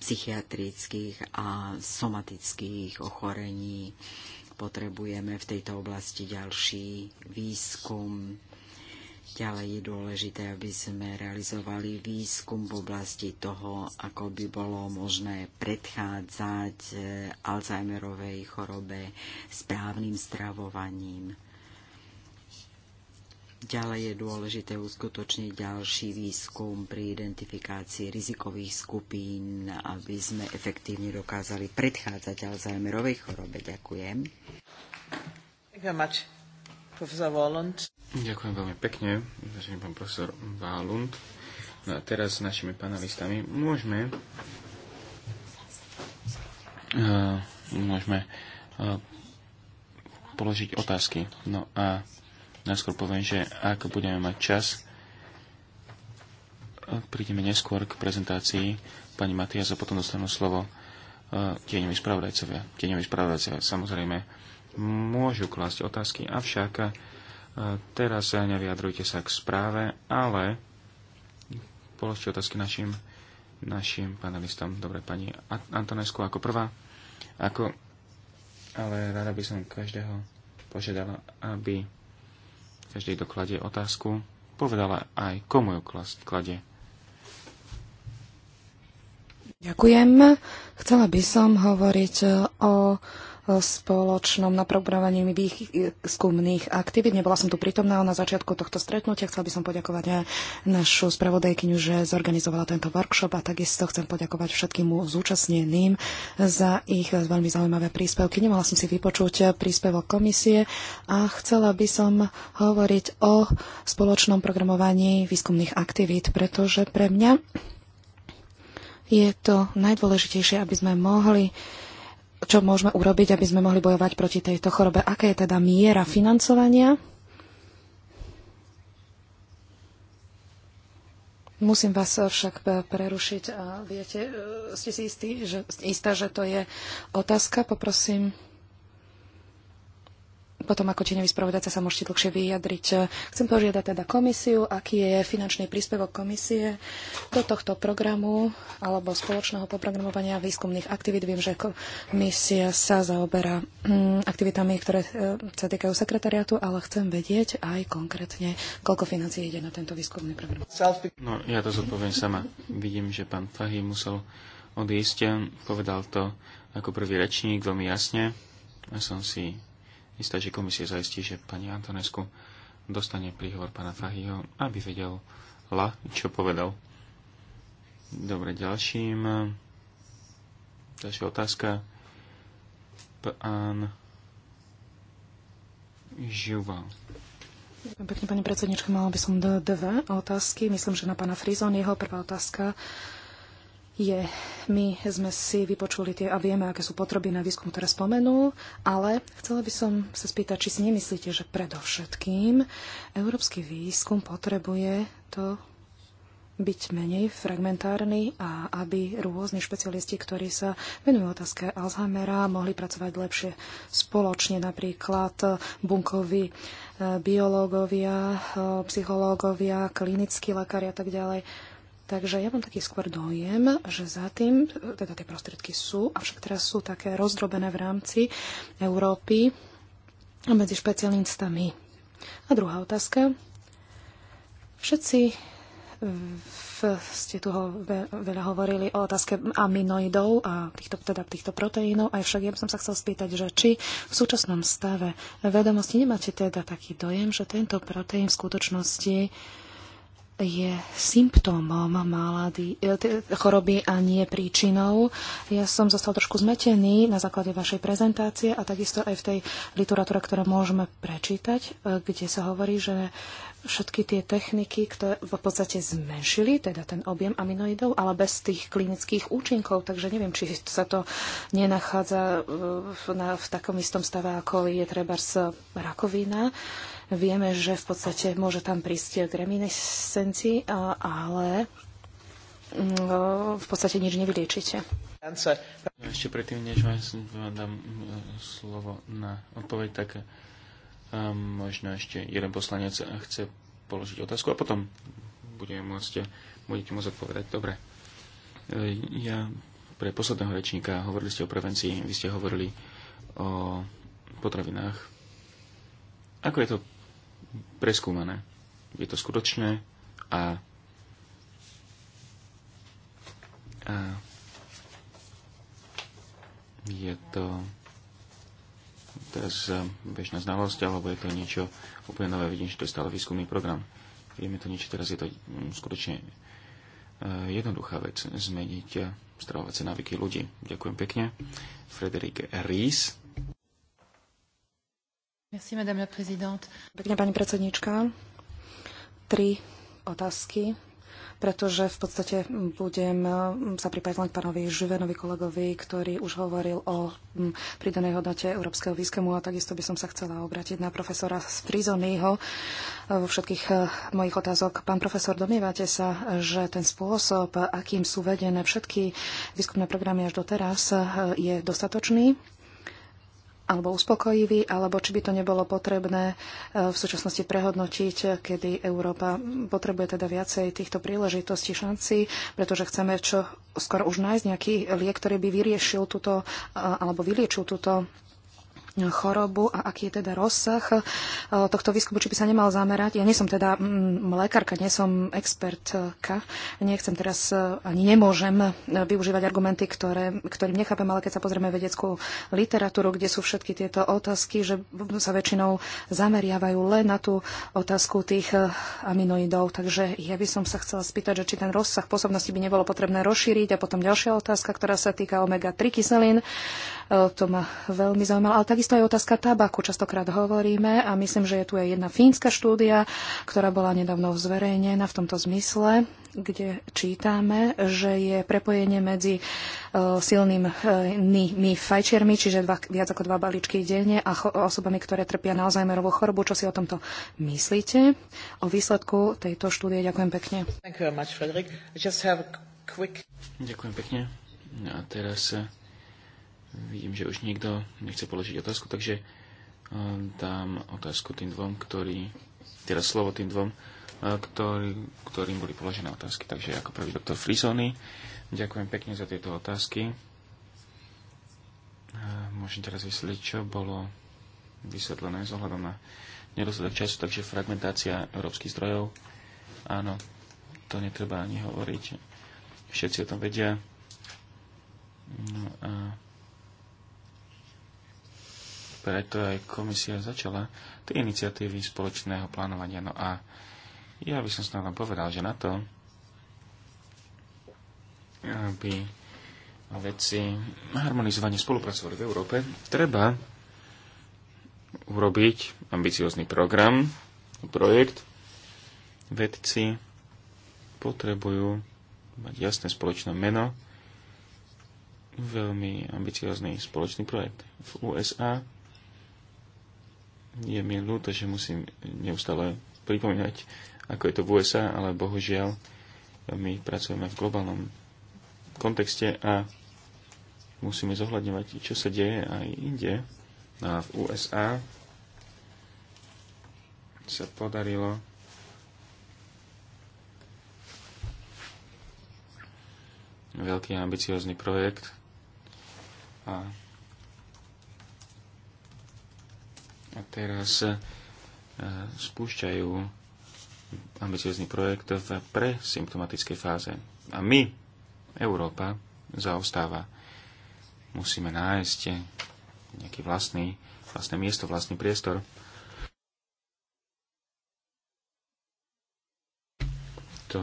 psychiatrických a somatických ochorení. Potrebujeme v tejto oblasti ďalší výskum Ďalej je dôležité, aby sme realizovali výskum v oblasti toho, ako by bolo možné predchádzať e, Alzheimerovej chorobe správnym stravovaním. Ďalej je dôležité uskutočniť ďalší výskum pri identifikácii rizikových skupín, aby sme efektívne dokázali predchádzať Alzheimerovej chorobe. Ďakujem. Ďakujem profesor Valund. Ďakujem veľmi pekne, vážený pán profesor Valund. No a teraz s našimi panelistami môžeme uh, môžeme uh, položiť otázky. No a najskôr poviem, že ak budeme mať čas, eh, prídeme neskôr k prezentácii pani Matias a potom dostanú slovo uh, tieňovi spravodajcovia. Tieňovi spravodajcovia, samozrejme, môžu klásť otázky, avšak e, teraz nevyjadrujte sa k správe, ale položte otázky našim, našim panelistom. Dobre, pani Antonesku ako prvá. Ako, ale rada by som každého požiadala, aby každý, dokladie otázku, povedala aj komu ju kladie. Ďakujem. Chcela by som hovoriť e, o spoločnom naprogramovaní výskumných aktivít. Nebola som tu prítomná na začiatku tohto stretnutia. Chcel by som poďakovať našu spravodajkyňu, že zorganizovala tento workshop a takisto chcem poďakovať všetkým zúčastneným za ich veľmi zaujímavé príspevky. Nemala som si vypočuť príspevok komisie a chcela by som hovoriť o spoločnom programovaní výskumných aktivít, pretože pre mňa je to najdôležitejšie, aby sme mohli uh, čo môžeme urobiť, aby sme mohli bojovať proti tejto chorobe? Aká je teda miera financovania? Musím vás však prerušiť a viete, e, ste si istí, že, istá, že to je otázka? Poprosím potom ako tieňový spravodajca sa môžete dlhšie vyjadriť. Chcem požiadať teda komisiu, aký je finančný príspevok komisie do tohto programu alebo spoločného poprogramovania výskumných aktivít. Viem, že komisia sa zaoberá mm, aktivitami, ktoré e, sa týkajú sekretariátu, ale chcem vedieť aj konkrétne, koľko financií ide na tento výskumný program. No, ja to zodpoviem sama. Vidím, že pán Fahy musel odísť. Povedal to ako prvý rečník veľmi jasne. Ja som si istá, že komisia zaistí, že pani Antonesku dostane príhovor pana Fahyho, aby vedel la, čo povedal. Dobre, ďalším. Ďalšia otázka. Pán Žuval. Pekne, pani predsednička, mala by som dve otázky. Myslím, že na pána Frizon jeho prvá otázka je, my sme si vypočuli tie a vieme, aké sú potreby na výskum, ktoré spomenú, ale chcela by som sa spýtať, či si nemyslíte, že predovšetkým európsky výskum potrebuje to byť menej fragmentárny a aby rôzni špecialisti, ktorí sa venujú otázke Alzheimera, mohli pracovať lepšie spoločne, napríklad bunkoví e, biológovia, e, psychológovia, klinickí lekári a tak ďalej Takže ja mám taký skôr dojem, že za tým, teda tie prostriedky sú, avšak teraz sú také rozdrobené v rámci Európy medzi špecialistami. A druhá otázka. Všetci v, ste tu ho, veľa hovorili o otázke aminoidov a týchto, teda týchto proteínov, aj však ja by som sa chcel spýtať, že či v súčasnom stave vedomosti nemáte teda taký dojem, že tento proteín v skutočnosti uh, je symptómom malady, e, choroby a nie príčinou. Ja som zostal trošku zmetený na základe vašej prezentácie a takisto aj v tej literatúre, ktoré môžeme prečítať, e, kde sa hovorí, že všetky tie techniky, ktoré v podstate zmenšili, teda ten objem aminoidov, ale bez tých klinických účinkov, takže neviem, či sa to nenachádza e, v, na, v takom istom stave, ako je treba rakovina. Uh, Vieme, že v podstate môže tam prísť k reminiscencii, ale mm, v podstate nič nevyliečite. No, ešte predtým, než vám dám mm, slovo na odpoveď, tak um, možno ešte jeden poslanec chce položiť otázku a potom budeme môcť, budete môcť odpovedať. Dobre. E, ja pre posledného rečníka hovorili ste o prevencii, vy ste hovorili o potravinách. Ako je to preskúmané. Je to skutočné a, a je to teraz eh, bežná znalosť, alebo je to niečo úplne nové, vidím, že to je stále výskumný program. Vieme to niečo, teraz je to mm, skutočne eh, jednoduchá vec zmeniť eh, stravovacie návyky ľudí. Ďakujem pekne. Frederik Ries. Merci, madame la présidente. Pekne, pani predsednička. Tri otázky pretože v podstate budem eh, sa pripájať len k pánovi Živenovi kolegovi, ktorý už hovoril o hm, pridanej hodnote európskeho výskumu a takisto by som sa chcela obrátiť na profesora Sprizonyho eh, vo všetkých eh, mojich otázok. Pán profesor, domnievate sa, že ten spôsob, akým sú vedené všetky výskumné programy až doteraz, je dostatočný? alebo uspokojivý, alebo či by to nebolo potrebné e, v súčasnosti prehodnotiť, kedy Európa potrebuje teda viacej týchto príležitostí, šanci, pretože chceme čo skoro už nájsť nejaký liek, ktorý by vyriešil túto, alebo vyliečil túto chorobu a aký je teda rozsah eh, tohto výskumu, či by sa nemal zamerať. Ja nie som teda mm, lekárka, nie som expertka, nechcem teraz eh, ani nemôžem eh, využívať argumenty, ktoré, ktorým nechápem, ale keď sa pozrieme vedeckú literatúru, kde sú všetky tieto otázky, že sa väčšinou zameriavajú len na tú otázku tých aminoidov. Takže ja by som sa chcela spýtať, že či ten rozsah pôsobnosti by nebolo potrebné rozšíriť. A potom ďalšia otázka, ktorá sa týka omega-3 kyselín Eh, to ma veľmi zaujímalo. Ale takisto aj otázka tabaku. Častokrát hovoríme a myslím, že je tu aj jedna fínska štúdia, ktorá bola nedávno zverejnená v tomto zmysle, kde čítame, že je prepojenie medzi eh, silnými eh, fajčiarmi, čiže dva, viac ako dva balíčky denne a osobami, ktoré trpia na Alzheimerovú chorobu. Čo si o tomto myslíte? O výsledku tejto štúdie ďakujem pekne. Quick... Ďakujem pekne. A teraz Vidím, že už niekto nechce položiť otázku, takže eh, dám otázku tým dvom, ktorí, teda slovo tým dvom, eh, ktorý, ktorým boli položené otázky. Takže ako prvý doktor Frisony, ďakujem pekne za tieto otázky. Eh, môžem teraz vysvetliť, čo bolo vysvetlené z ohľadom na nedostatok času, takže fragmentácia európskych zdrojov. Áno, to netreba ani hovoriť. Všetci o tom vedia. No a preto aj komisia začala tie iniciatívy spoločného plánovania. No a ja by som snad vám povedal, že na to, aby veci harmonizovanie spolupracovali v Európe, treba urobiť ambiciózny program, projekt. Vedci potrebujú mať jasné spoločné meno, veľmi ambiciózny spoločný projekt. V USA je mi ľúto, že musím neustále pripomínať, ako je to v USA, ale bohužiaľ my pracujeme v globálnom kontexte a musíme zohľadňovať, čo sa deje aj inde. No a v USA sa podarilo veľký ambiciózny projekt a a teraz e, spúšťajú ambiciozný projekt v presymptomatickej fáze. A my, Európa, zaostáva. Musíme nájsť nejaký vlastný, vlastné miesto, vlastný priestor. To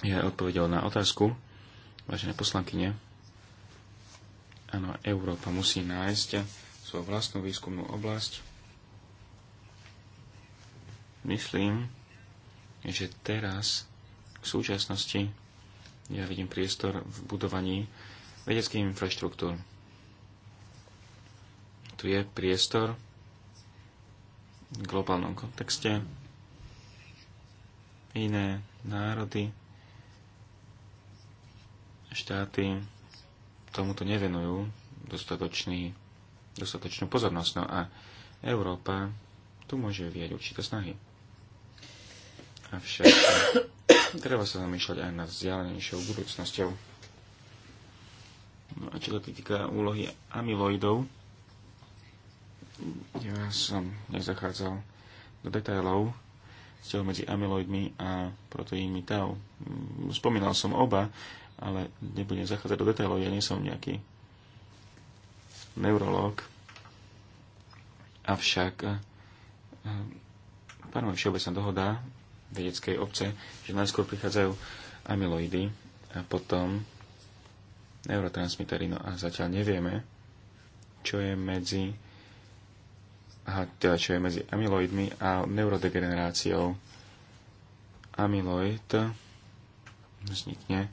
je odpovedel na otázku, vážené poslankyne. Áno, Európa musí nájsť svoju vlastnú výskumnú oblasť. Myslím, že teraz v súčasnosti ja vidím priestor v budovaní vedeckých infraštruktúr. Tu je priestor v globálnom kontexte. Iné národy, štáty tomuto nevenujú dostatočný dostatočnú pozornosť. No a Európa tu môže vyjať určité snahy. Avšak <coughs> treba sa zamýšľať aj nad vzdialenejšou budúcnosťou. No a čo to týka úlohy amyloidov, ja som nezachádzal do detailov vzťahu medzi amyloidmi a proteínmi tau. Mm, spomínal som oba, ale nebudem zachádzať do detailov, ja nie som nejaký neurológ, avšak eh, panuje všeobecná dohoda vedeckej obce, že najskôr prichádzajú amyloidy a potom neurotransmitery, no a zatiaľ nevieme, čo je medzi aha, teda čo je medzi amyloidmi a neurodegeneráciou. Amyloid vznikne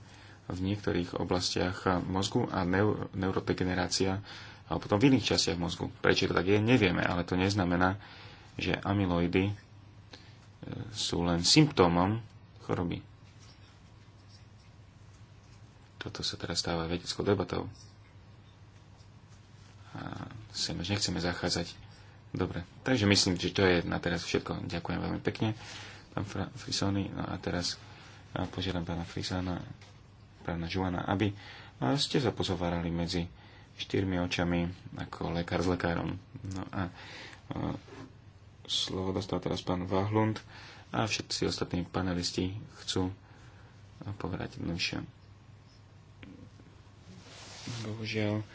v niektorých oblastiach mozgu a neur- neurodegenerácia alebo potom v iných častiach mozgu. Prečo to tak je, nevieme, ale to neznamená, že amyloidy e, sú len symptómom choroby. Toto sa teraz stáva vedeckou debatou. A sem už nechceme zachádzať. Dobre, takže myslím, že to je na teraz všetko. Ďakujem veľmi pekne, pán Frisony. No a teraz požiadam pána Frisana, pána Žuana, aby ste sa pozovárali medzi štyrmi očami ako lekár s lekárom. No a e, slovo dostal teraz pán Vahlund a všetci ostatní panelisti chcú povedať dlhšie. Bohužiaľ,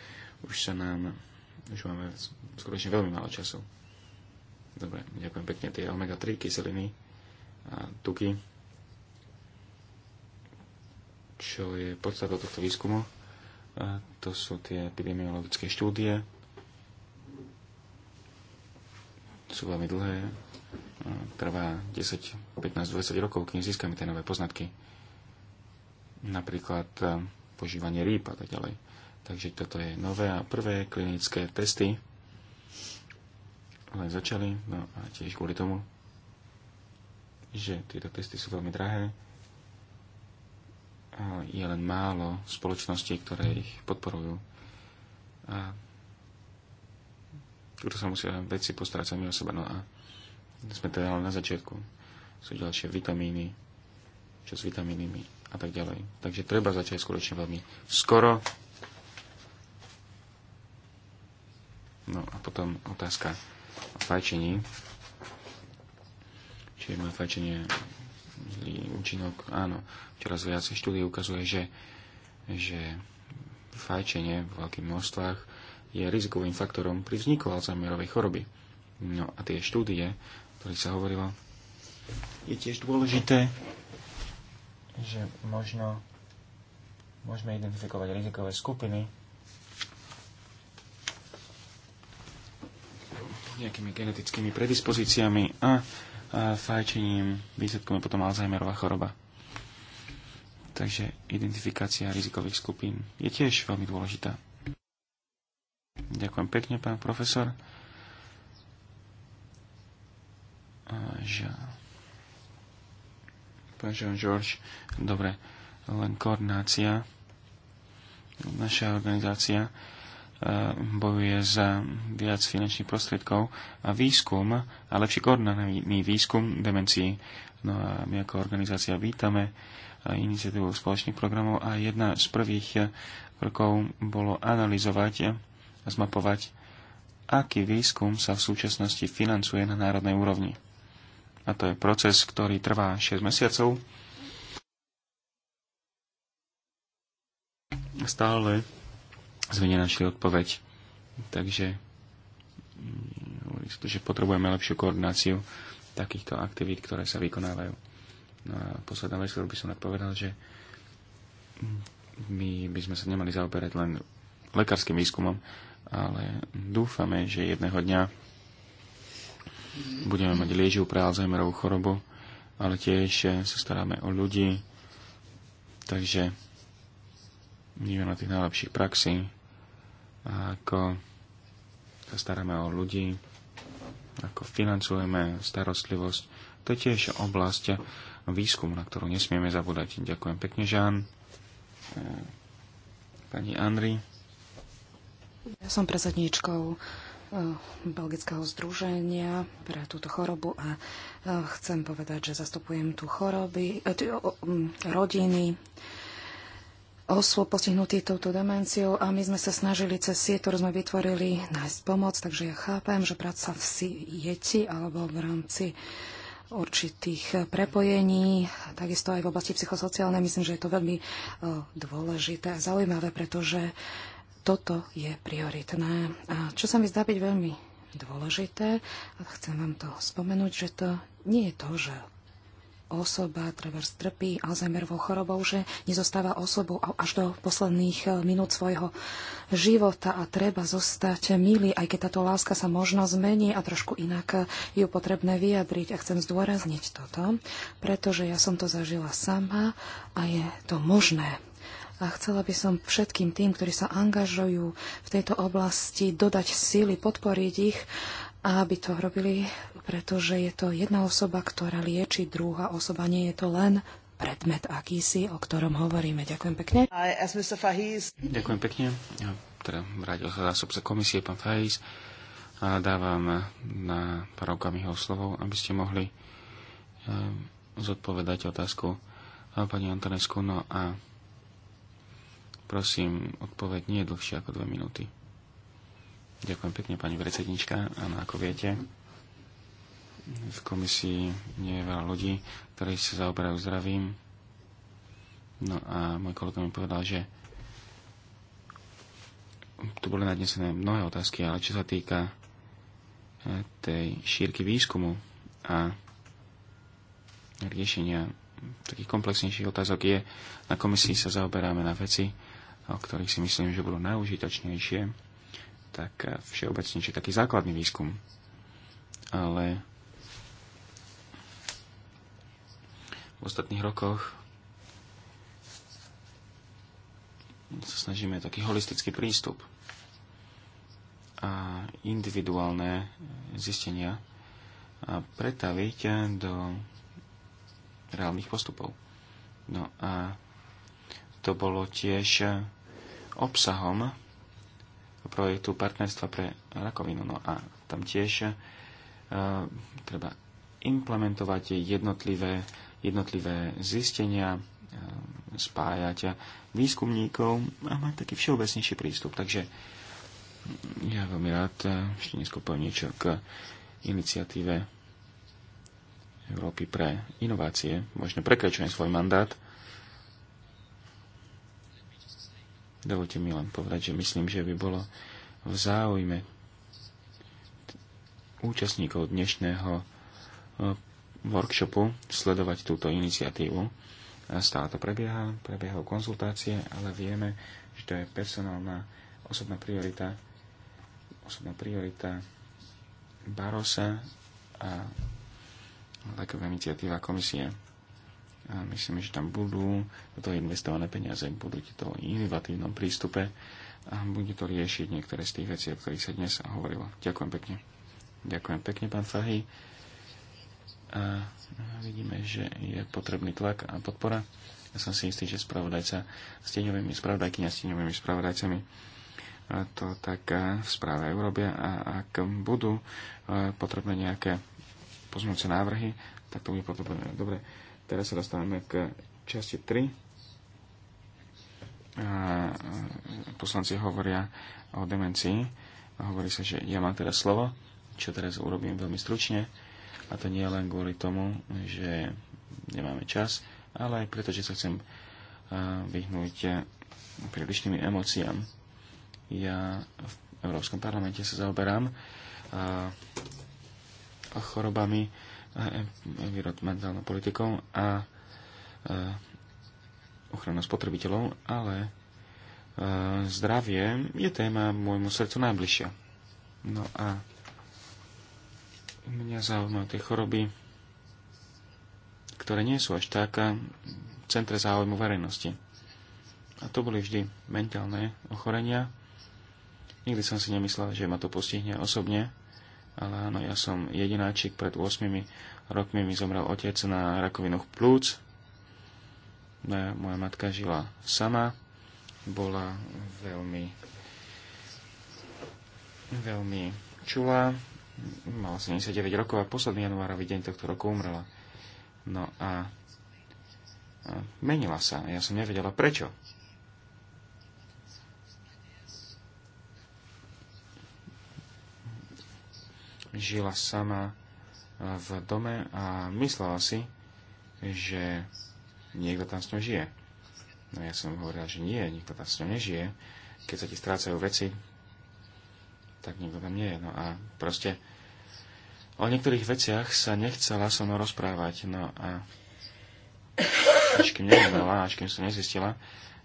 už sa nám, už máme skutočne veľmi málo času. Dobre, ďakujem pekne. Tie omega-3 kyseliny a tuky, čo je podstatou tohto výskumu. To sú tie epidemiologické štúdie. Sú veľmi dlhé. Trvá 10, 15, 20 rokov, kým získame tie nové poznatky. Napríklad e, požívanie rýb a tak ďalej. Takže toto je nové a prvé klinické testy len začali, no a tiež kvôli tomu, že tieto testy sú veľmi drahé, je len málo spoločností, ktoré ich podporujú. A tu sa musia veci postarať sami o seba. No a sme teda na začiatku. Sú ďalšie vitamíny, čo s vitamínmi a tak ďalej. Takže treba začať skutočne veľmi skoro. No a potom otázka o fajčení. Čiže má fajčenie účinok, áno, čoraz viac štúdie ukazuje, že, že fajčenie v veľkých množstvách je rizikovým faktorom pri vzniku Alzheimerovej choroby. No a tie štúdie, o ktorých sa hovorilo, je tiež dôležité, že možno môžeme identifikovať rizikové skupiny nejakými genetickými predispozíciami a fajčením, výsledkom je potom Alzheimerová choroba. Takže identifikácia rizikových skupín je tiež veľmi dôležitá. Ďakujem pekne, pán profesor. Pán jean George, dobre, len koordinácia. Naša organizácia Eh, bojuje za viac finančných prostriedkov a výskum a lepší koordinovaný výskum demencií. No a my ako organizácia vítame iniciatívu spoločných programov a jedna z prvých eh, rokov bolo analyzovať a zmapovať, aký výskum sa v súčasnosti financuje na národnej úrovni. A to je proces, ktorý trvá 6 mesiacov. Stále sme nenašli odpoveď. Takže mm, že potrebujeme lepšiu koordináciu takýchto aktivít, ktoré sa vykonávajú. No a posledná vec, ktorú by som odpovedal, že my by sme sa nemali zaoberať len lekárskym výskumom, ale dúfame, že jedného dňa budeme mať liežiu pre Alzheimerovú chorobu, ale tiež sa staráme o ľudí, takže nie na tých najlepších praxí, ako sa staráme o ľudí, ako financujeme starostlivosť. To je tiež oblasť výskumu, na ktorú nesmieme zabúdať. Ďakujem pekne, Žán. E, pani Andri. Ja som predsedníčkou e, Belgického združenia pre túto chorobu a e, chcem povedať, že zastupujem tu choroby, rodiny, osôb postihnutých touto demenciou a my sme sa snažili cez sieť, ktorú sme vytvorili, nájsť pomoc, takže ja chápem, že práca v sieti alebo v rámci určitých prepojení, takisto aj v oblasti psychosociálnej, myslím, že je to veľmi e, dôležité a zaujímavé, pretože toto je prioritné. A čo sa mi zdá byť veľmi dôležité, a chcem vám to spomenúť, že to nie je to, že osoba treba strpí Alzheimerovou chorobou, že nezostáva osobou až do posledných eh, minút svojho života a treba zostať milý, aj keď táto láska sa možno zmení a trošku inak eh, ju potrebné vyjadriť. A chcem zdôrazniť toto, pretože ja som to zažila sama a je to možné. A chcela by som všetkým tým, ktorí sa angažujú v tejto oblasti, dodať síly, podporiť ich, aby to robili pretože je to jedna osoba, ktorá lieči druhá osoba, nie je to len predmet akýsi, o ktorom hovoríme. Ďakujem pekne. Ďakujem pekne. Ja teda vrátil sa zásobca komisie, pán Fahis. A dávam na pár okamihov slovo, aby ste mohli eh, zodpovedať otázku pani Antonesku. No a prosím, odpoveď nie je dlhšia ako dve minúty. Ďakujem pekne, pani predsednička. Áno, ako viete, v komisii nie je veľa ľudí, ktorí sa zaoberajú zdravím. No a môj kolega mi povedal, že tu boli nadnesené mnohé otázky, ale čo sa týka eh, tej šírky výskumu a riešenia takých komplexnejších otázok je, na komisii sa zaoberáme na veci, o ktorých si myslím, že budú najúžitočnejšie, tak eh, všeobecnejšie taký základný výskum. Ale v ostatných rokoch. sa snažíme taký holistický prístup a individuálne zistenia a pretaviť do reálnych postupov. No a to bolo tiež obsahom projektu Partnerstva pre rakovinu. No a tam tiež uh, treba implementovať jednotlivé jednotlivé zistenia, e, spájať výskumníkov a mať taký všeobecnejší prístup. Takže ja veľmi rád e, ešte neskôr poviem niečo k iniciatíve Európy pre inovácie. Možno prekračujem svoj mandát. Dovolte mi len povedať, že myslím, že by bolo v záujme účastníkov dnešného e, workshopu sledovať túto iniciatívu. Stále to prebieha, prebiehajú konzultácie, ale vieme, že to je personálna osobná priorita, osobná priorita Barosa a taková iniciatíva komisie. A myslím, že tam budú do toho investované peniaze, budú to o inovatívnom prístupe a bude to riešiť niektoré z tých vecí, o ktorých sa dnes hovorilo. Ďakujem pekne. Ďakujem pekne, pán Fahy a vidíme, že je potrebný tlak a podpora. Ja som si istý, že spravodajca s tieňovými spravodajkyni a s tieňovými spravodajcami e, to tak e, v správe urobia a ak budú e, potrebné nejaké pozmúce návrhy, tak to bude potrebné. Dobre, teraz sa dostávame k časti 3. Poslanci hovoria o demencii. Hovorí sa, že ja mám teraz slovo, čo teraz urobím veľmi stručne. A to nie len kvôli tomu, že nemáme čas, ale aj preto, že sa chcem eh, vyhnúť eh, prílišným emóciám. Ja v Európskom parlamente sa zaoberám eh, chorobami, environmentálnou politikou a ochranou spotrebiteľov, ale zdravie je téma môjmu srdcu najbližšia. No a Mňa zaujímajú tie choroby, ktoré nie sú až tak eh, v centre záujmu verejnosti. A to boli vždy mentálne ochorenia. Nikdy som si nemyslel, že ma to postihne osobne, ale áno, ja som jedináčik, pred 8 rokmi mi zomrel otec na rakovinu plúc. No, moja matka žila sama, bola veľmi veľmi čulá, mala 79 rokov a posledný januárový deň tohto roku umrela. No a, a menila sa. Ja som nevedela prečo. Žila sama e, v dome a myslela si, že niekto tam s ňou žije. No ja som hovorila, že nie, nikto tam s ňou nežije. Keď sa ti strácajú veci, tak nikto tam nie je. No a proste O niektorých veciach sa nechcela so mnou rozprávať. No a až kým nevedela, až kým som nezistila,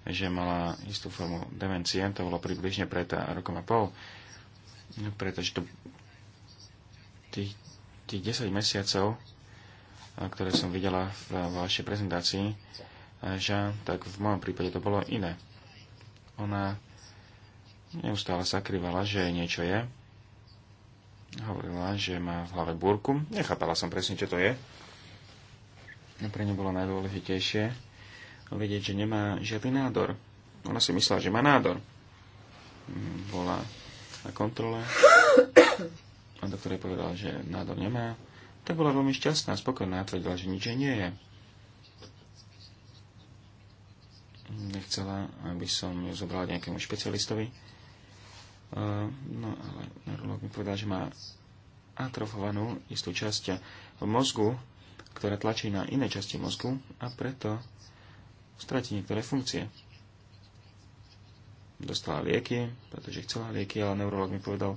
že mala istú formu demencie, to bolo približne pred rokom a pol, no, pretože to, tých, tých 10 mesiacov, ktoré som videla v, v vašej prezentácii, že tak v mojom prípade to bolo iné. Ona neustále sakrývala, že niečo je, hovorila, že má v hlave búrku. Nechápala som presne, čo to je. No, pre ňu bolo najdôležitejšie vedieť, že nemá žiadny nádor. Ona si myslela, že má nádor. Mm, bola na kontrole a doktor jej povedal, že nádor nemá. Tak bola veľmi šťastná, spokojná a tvrdila, že nič nie je. Nechcela, aby som ju zobrala nejakému špecialistovi Ehm, no ale neurolog mi povedal, že má atrofovanú istú časť mozgu, ktorá tlačí na iné časti mozgu a preto stratí niektoré funkcie. Dostala lieky, pretože chcela lieky, ale neurolog mi povedal,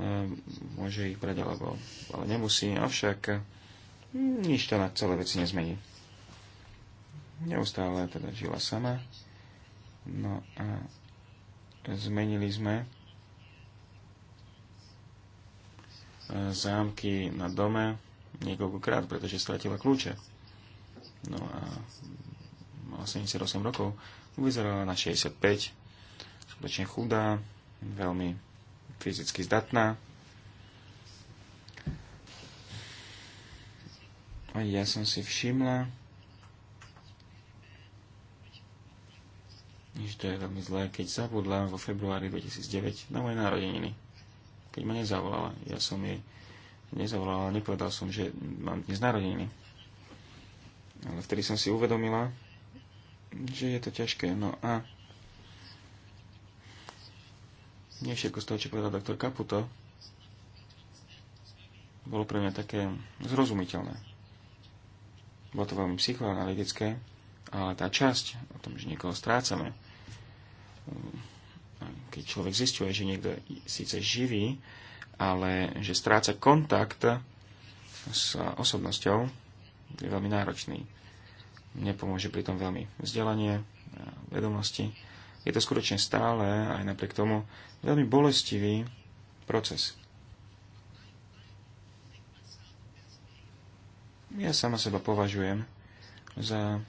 ehm, môže ich brať alebo ale nemusí, avšak hm, nič to na celé veci nezmení. Neustále teda žila sama. No a Zmenili sme e, zámky na dome niekoľkokrát, pretože stratila kľúče. No a mala 78 rokov, vyzerala na 65, skutočne chudá, veľmi fyzicky zdatná. A ja som si všimla, že to je veľmi zlé, keď zabudla vo februári 2009 na moje narodeniny. Keď ma nezavolala, ja som jej nezavolala, nepovedal som, že mám dnes narodeniny. Ale vtedy som si uvedomila, že je to ťažké. No a nie všetko z toho, čo povedal doktor Kaputo, bolo pre mňa také zrozumiteľné. Bolo to veľmi psychoanalytické, ale tá časť o tom, že niekoho strácame, keď človek zistuje, že niekto síce živý, ale že stráca kontakt s osobnosťou, je veľmi náročný. Nepomôže pritom veľmi vzdelanie, vedomosti. Je to skutočne stále, aj napriek tomu, veľmi bolestivý proces. Ja sama seba považujem za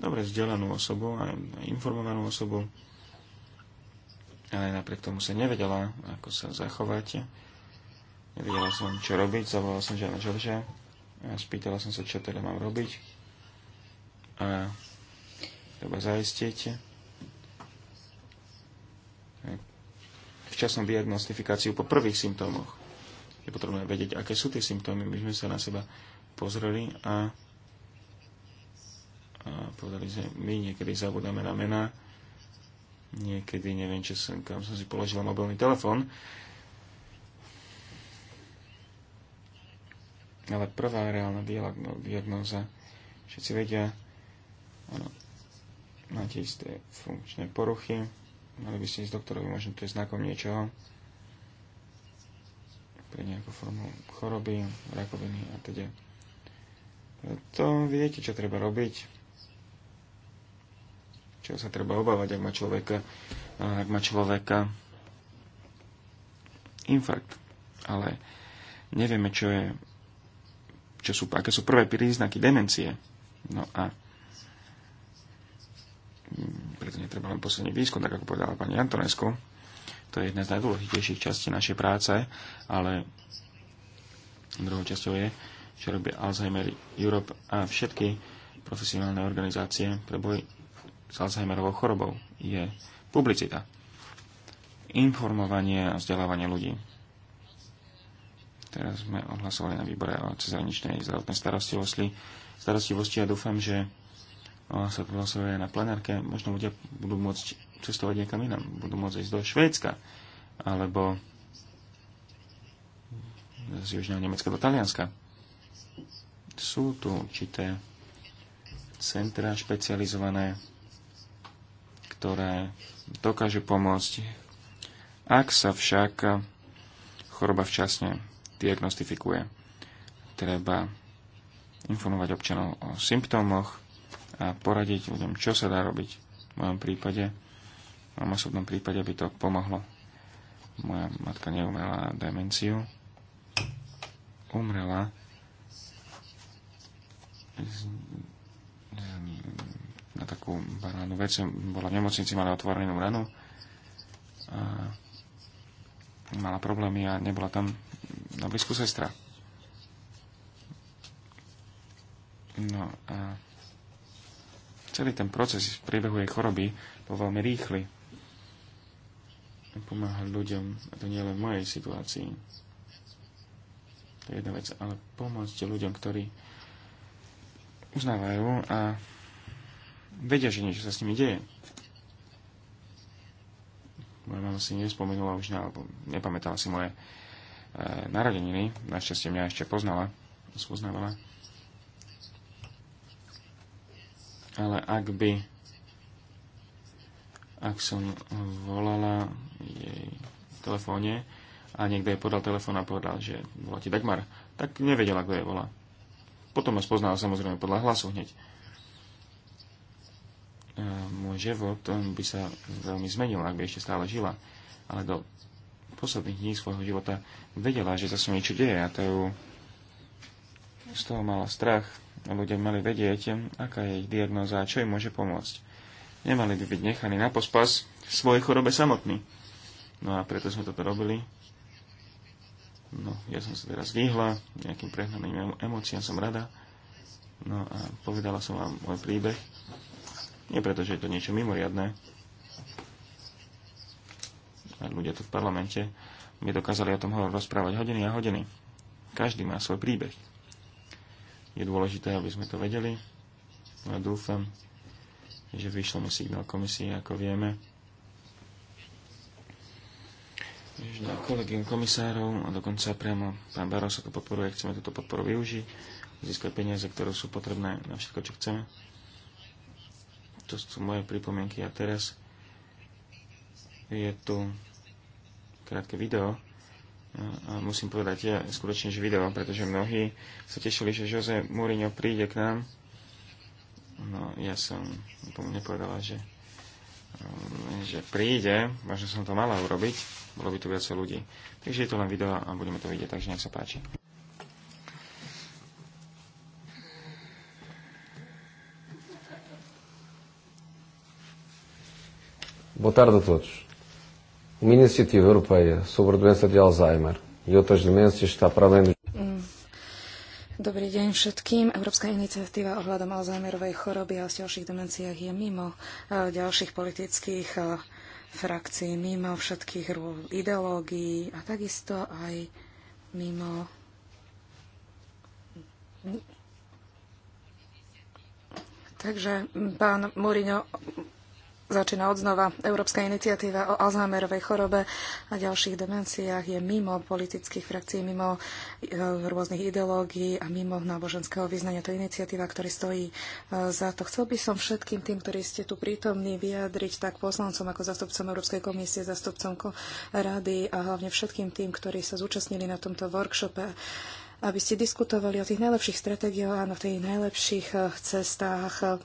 dobre vzdelanú osobu a informovanú osobu, ale napriek tomu sa nevedela, ako sa zachovať. Nevedela som, čo robiť, zavolala som žena Žorža a spýtala som sa, čo teda mám robiť. A treba zaistiť včasnú diagnostifikáciu po prvých symptómoch. Je potrebné vedieť, aké sú tie symptómy. My sme sa na seba pozreli a a povedali, že my niekedy zabudáme na mená, niekedy neviem, čo som, kam som si položila mobilný telefon. Ale prvá reálna diagnóza, všetci vedia, ano, máte isté funkčné poruchy, mali by ste ísť doktorovi, možno to je znakom niečoho, pre nejakú formu choroby, rakoviny a teda. To viete, čo treba robiť čo sa treba obávať, ak má človeka, ak má človeka infarkt. Ale nevieme, čo je, čo sú, aké sú prvé príznaky demencie. No a preto netreba len posledný výskum, tak ako povedala pani Antonesko. To je jedna z najdôležitejších častí našej práce, ale druhou časťou je, čo robí Alzheimer Europe a všetky profesionálne organizácie pre boj s Alzheimerovou chorobou je publicita. Informovanie a vzdelávanie ľudí. Teraz sme ohlasovali na výbore o cezraničnej zdravotnej starostlivosti, starostlivosti a dúfam, že sa to hlasuje na plenárke. Možno ľudia budú môcť cestovať niekam inam. Budú môcť ísť do Švédska alebo z Južného Nemecka do Talianska. Sú tu určité centra špecializované ktoré dokážu pomôcť. Ak sa však choroba včasne diagnostifikuje, treba informovať občanov o symptómoch a poradiť ľuďom, čo sa dá robiť. V mojom prípade, v mojom osobnom prípade by to pomohlo. Moja matka neumela demenciu. Umrela na takú banálnu vec. Bola v nemocnici, mala otvorenú ranu. A mala problémy a nebola tam na blízku sestra. No a celý ten proces v priebehu jej choroby bol veľmi rýchly. Pomáhať ľuďom, a to nie len v mojej situácii, to je jedna vec, ale pomôcť ľuďom, ktorí uznávajú a vedia, že niečo sa s nimi deje. Moja mama si nespomenula už, alebo nepamätala si moje e, narodeniny. Našťastie mňa ešte poznala, spoznávala. Ale ak by ak som volala jej telefóne a niekto jej podal telefón a povedal, že volá ti Dagmar, tak nevedela, kto jej volá. Potom ma spoznala samozrejme podľa hlasu hneď. E, môj život by sa veľmi zmenil, ak by ešte stále žila. Ale do posledných dní svojho života vedela, že sa niečo deje a to ju z toho mala strach. Ľudia mali vedieť, aká je ich diagnóza a čo im môže pomôcť. Nemali by byť nechaní na pospas svojej chorobe samotný. No a preto sme toto robili. No, ja som sa teraz vyhla, nejakým prehnaným emóciám som rada. No a povedala som vám môj príbeh. Nie preto, že je to niečo mimoriadné. A ľudia tu v parlamente by dokázali o tom rozprávať hodiny a hodiny. Každý má svoj príbeh. Je dôležité, aby sme to vedeli. A dúfam, že vyšlo mi signál komisie, ako vieme. Na kolegium komisárov a dokonca priamo pán Baros sa to podporuje, chceme túto podporu využiť, získať peniaze, ktoré sú potrebné na všetko, čo chceme. To sú moje pripomienky. A teraz je tu krátke video. A musím povedať, ja skutočne, že video, pretože mnohí sa tešili, že Jose Mourinho príde k nám. No, ja som nepovedala, že, um, že príde, možno som to mala urobiť, bolo by tu viacej ľudí. Takže je to len video a budeme to vidieť, takže nech sa páči. Boa tarde a todos. Uma iniciativa europeia sobre a doença de Alzheimer e outras demências está para além mm. dos... Dobrý deň všetkým. Európska iniciatíva ohľadom Alzheimerovej choroby a ďalších demenciách je mimo ďalších politických frakcií, mimo všetkých ideológií a takisto aj mimo Takže pán Morino začína odznova. Európska iniciatíva o Alzheimerovej chorobe a ďalších demenciách je mimo politických frakcií, mimo e, rôznych ideológií a mimo náboženského vyznania. To je iniciatíva, ktorý stojí e, za to. Chcel by som všetkým tým, ktorí ste tu prítomní, vyjadriť tak poslancom ako zastupcom Európskej komisie, zastupcom rady a hlavne všetkým tým, ktorí sa zúčastnili na tomto workshope aby ste diskutovali o tých najlepších stratégiách a na tých najlepších e, cestách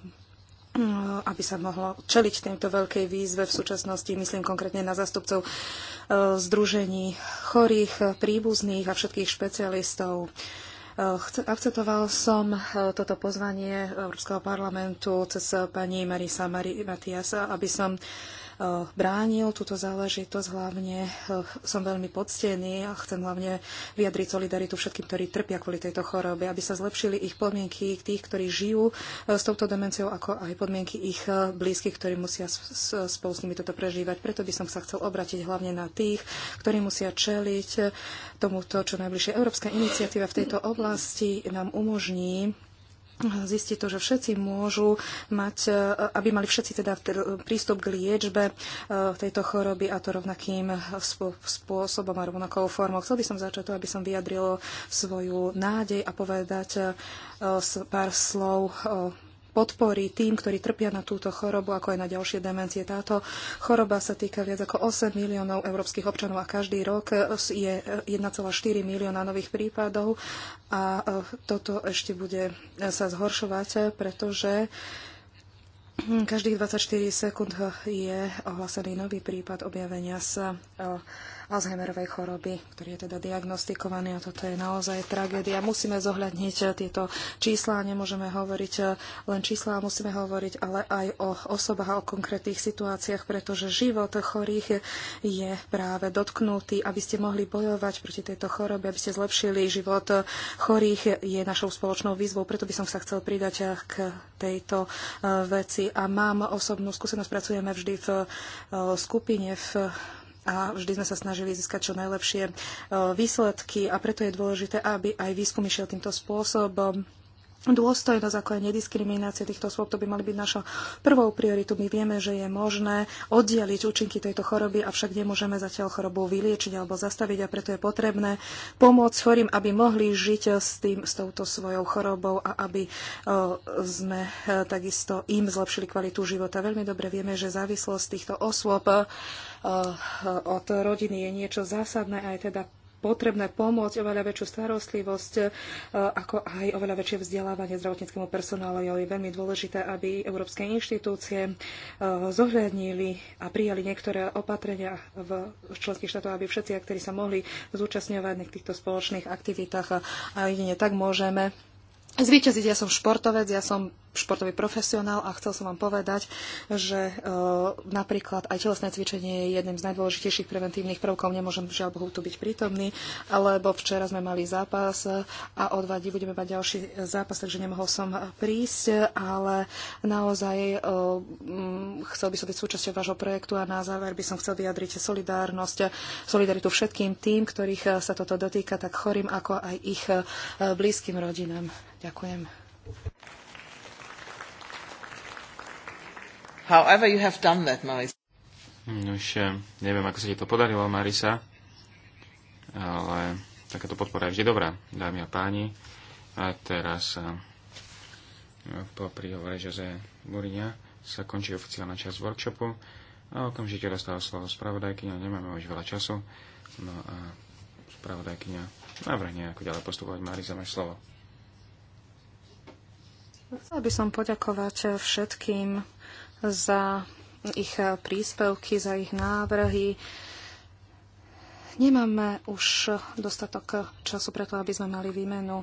Mm, aby sa mohlo čeliť tejto veľkej výzve v súčasnosti, myslím konkrétne na zastupcov e, združení chorých, príbuzných a všetkých špecialistov. E, akceptoval som e, toto pozvanie Európskeho parlamentu cez pani Marisa Matiasa, aby som Eh, bránil túto záležitosť. Hlavne eh, som veľmi poctený a chcem hlavne vyjadriť solidaritu všetkým, ktorí trpia kvôli tejto chorobe, aby sa zlepšili ich podmienky tých, ktorí žijú eh, s touto demenciou, ako aj podmienky ich blízkych, ktorí musia spolu s nimi toto prežívať. Preto by som sa chcel obratiť hlavne na tých, ktorí musia čeliť tomuto, čo najbližšie Európska iniciatíva v tejto oblasti nám umožní zistiť to, že všetci môžu mať, e, aby mali všetci teda prístup k liečbe e, tejto choroby a to rovnakým spôsobom a rovnakou formou. Chcel by som začať to, aby som vyjadril svoju nádej a povedať e, pár slov o podpory tým, ktorí trpia na túto chorobu, ako aj na ďalšie demencie. Táto choroba sa týka viac ako 8 miliónov európskych občanov a každý rok eh, je 1,4 eh, milióna nových prípadov a eh, toto ešte bude sa zhoršovať, pretože hm, každých 24 sekúnd je ohlásený nový prípad objavenia sa Alzheimerovej choroby, ktorý je teda diagnostikovaný a toto je naozaj tragédia. Musíme zohľadniť eh, tieto čísla, nemôžeme hovoriť eh, len čísla, musíme hovoriť ale aj o osobách a o konkrétnych situáciách, pretože život chorých je práve dotknutý. Aby ste mohli bojovať proti tejto chorobe, aby ste zlepšili život chorých, je našou spoločnou výzvou. Preto by som sa chcel pridať eh, k tejto veci. A mám osobnú skúsenosť, pracujeme vždy v skupine, v a vždy sme sa snažili získať čo najlepšie e, výsledky a preto je dôležité, aby aj výskum išiel týmto spôsobom dôstojnosť, ako aj nediskriminácia týchto osôb, to by mali byť našou prvou prioritou. My vieme, že je možné oddeliť účinky tejto choroby, avšak nemôžeme zatiaľ chorobu vyliečiť alebo zastaviť a preto je potrebné pomôcť chorým, aby mohli žiť s, tým, s touto svojou chorobou a aby e, sme e, takisto im zlepšili kvalitu života. Veľmi dobre vieme, že závislosť týchto osôb e, od rodiny je niečo zásadné a je teda potrebné pomôcť, oveľa väčšiu starostlivosť, e, ako aj oveľa väčšie vzdelávanie zdravotníckému personálu. Je veľmi dôležité, aby európske inštitúcie e, zohľadnili a prijali niektoré opatrenia v členských štátoch, aby všetci ktorí sa mohli zúčastňovať v týchto spoločných aktivitách a jedine tak môžeme zvýťaziť. ja som športovec, ja som športový profesionál a chcel som vám povedať, že e, napríklad aj telesné cvičenie je jedným z najdôležitejších preventívnych prvkov. Nemôžem žiaľ Bohu tu byť prítomný, lebo včera sme mali zápas a o dva dní budeme mať ďalší zápas, takže nemohol som prísť, ale naozaj e, mm, chcel by som byť súčasťou vášho projektu a na záver by som chcel vyjadriť solidárnosť, solidaritu všetkým tým, ktorých e, sa toto dotýka, tak chorým ako aj ich blízkym rodinám. Ďakujem. However you have done that, Marisa. No už eh, neviem, ako sa ti to podarilo, Marisa, ale takáto podpora je vždy dobrá, dámy a páni. A teraz eh, po príhovore Jose Murinia sa končí oficiálna časť workshopu a okamžite dostáva slovo spravodajkyňa, nemáme už veľa času. No a spravodajkyňa navrhne, ako ďalej postupovať. Marisa, máš slovo. Chcela by som poďakovať eh, všetkým za ich príspevky, za ich návrhy. Nemáme už dostatok času preto, aby sme mali výmenu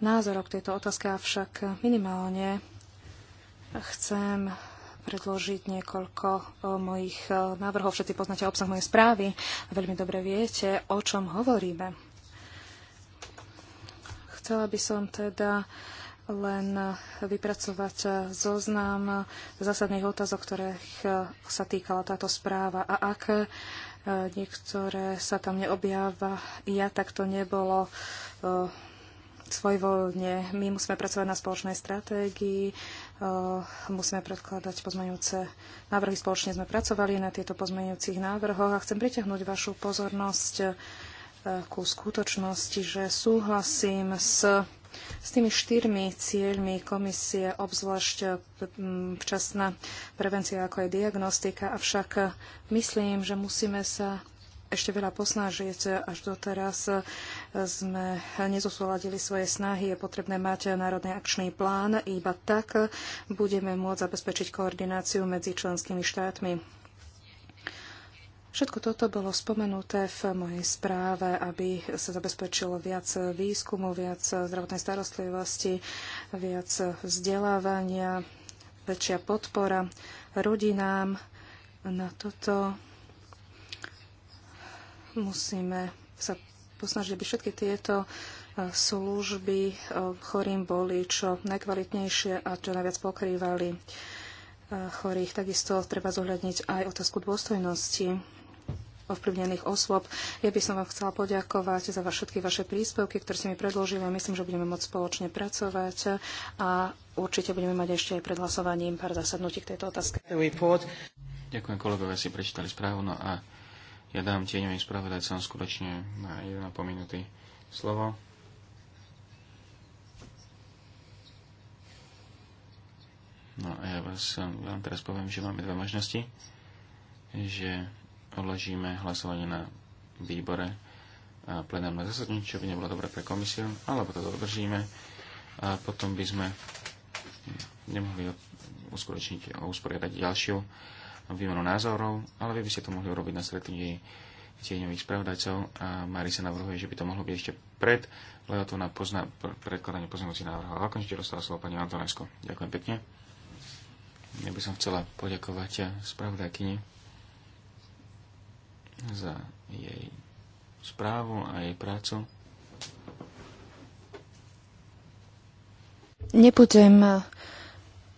názorov k tejto otázke, avšak minimálne chcem predložiť niekoľko eh, mojich eh, návrhov. Všetci poznáte obsah mojej správy a veľmi dobre viete, o čom hovoríme. Chcela by som teda len vypracovať zoznam zásadných otázok, ktorých sa týkala táto správa. A ak eh, niektoré sa tam neobjáva, ja tak to nebolo eh, svojvoľne. My musíme pracovať na spoločnej stratégii, eh, musíme predkladať pozmeňujúce návrhy. Spoločne sme pracovali na tieto pozmeňujúcich návrhoch a chcem priťahnuť vašu pozornosť ku skutočnosti, že súhlasím s s tými štyrmi cieľmi komisie, obzvlášť včasná prevencia ako aj diagnostika, avšak myslím, že musíme sa ešte veľa posnážiť. Až doteraz sme nezosúladili svoje snahy. Je potrebné mať národný akčný plán. Iba tak budeme môcť zabezpečiť koordináciu medzi členskými štátmi Všetko toto bolo spomenuté v mojej správe, aby sa zabezpečilo viac výskumu, viac zdravotnej starostlivosti, viac vzdelávania, väčšia podpora rodinám. Na toto musíme sa posnažiť, aby všetky tieto e, služby e, chorým boli čo najkvalitnejšie a čo najviac pokrývali e, chorých. Takisto treba zohľadniť aj otázku dôstojnosti ovplyvnených osôb. Ja by som vám chcela poďakovať za všetky vaše príspevky, ktoré ste mi predložili. Myslím, že budeme môcť spoločne pracovať a určite budeme mať ešte aj pred hlasovaním pár zasadnutí k tejto otázke. Ďakujem kolegovia, si prečítali správu. No a ja dám tieňovým spravodajcom skutočne na 1,5 minúty slovo. No a ja vás, vám teraz poviem, že máme dve možnosti. Že odložíme hlasovanie na výbore a plenárne zasadnutie, čo by nebolo dobré pre komisiu, alebo to dodržíme a potom by sme nemohli uskutočniť a usporiadať ďalšiu výmenu názorov, ale vy by ste to mohli urobiť na stretnutí tieňových spravodajcov a sa navrhuje, že by to mohlo byť ešte pred lehotou na pozna- predkladanie poznávací návrhov. A okamžite dostala slovo pani Antonesko. Ďakujem pekne. Ja by som chcela poďakovať spravodajkyni za jej správu a jej prácu. Nebudem eh,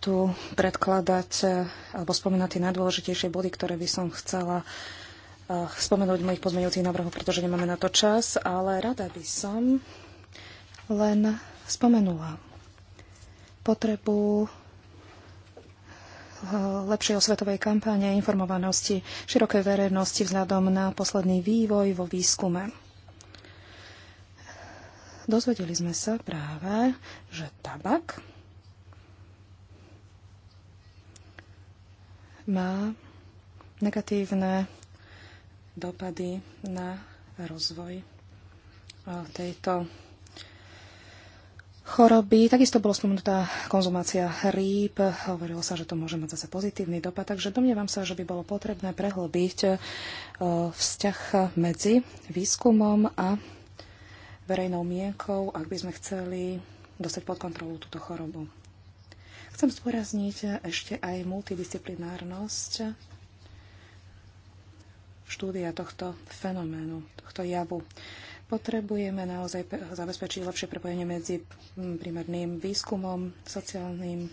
tu predkladať eh, alebo spomínať tie najdôležitejšie body, ktoré by som chcela eh, spomenúť v mojich pozmeňujúcich návrhoch, pretože nemáme na to čas, ale rada by som len spomenula potrebu lepšej osvetovej kampáne a informovanosti širokej verejnosti vzhľadom na posledný vývoj vo výskume. Dozvedeli sme sa práve, že tabak má negatívne dopady na rozvoj eh, tejto choroby. Takisto bolo spomenutá konzumácia rýb. Hovorilo sa, že to môže mať zase pozitívny dopad, takže domnievam sa, že by bolo potrebné prehlbiť e, vzťah medzi výskumom a verejnou mienkou, ak by sme chceli dostať pod kontrolu túto chorobu. Chcem zdôrazniť ešte aj multidisciplinárnosť štúdia tohto fenoménu, tohto javu. Potrebujeme naozaj zabezpečiť lepšie prepojenie medzi mm, primárnym výskumom, sociálnym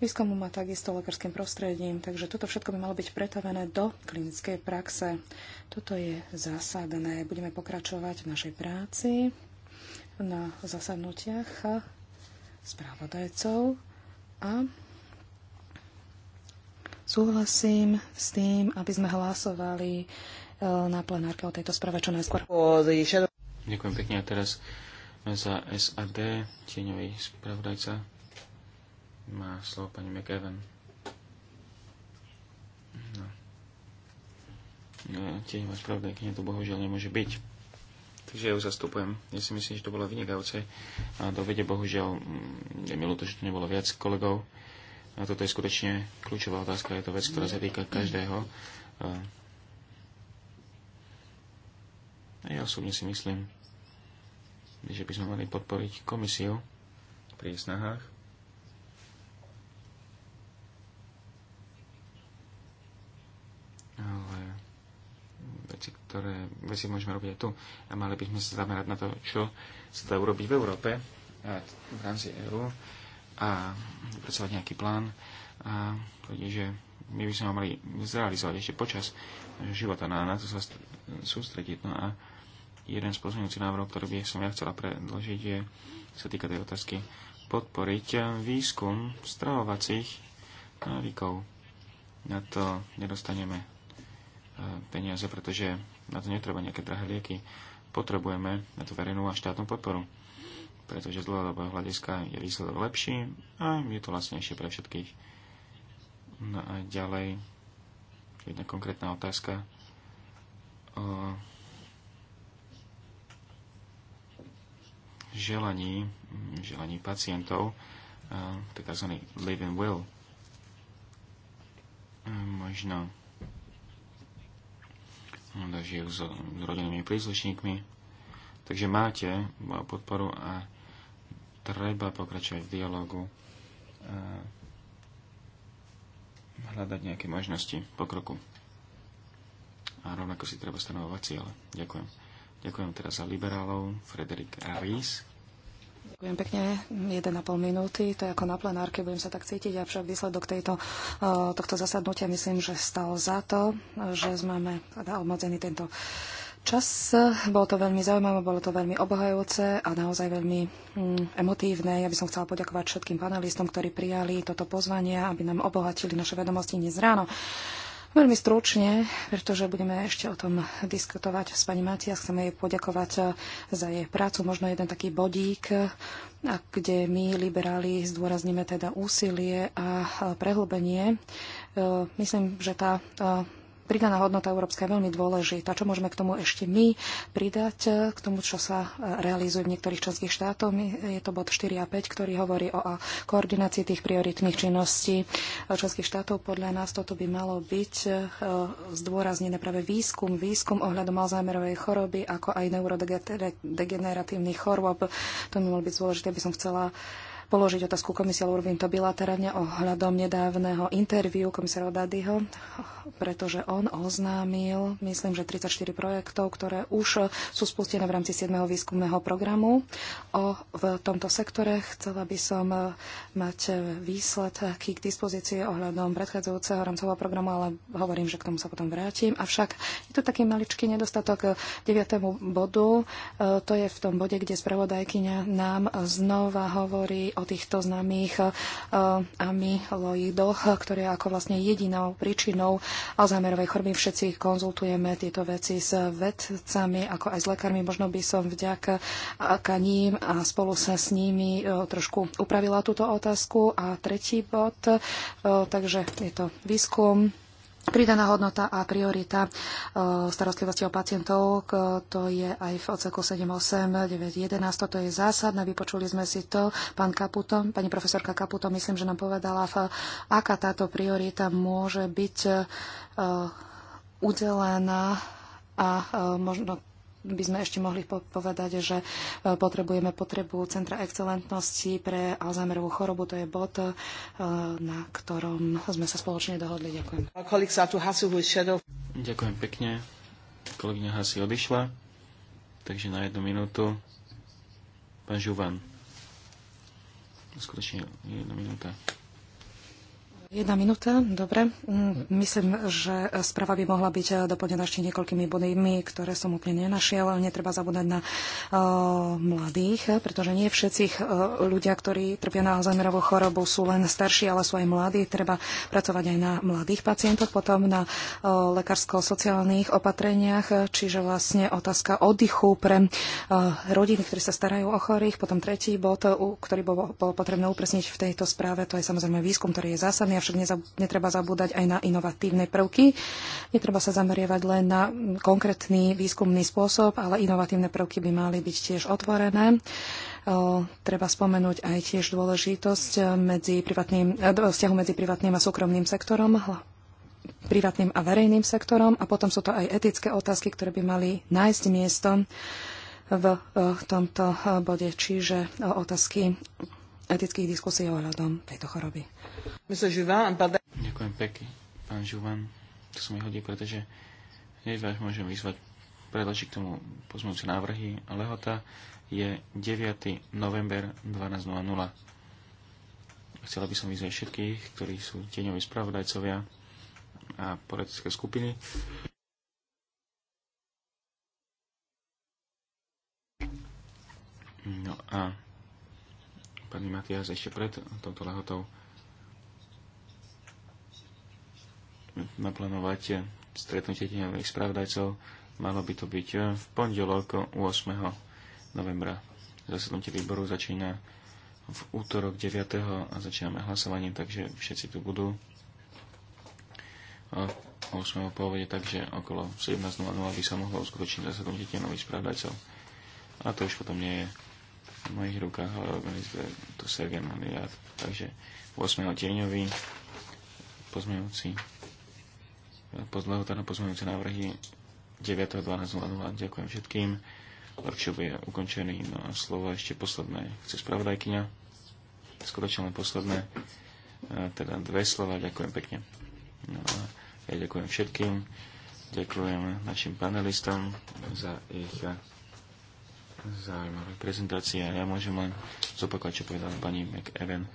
výskumom a takisto lekárskym prostredím. Takže toto všetko by malo byť pretavené do klinickej praxe. Toto je zásadné. Budeme pokračovať v našej práci na zasadnutiach správodajcov a súhlasím s tým, aby sme hlasovali e, na plenárke o tejto správe čo najskôr. Ďakujem pekne a teraz za SAD, tieňový spravodajca, má slovo pani McEwen. No. no tieňová spravodajkňa tu bohužiaľ nemôže byť. Takže ja ju zastupujem. Ja si myslím, že to bolo vynikajúce. A do vede bohužiaľ, mm, je mi ľúto, že tu nebolo viac kolegov. A toto je skutočne kľúčová otázka. Je to vec, ktorá sa týka každého ja osobne si myslím, že by sme mali podporiť komisiu pri snahách ale veci, ktoré veci môžeme robiť aj tu a mali by sme sa zamerať na to, čo sa dá urobiť v Európe a v rámci EÚ a vypracovať nejaký plán a tvrdí, že my by sme mali zrealizovať ešte počas života na, no na to sa sústrediť. No a Jeden z pozmeňujúcich návrhov, ktorý by som ja chcela predložiť, je, sa týka tej otázky, podporiť výskum stravovacích návykov. Na to nedostaneme eh, peniaze, pretože na to netreba nejaké drahé lieky. Potrebujeme na to verejnú a štátnu podporu, pretože z dlhodobého hľadiska je výsledok lepší a je to vlastnejšie pre všetkých. No a ďalej jedna konkrétna otázka o želaní, želaní pacientov, to je tzv. live and will. Možno žijú s, s rodinnými príslušníkmi. Takže máte moju podporu a treba pokračovať v dialogu a hľadať nejaké možnosti pokroku. A rovnako si treba stanovovať cieľe. Ďakujem. Ďakujem teraz za liberálov, Frederik Aris. Ďakujem pekne, 1,5 minúty, to je ako na plenárke, budem sa tak cítiť, avšak výsledok tejto, e, tohto zasadnutia myslím, že stal za to, že máme teda tento čas. Bolo to veľmi zaujímavé, bolo to veľmi obohajúce a naozaj veľmi mm, emotívne. Ja by som chcela poďakovať všetkým panelistom, ktorí prijali toto pozvanie, aby nám obohatili naše vedomosti dnes ráno. Veľmi stručne, pretože budeme ešte o tom diskutovať s pani Matias. Chceme jej poďakovať eh, za jej prácu. Možno jeden taký bodík, eh, kde my, liberáli, zdôrazníme teda úsilie a eh, prehlbenie. Myslím, že tá pridaná hodnota európska je veľmi dôležitá. Čo môžeme k tomu ešte my pridať, k tomu, čo sa realizuje v niektorých členských štátoch? Je to bod 4 a 5, ktorý hovorí o koordinácii tých prioritných činností členských štátov. Podľa nás toto by malo byť e, zdôraznené práve výskum, výskum ohľadom Alzheimerovej choroby, ako aj neurodegeneratívnych chorôb. To by malo byť dôležité, by som chcela položiť otázku komisia Lurvin to bilaterálne ohľadom nedávneho interviu komisára Dadyho, pretože on oznámil, myslím, že 34 projektov, ktoré už sú spustené v rámci 7. výskumného programu o, v tomto sektore. Chcela by som eh, mať výsledky k dispozícii ohľadom predchádzajúceho rámcového programu, ale hovorím, že k tomu sa potom vrátim. Avšak je tu taký maličký nedostatok 9. bodu. Eh, to je v tom bode, kde spravodajkyňa nám znova hovorí o týchto známych e, amyloidoch, ktoré ako vlastne jedinou príčinou Alzheimerovej choroby všetci konzultujeme tieto veci s vedcami, ako aj s lekármi. Možno by som vďaka kaním a spolu sa s nimi e, trošku upravila túto otázku. A tretí bod, e, takže je to výskum Pridaná hodnota a priorita e, starostlivosti o pacientov, to je aj v odseku 9, 11, toto je zásadné, vypočuli sme si to, pán Kaputo, pani profesorka Kaputo, myslím, že nám povedala, aká táto priorita môže byť e, udelená a e, možno by sme ešte mohli povedať, že e, potrebujeme potrebu Centra excelentnosti pre Alzheimerovú chorobu. To je bod, e, na ktorom sme sa spoločne dohodli. Ďakujem. Ďakujem pekne. Kolegyňa Hasi odišla. Takže na jednu minútu pán Žuvan. Skutočne jedna minúta. Jedna minúta, dobre. Mm, myslím, že správa by mohla byť eh, doplnená ešte niekoľkými bodmi, ktoré som úplne nenašiel. Netreba zabúdať na uh, mladých, pretože nie všetci uh, eh, ľudia, ktorí trpia na Alzheimerovú chorobu, sú len starší, ale sú aj mladí. Treba pracovať aj na mladých pacientoch, potom na uh, lekársko-sociálnych opatreniach, čiže vlastne otázka oddychu pre rodiny, ktorí sa starajú o chorých. Potom tretí bod, ktorý bolo bol potrebné upresniť v tejto správe, to je samozrejme výskum, ktorý je zásadný avšak netreba zabúdať aj na inovatívne prvky. Netreba sa zameriavať len na konkrétny výskumný spôsob, ale inovatívne prvky by mali byť tiež otvorené. Treba spomenúť aj tiež dôležitosť medzi privatným, e, vzťahu medzi privatným a súkromným sektorom, privatným a verejným sektorom a potom sú to aj etické otázky, ktoré by mali nájsť miesto v e, tomto e, bode, čiže otázky etických diskusí ohľadom tejto choroby. Ďakujem pekne, pán Žuvan. To som mi hodil, pretože hneď vás môžem vyzvať predložiť k tomu pozmúci návrhy. Lehota je 9. november 12.00. Chcela by som vyzvať všetkých, ktorí sú tieňoví spravodajcovia a politické skupiny. No a pani Matias ešte pred touto lehotou naplánovať stretnutie tieňových spravodajcov. Malo by to byť v pondelok 8. novembra. Zasadnutie výboru začína v útorok 9. a začíname hlasovaním, takže všetci tu budú. 8. povede, takže okolo 17.00 by sa mohlo uskutočniť zasadnutie tieňových spravodajcov. A to už potom nie je v mojich rukách, ale organizuje to Sergej Maliar. Takže 8. tieňový pozmejúci ho na teda pozmeňujúce návrhy 9.12.00. Ďakujem všetkým. Workshop je ukončený. No a slovo ešte posledné. Chce spravodajkyňa? Skutočne len posledné. Teda dve slova. Ďakujem pekne. No a ja ďakujem všetkým. Ďakujem našim panelistom za ich zaujímavé prezentácie. Ja môžem len zopakovať, čo povedala pani McEwen.